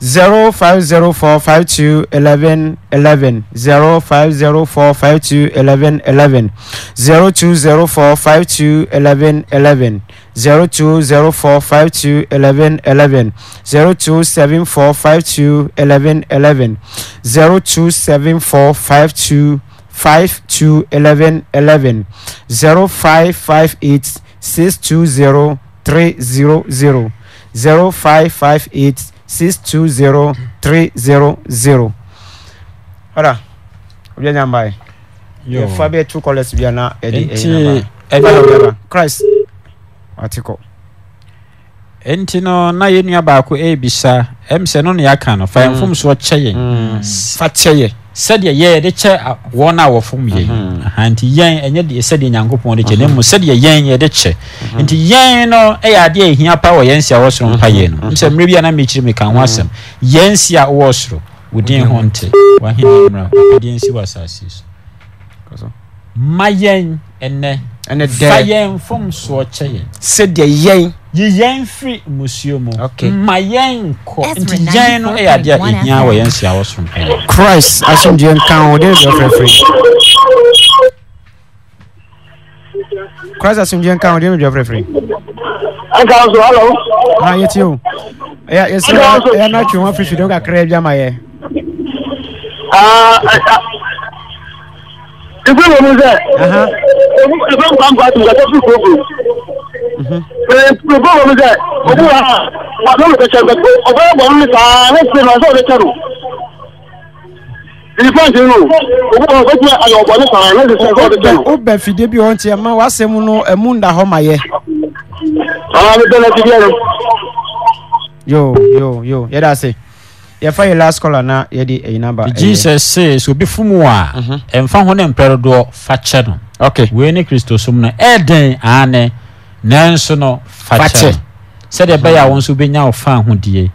Zero five zero four five two eleven eleven zero five zero four five two eleven eleven zero two zero four five two eleven eleven zero two zero four five two eleven eleven zero two seven four five two eleven eleven zero two seven four five two five two eleven eleven zero five five eight six two zero three zero zero zero five five eight zero zero zero six two zero three zero zero ɔra obi anya mba yi yɛfa bɛyɛ two colours bi ana ɛde ɛyɛ naba christ ɔtikɔ nti no na yɛn nua baako ɛrebisa ɛm sɛ no na yɛaka no fa yɛn mm. fom soɔ kyɛ yɛn mm. fa kyɛ yɛn sɛdeɛ yɛ de kyɛ wɔn a wɔfom yɛn nti yɛn ɛnyɛ deɛ sɛdeɛ nyankopɔn de kyɛ ne mu sɛdeɛ yɛn yɛ de kyɛ nti yɛn no ɛyɛ adeɛ ehia pa wɔ yɛn si a wɔsoro mpa yɛn no sɛ mmerɛ bi a na mekyiri mi ka ho asɛm yɛn si a wɔwɔ soro wodin ho nte wahene mmra wodin si wɔ asase so ma yɛn ɛnɛ ɛnɛ dɛ fa yɛn fom soɔ kyɛ yɛn sɛdeɛ yɛn yi yɛn firi musuo mu okay. ma yɛn nkɔ nti yɛn no yɛ adeɛ a ehia wɔ yɛn si awɔ som christ asomdue nkan wo den deɛ fɛfɛ. christ asomdue nkan wo den deɛ fɛfɛ. nkan so hello. na yɛ ti o yɛ sɛ yɛ na twɛ wɔn afiri kakra bi ama yɛ. Ah, Igwe wo mu sẹ ìgbé nkwa nkwa tó nga sọfún kúrò kúrò ìgbé wo mu sẹ òkú wa wà lórí kẹsẹ gbẹgbẹ ọgbẹ ẹgbẹ wọn ní sàá ní sinmi náà sọ̀rọ̀ kẹrù ìfọ̀nsì nù òkú wa òkú wa ayọ̀ ti ẹ̀ máa wá sẹ́mu nù ẹ̀mú ń da họ́ ma yẹ. àwọn abẹ́tẹ́lẹ̀ ti bí ẹ̀rọ. yóò yɛfa yɛ last caller na yɛde ɛyi naba jesus say so obi fumu a mhm. ɛnfa ho ne mpɛ dodoɔ fa kyɛ no okay wei ne kristo som no ɛɛdɛn aane nanso no fa kyɛ sɛdeɛ ɛbɛyɛ a wɔn nso bɛnya ɔfa ahodie.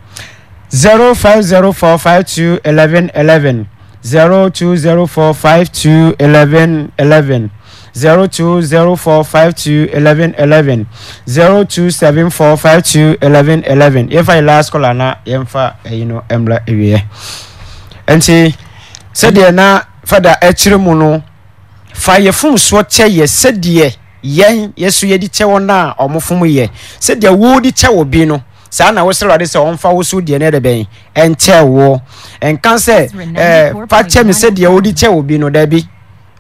zero five zero four five two eleven eleven zero two zero four five two eleven eleven zero two zero four five two eleven eleven zero two seven four five two eleven eleven yɛmfa yɛ last call ana yɛmfa ɛyi no mmra awieɛ nti sɛdeɛ na fada akyire mu no fa yɛ fomsoɔ kyɛ yɛ sɛdeɛ yɛn yɛso yɛde kyɛ wɔn a ɔmo fom yɛ sɛdeɛ wɔde kyɛ wɔ bi no saa na wosere wade sɛ ɔmfa wo so deɛ ne ɛde bɛn ɛnkyɛ woɔ ɛnka sɛ ɛɛ fa kyɛ mi sɛdeɛ wɔde kyɛ wɔ bi no dɛbi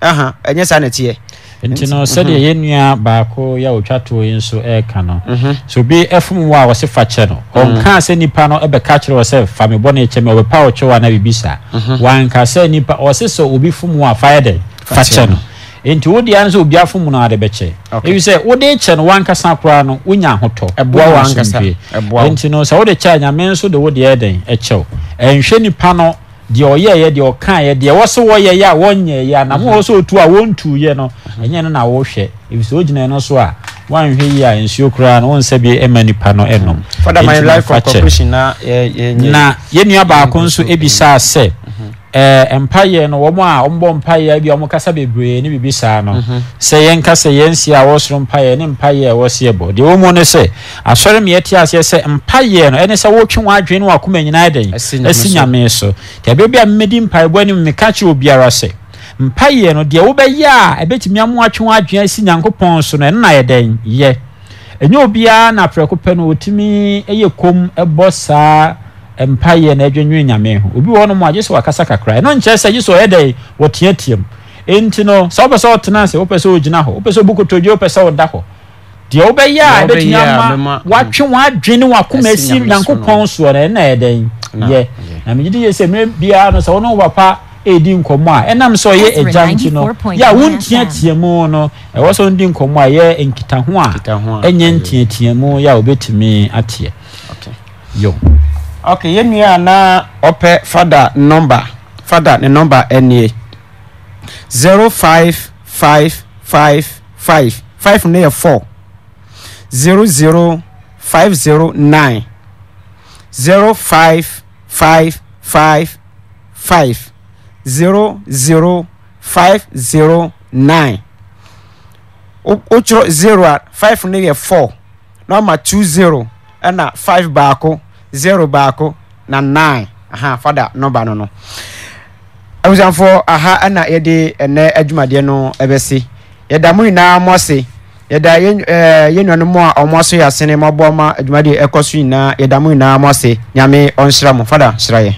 ɛhã ɛnyɛ saa na nti no sɛdeɛ mhm. yɛn nua baako yɛ ɔtwa toɔ yi nso ɛreka no mhm. so obi ɛfom wɔ a wɔsi fa kyɛ no mhm. ɔnkaa sɛ nipa no ɛbɛka kyerɛ wɔ sɛ fa mi bɔ ne kyɛ mi ɔbɛpa ɔkyɛ wɔ ana bibi saa wanka sɛ nipa ɔsi sɛ obi fom wɔ a fa yɛ dɛ fa kyɛ no nti wo deɛ nso obi afom no ade bɛkyɛ ebi sɛ wo kyɛ no wankasa koraa no wonya ahotɔ ɛboa wankasa ɛboa nti no sɛ wo de kyɛ a nyame nso de wo deɛ ɛdɛn ɛkyɛw ɛnhwɛ nipa no deɛ ɔyɛ yɛ deɛ ɔka yɛ deɛ wɔsɛ wɔyɛ yɛ a wɔnyɛ yɛ a nam mhm. wɔ otu a wɔntu yɛ no mhm. ɛnyɛ no na wɔhwɛ ebisɛ ogyina no so a wanhwɛ yi a nsuo koraa no wɔnsɛ bi ɛma nipa no ɛnom ɛnti na fa kyɛ na yɛn nua baako nso ebisa sɛ ɛɛ eh, mpaeɛ no wɔn a wɔbɔ mpaeɛ bi a wɔn kasa bebree ne bibi saa no mhm. sɛ yɛn kasa yɛn si a wɔsoro mpaeɛ ne mpaeɛ a wɔsi bɔ deɛ wɔn mu no sɛ asɔre mi yɛte aseɛ sɛ mpaeɛ no ɛne sɛ wɔtwe wɔn adwene wɔn akoma nyinaa dɛn ɛsi nyame so deɛ beebi a mmedi mpaebɔ anim meka kyerɛ obiara sɛ mpaeɛ no deɛ wɔbɛyɛ a ɛbɛtumi amu atwe wɔn adwene asi nyankopɔn so no ɛno na yɛ dɛn yɛ ɛnyɛ obiara na aprɛko pɛ no mpaeɛ na adwennwen nyame ho obi wɔ no mu agye sɛ wakasa kakra ɛno nkyerɛ sɛ gye sɛ ɔyɛ dɛ wɔteateam ɛnti no sɛ wopɛ sɛ wotena ase wopɛ sɛ wogyina hɔ wopɛ sɛ wobukotodwe wopɛ sɛ woda hɔ deɛ wobɛyɛ a ɛbɛtumi ama watwe w'adwene wakoma asi nyankopɔn soɔ no ɛna ɛdɛn yɛ na megye di yɛ sɛ mmerɛ biara no sɛ wo ne wo papa ɛdi a ɛnam sɛ ɔyɛ agya nti no yɛ a wonteateamu no ɛwɔ sɛ wondi nkɔmmɔ a ɛyɛ nkitaho a ɛnyɛ nteateamu yɛ wobɛtumi ateɛ yo Okay, yɛn nua anaa ɔpɛ fada nɔmba fada ne nɔmba ɛnie zero five five five five five ne yɛ four zero zero five zero nine zero five five five five zero zero five zero nine wotwerɛ zero a five ne yɛ four na two zero ɛna five baako. zero baako na nine aha fada nɔba no no abusuafoɔ aha ɛna yɛde ɛnɛ adwumadeɛ no ɛbɛsi yɛda mo nyinaa mo ase yɛda yɛn nuanom a ɔmo aso yɛ asene mo aboa ma adwumadeɛ ɛkɔ so nyinaa yɛda mo nyinaa mo ase nyame ɔnhyira mo fada hyira yɛ.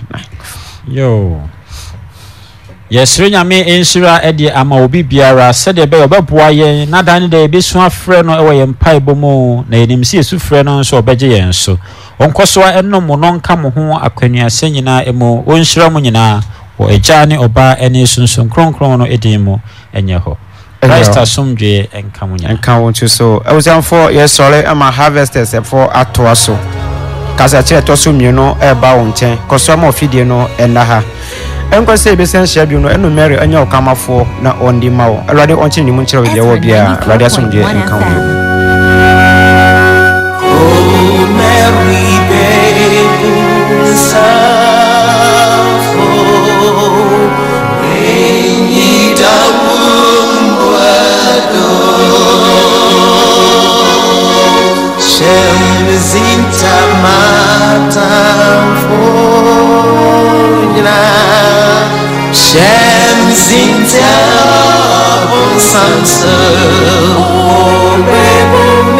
yoo. yɛsrɛ nyame nhyira ɛde ama obi biara sɛdeɛ ɛbɛyɛ ɔbɛboa yɛn n'adan ne dɛ yɛbɛsu afrɛ no ɛwɔ yɛn mpaebɔ mu na yɛnim sɛ yɛsu frɛ no nso ɔbɛgye yɛn so ɔnkɔ so a ɛnom mo nɔnka mo ho akwanuasɛ nyinaa mu ɔnhyira mo nyinaa wɔ agya ne ɔbaa ne sunsun kronkron no din mu ɛnyɛ hɔ christ asomdwee ɛnka mo nyinaa ɛnka wo nso so awusiamfoɔ yɛsɔre ama harvesters ɛfoɔ atoa so kasakyerɛ ɛtɔ so mmienu ɛreba wo nkyɛn kɔsoa ma ɔfidie no ɛnna ha ɛnkɔ sɛ ɛbɛsi nhyia bio no ɛno mary ɛnyɛ ɔkamafoɔ na ɔnde ma wo awurade ɔnkyerɛ ne mu nkyerɛ wo deɛ wɔ biara awurade asomdeɛ nka wo yɛ Zinta matam fo 虔心教化众生，慈悲不灭。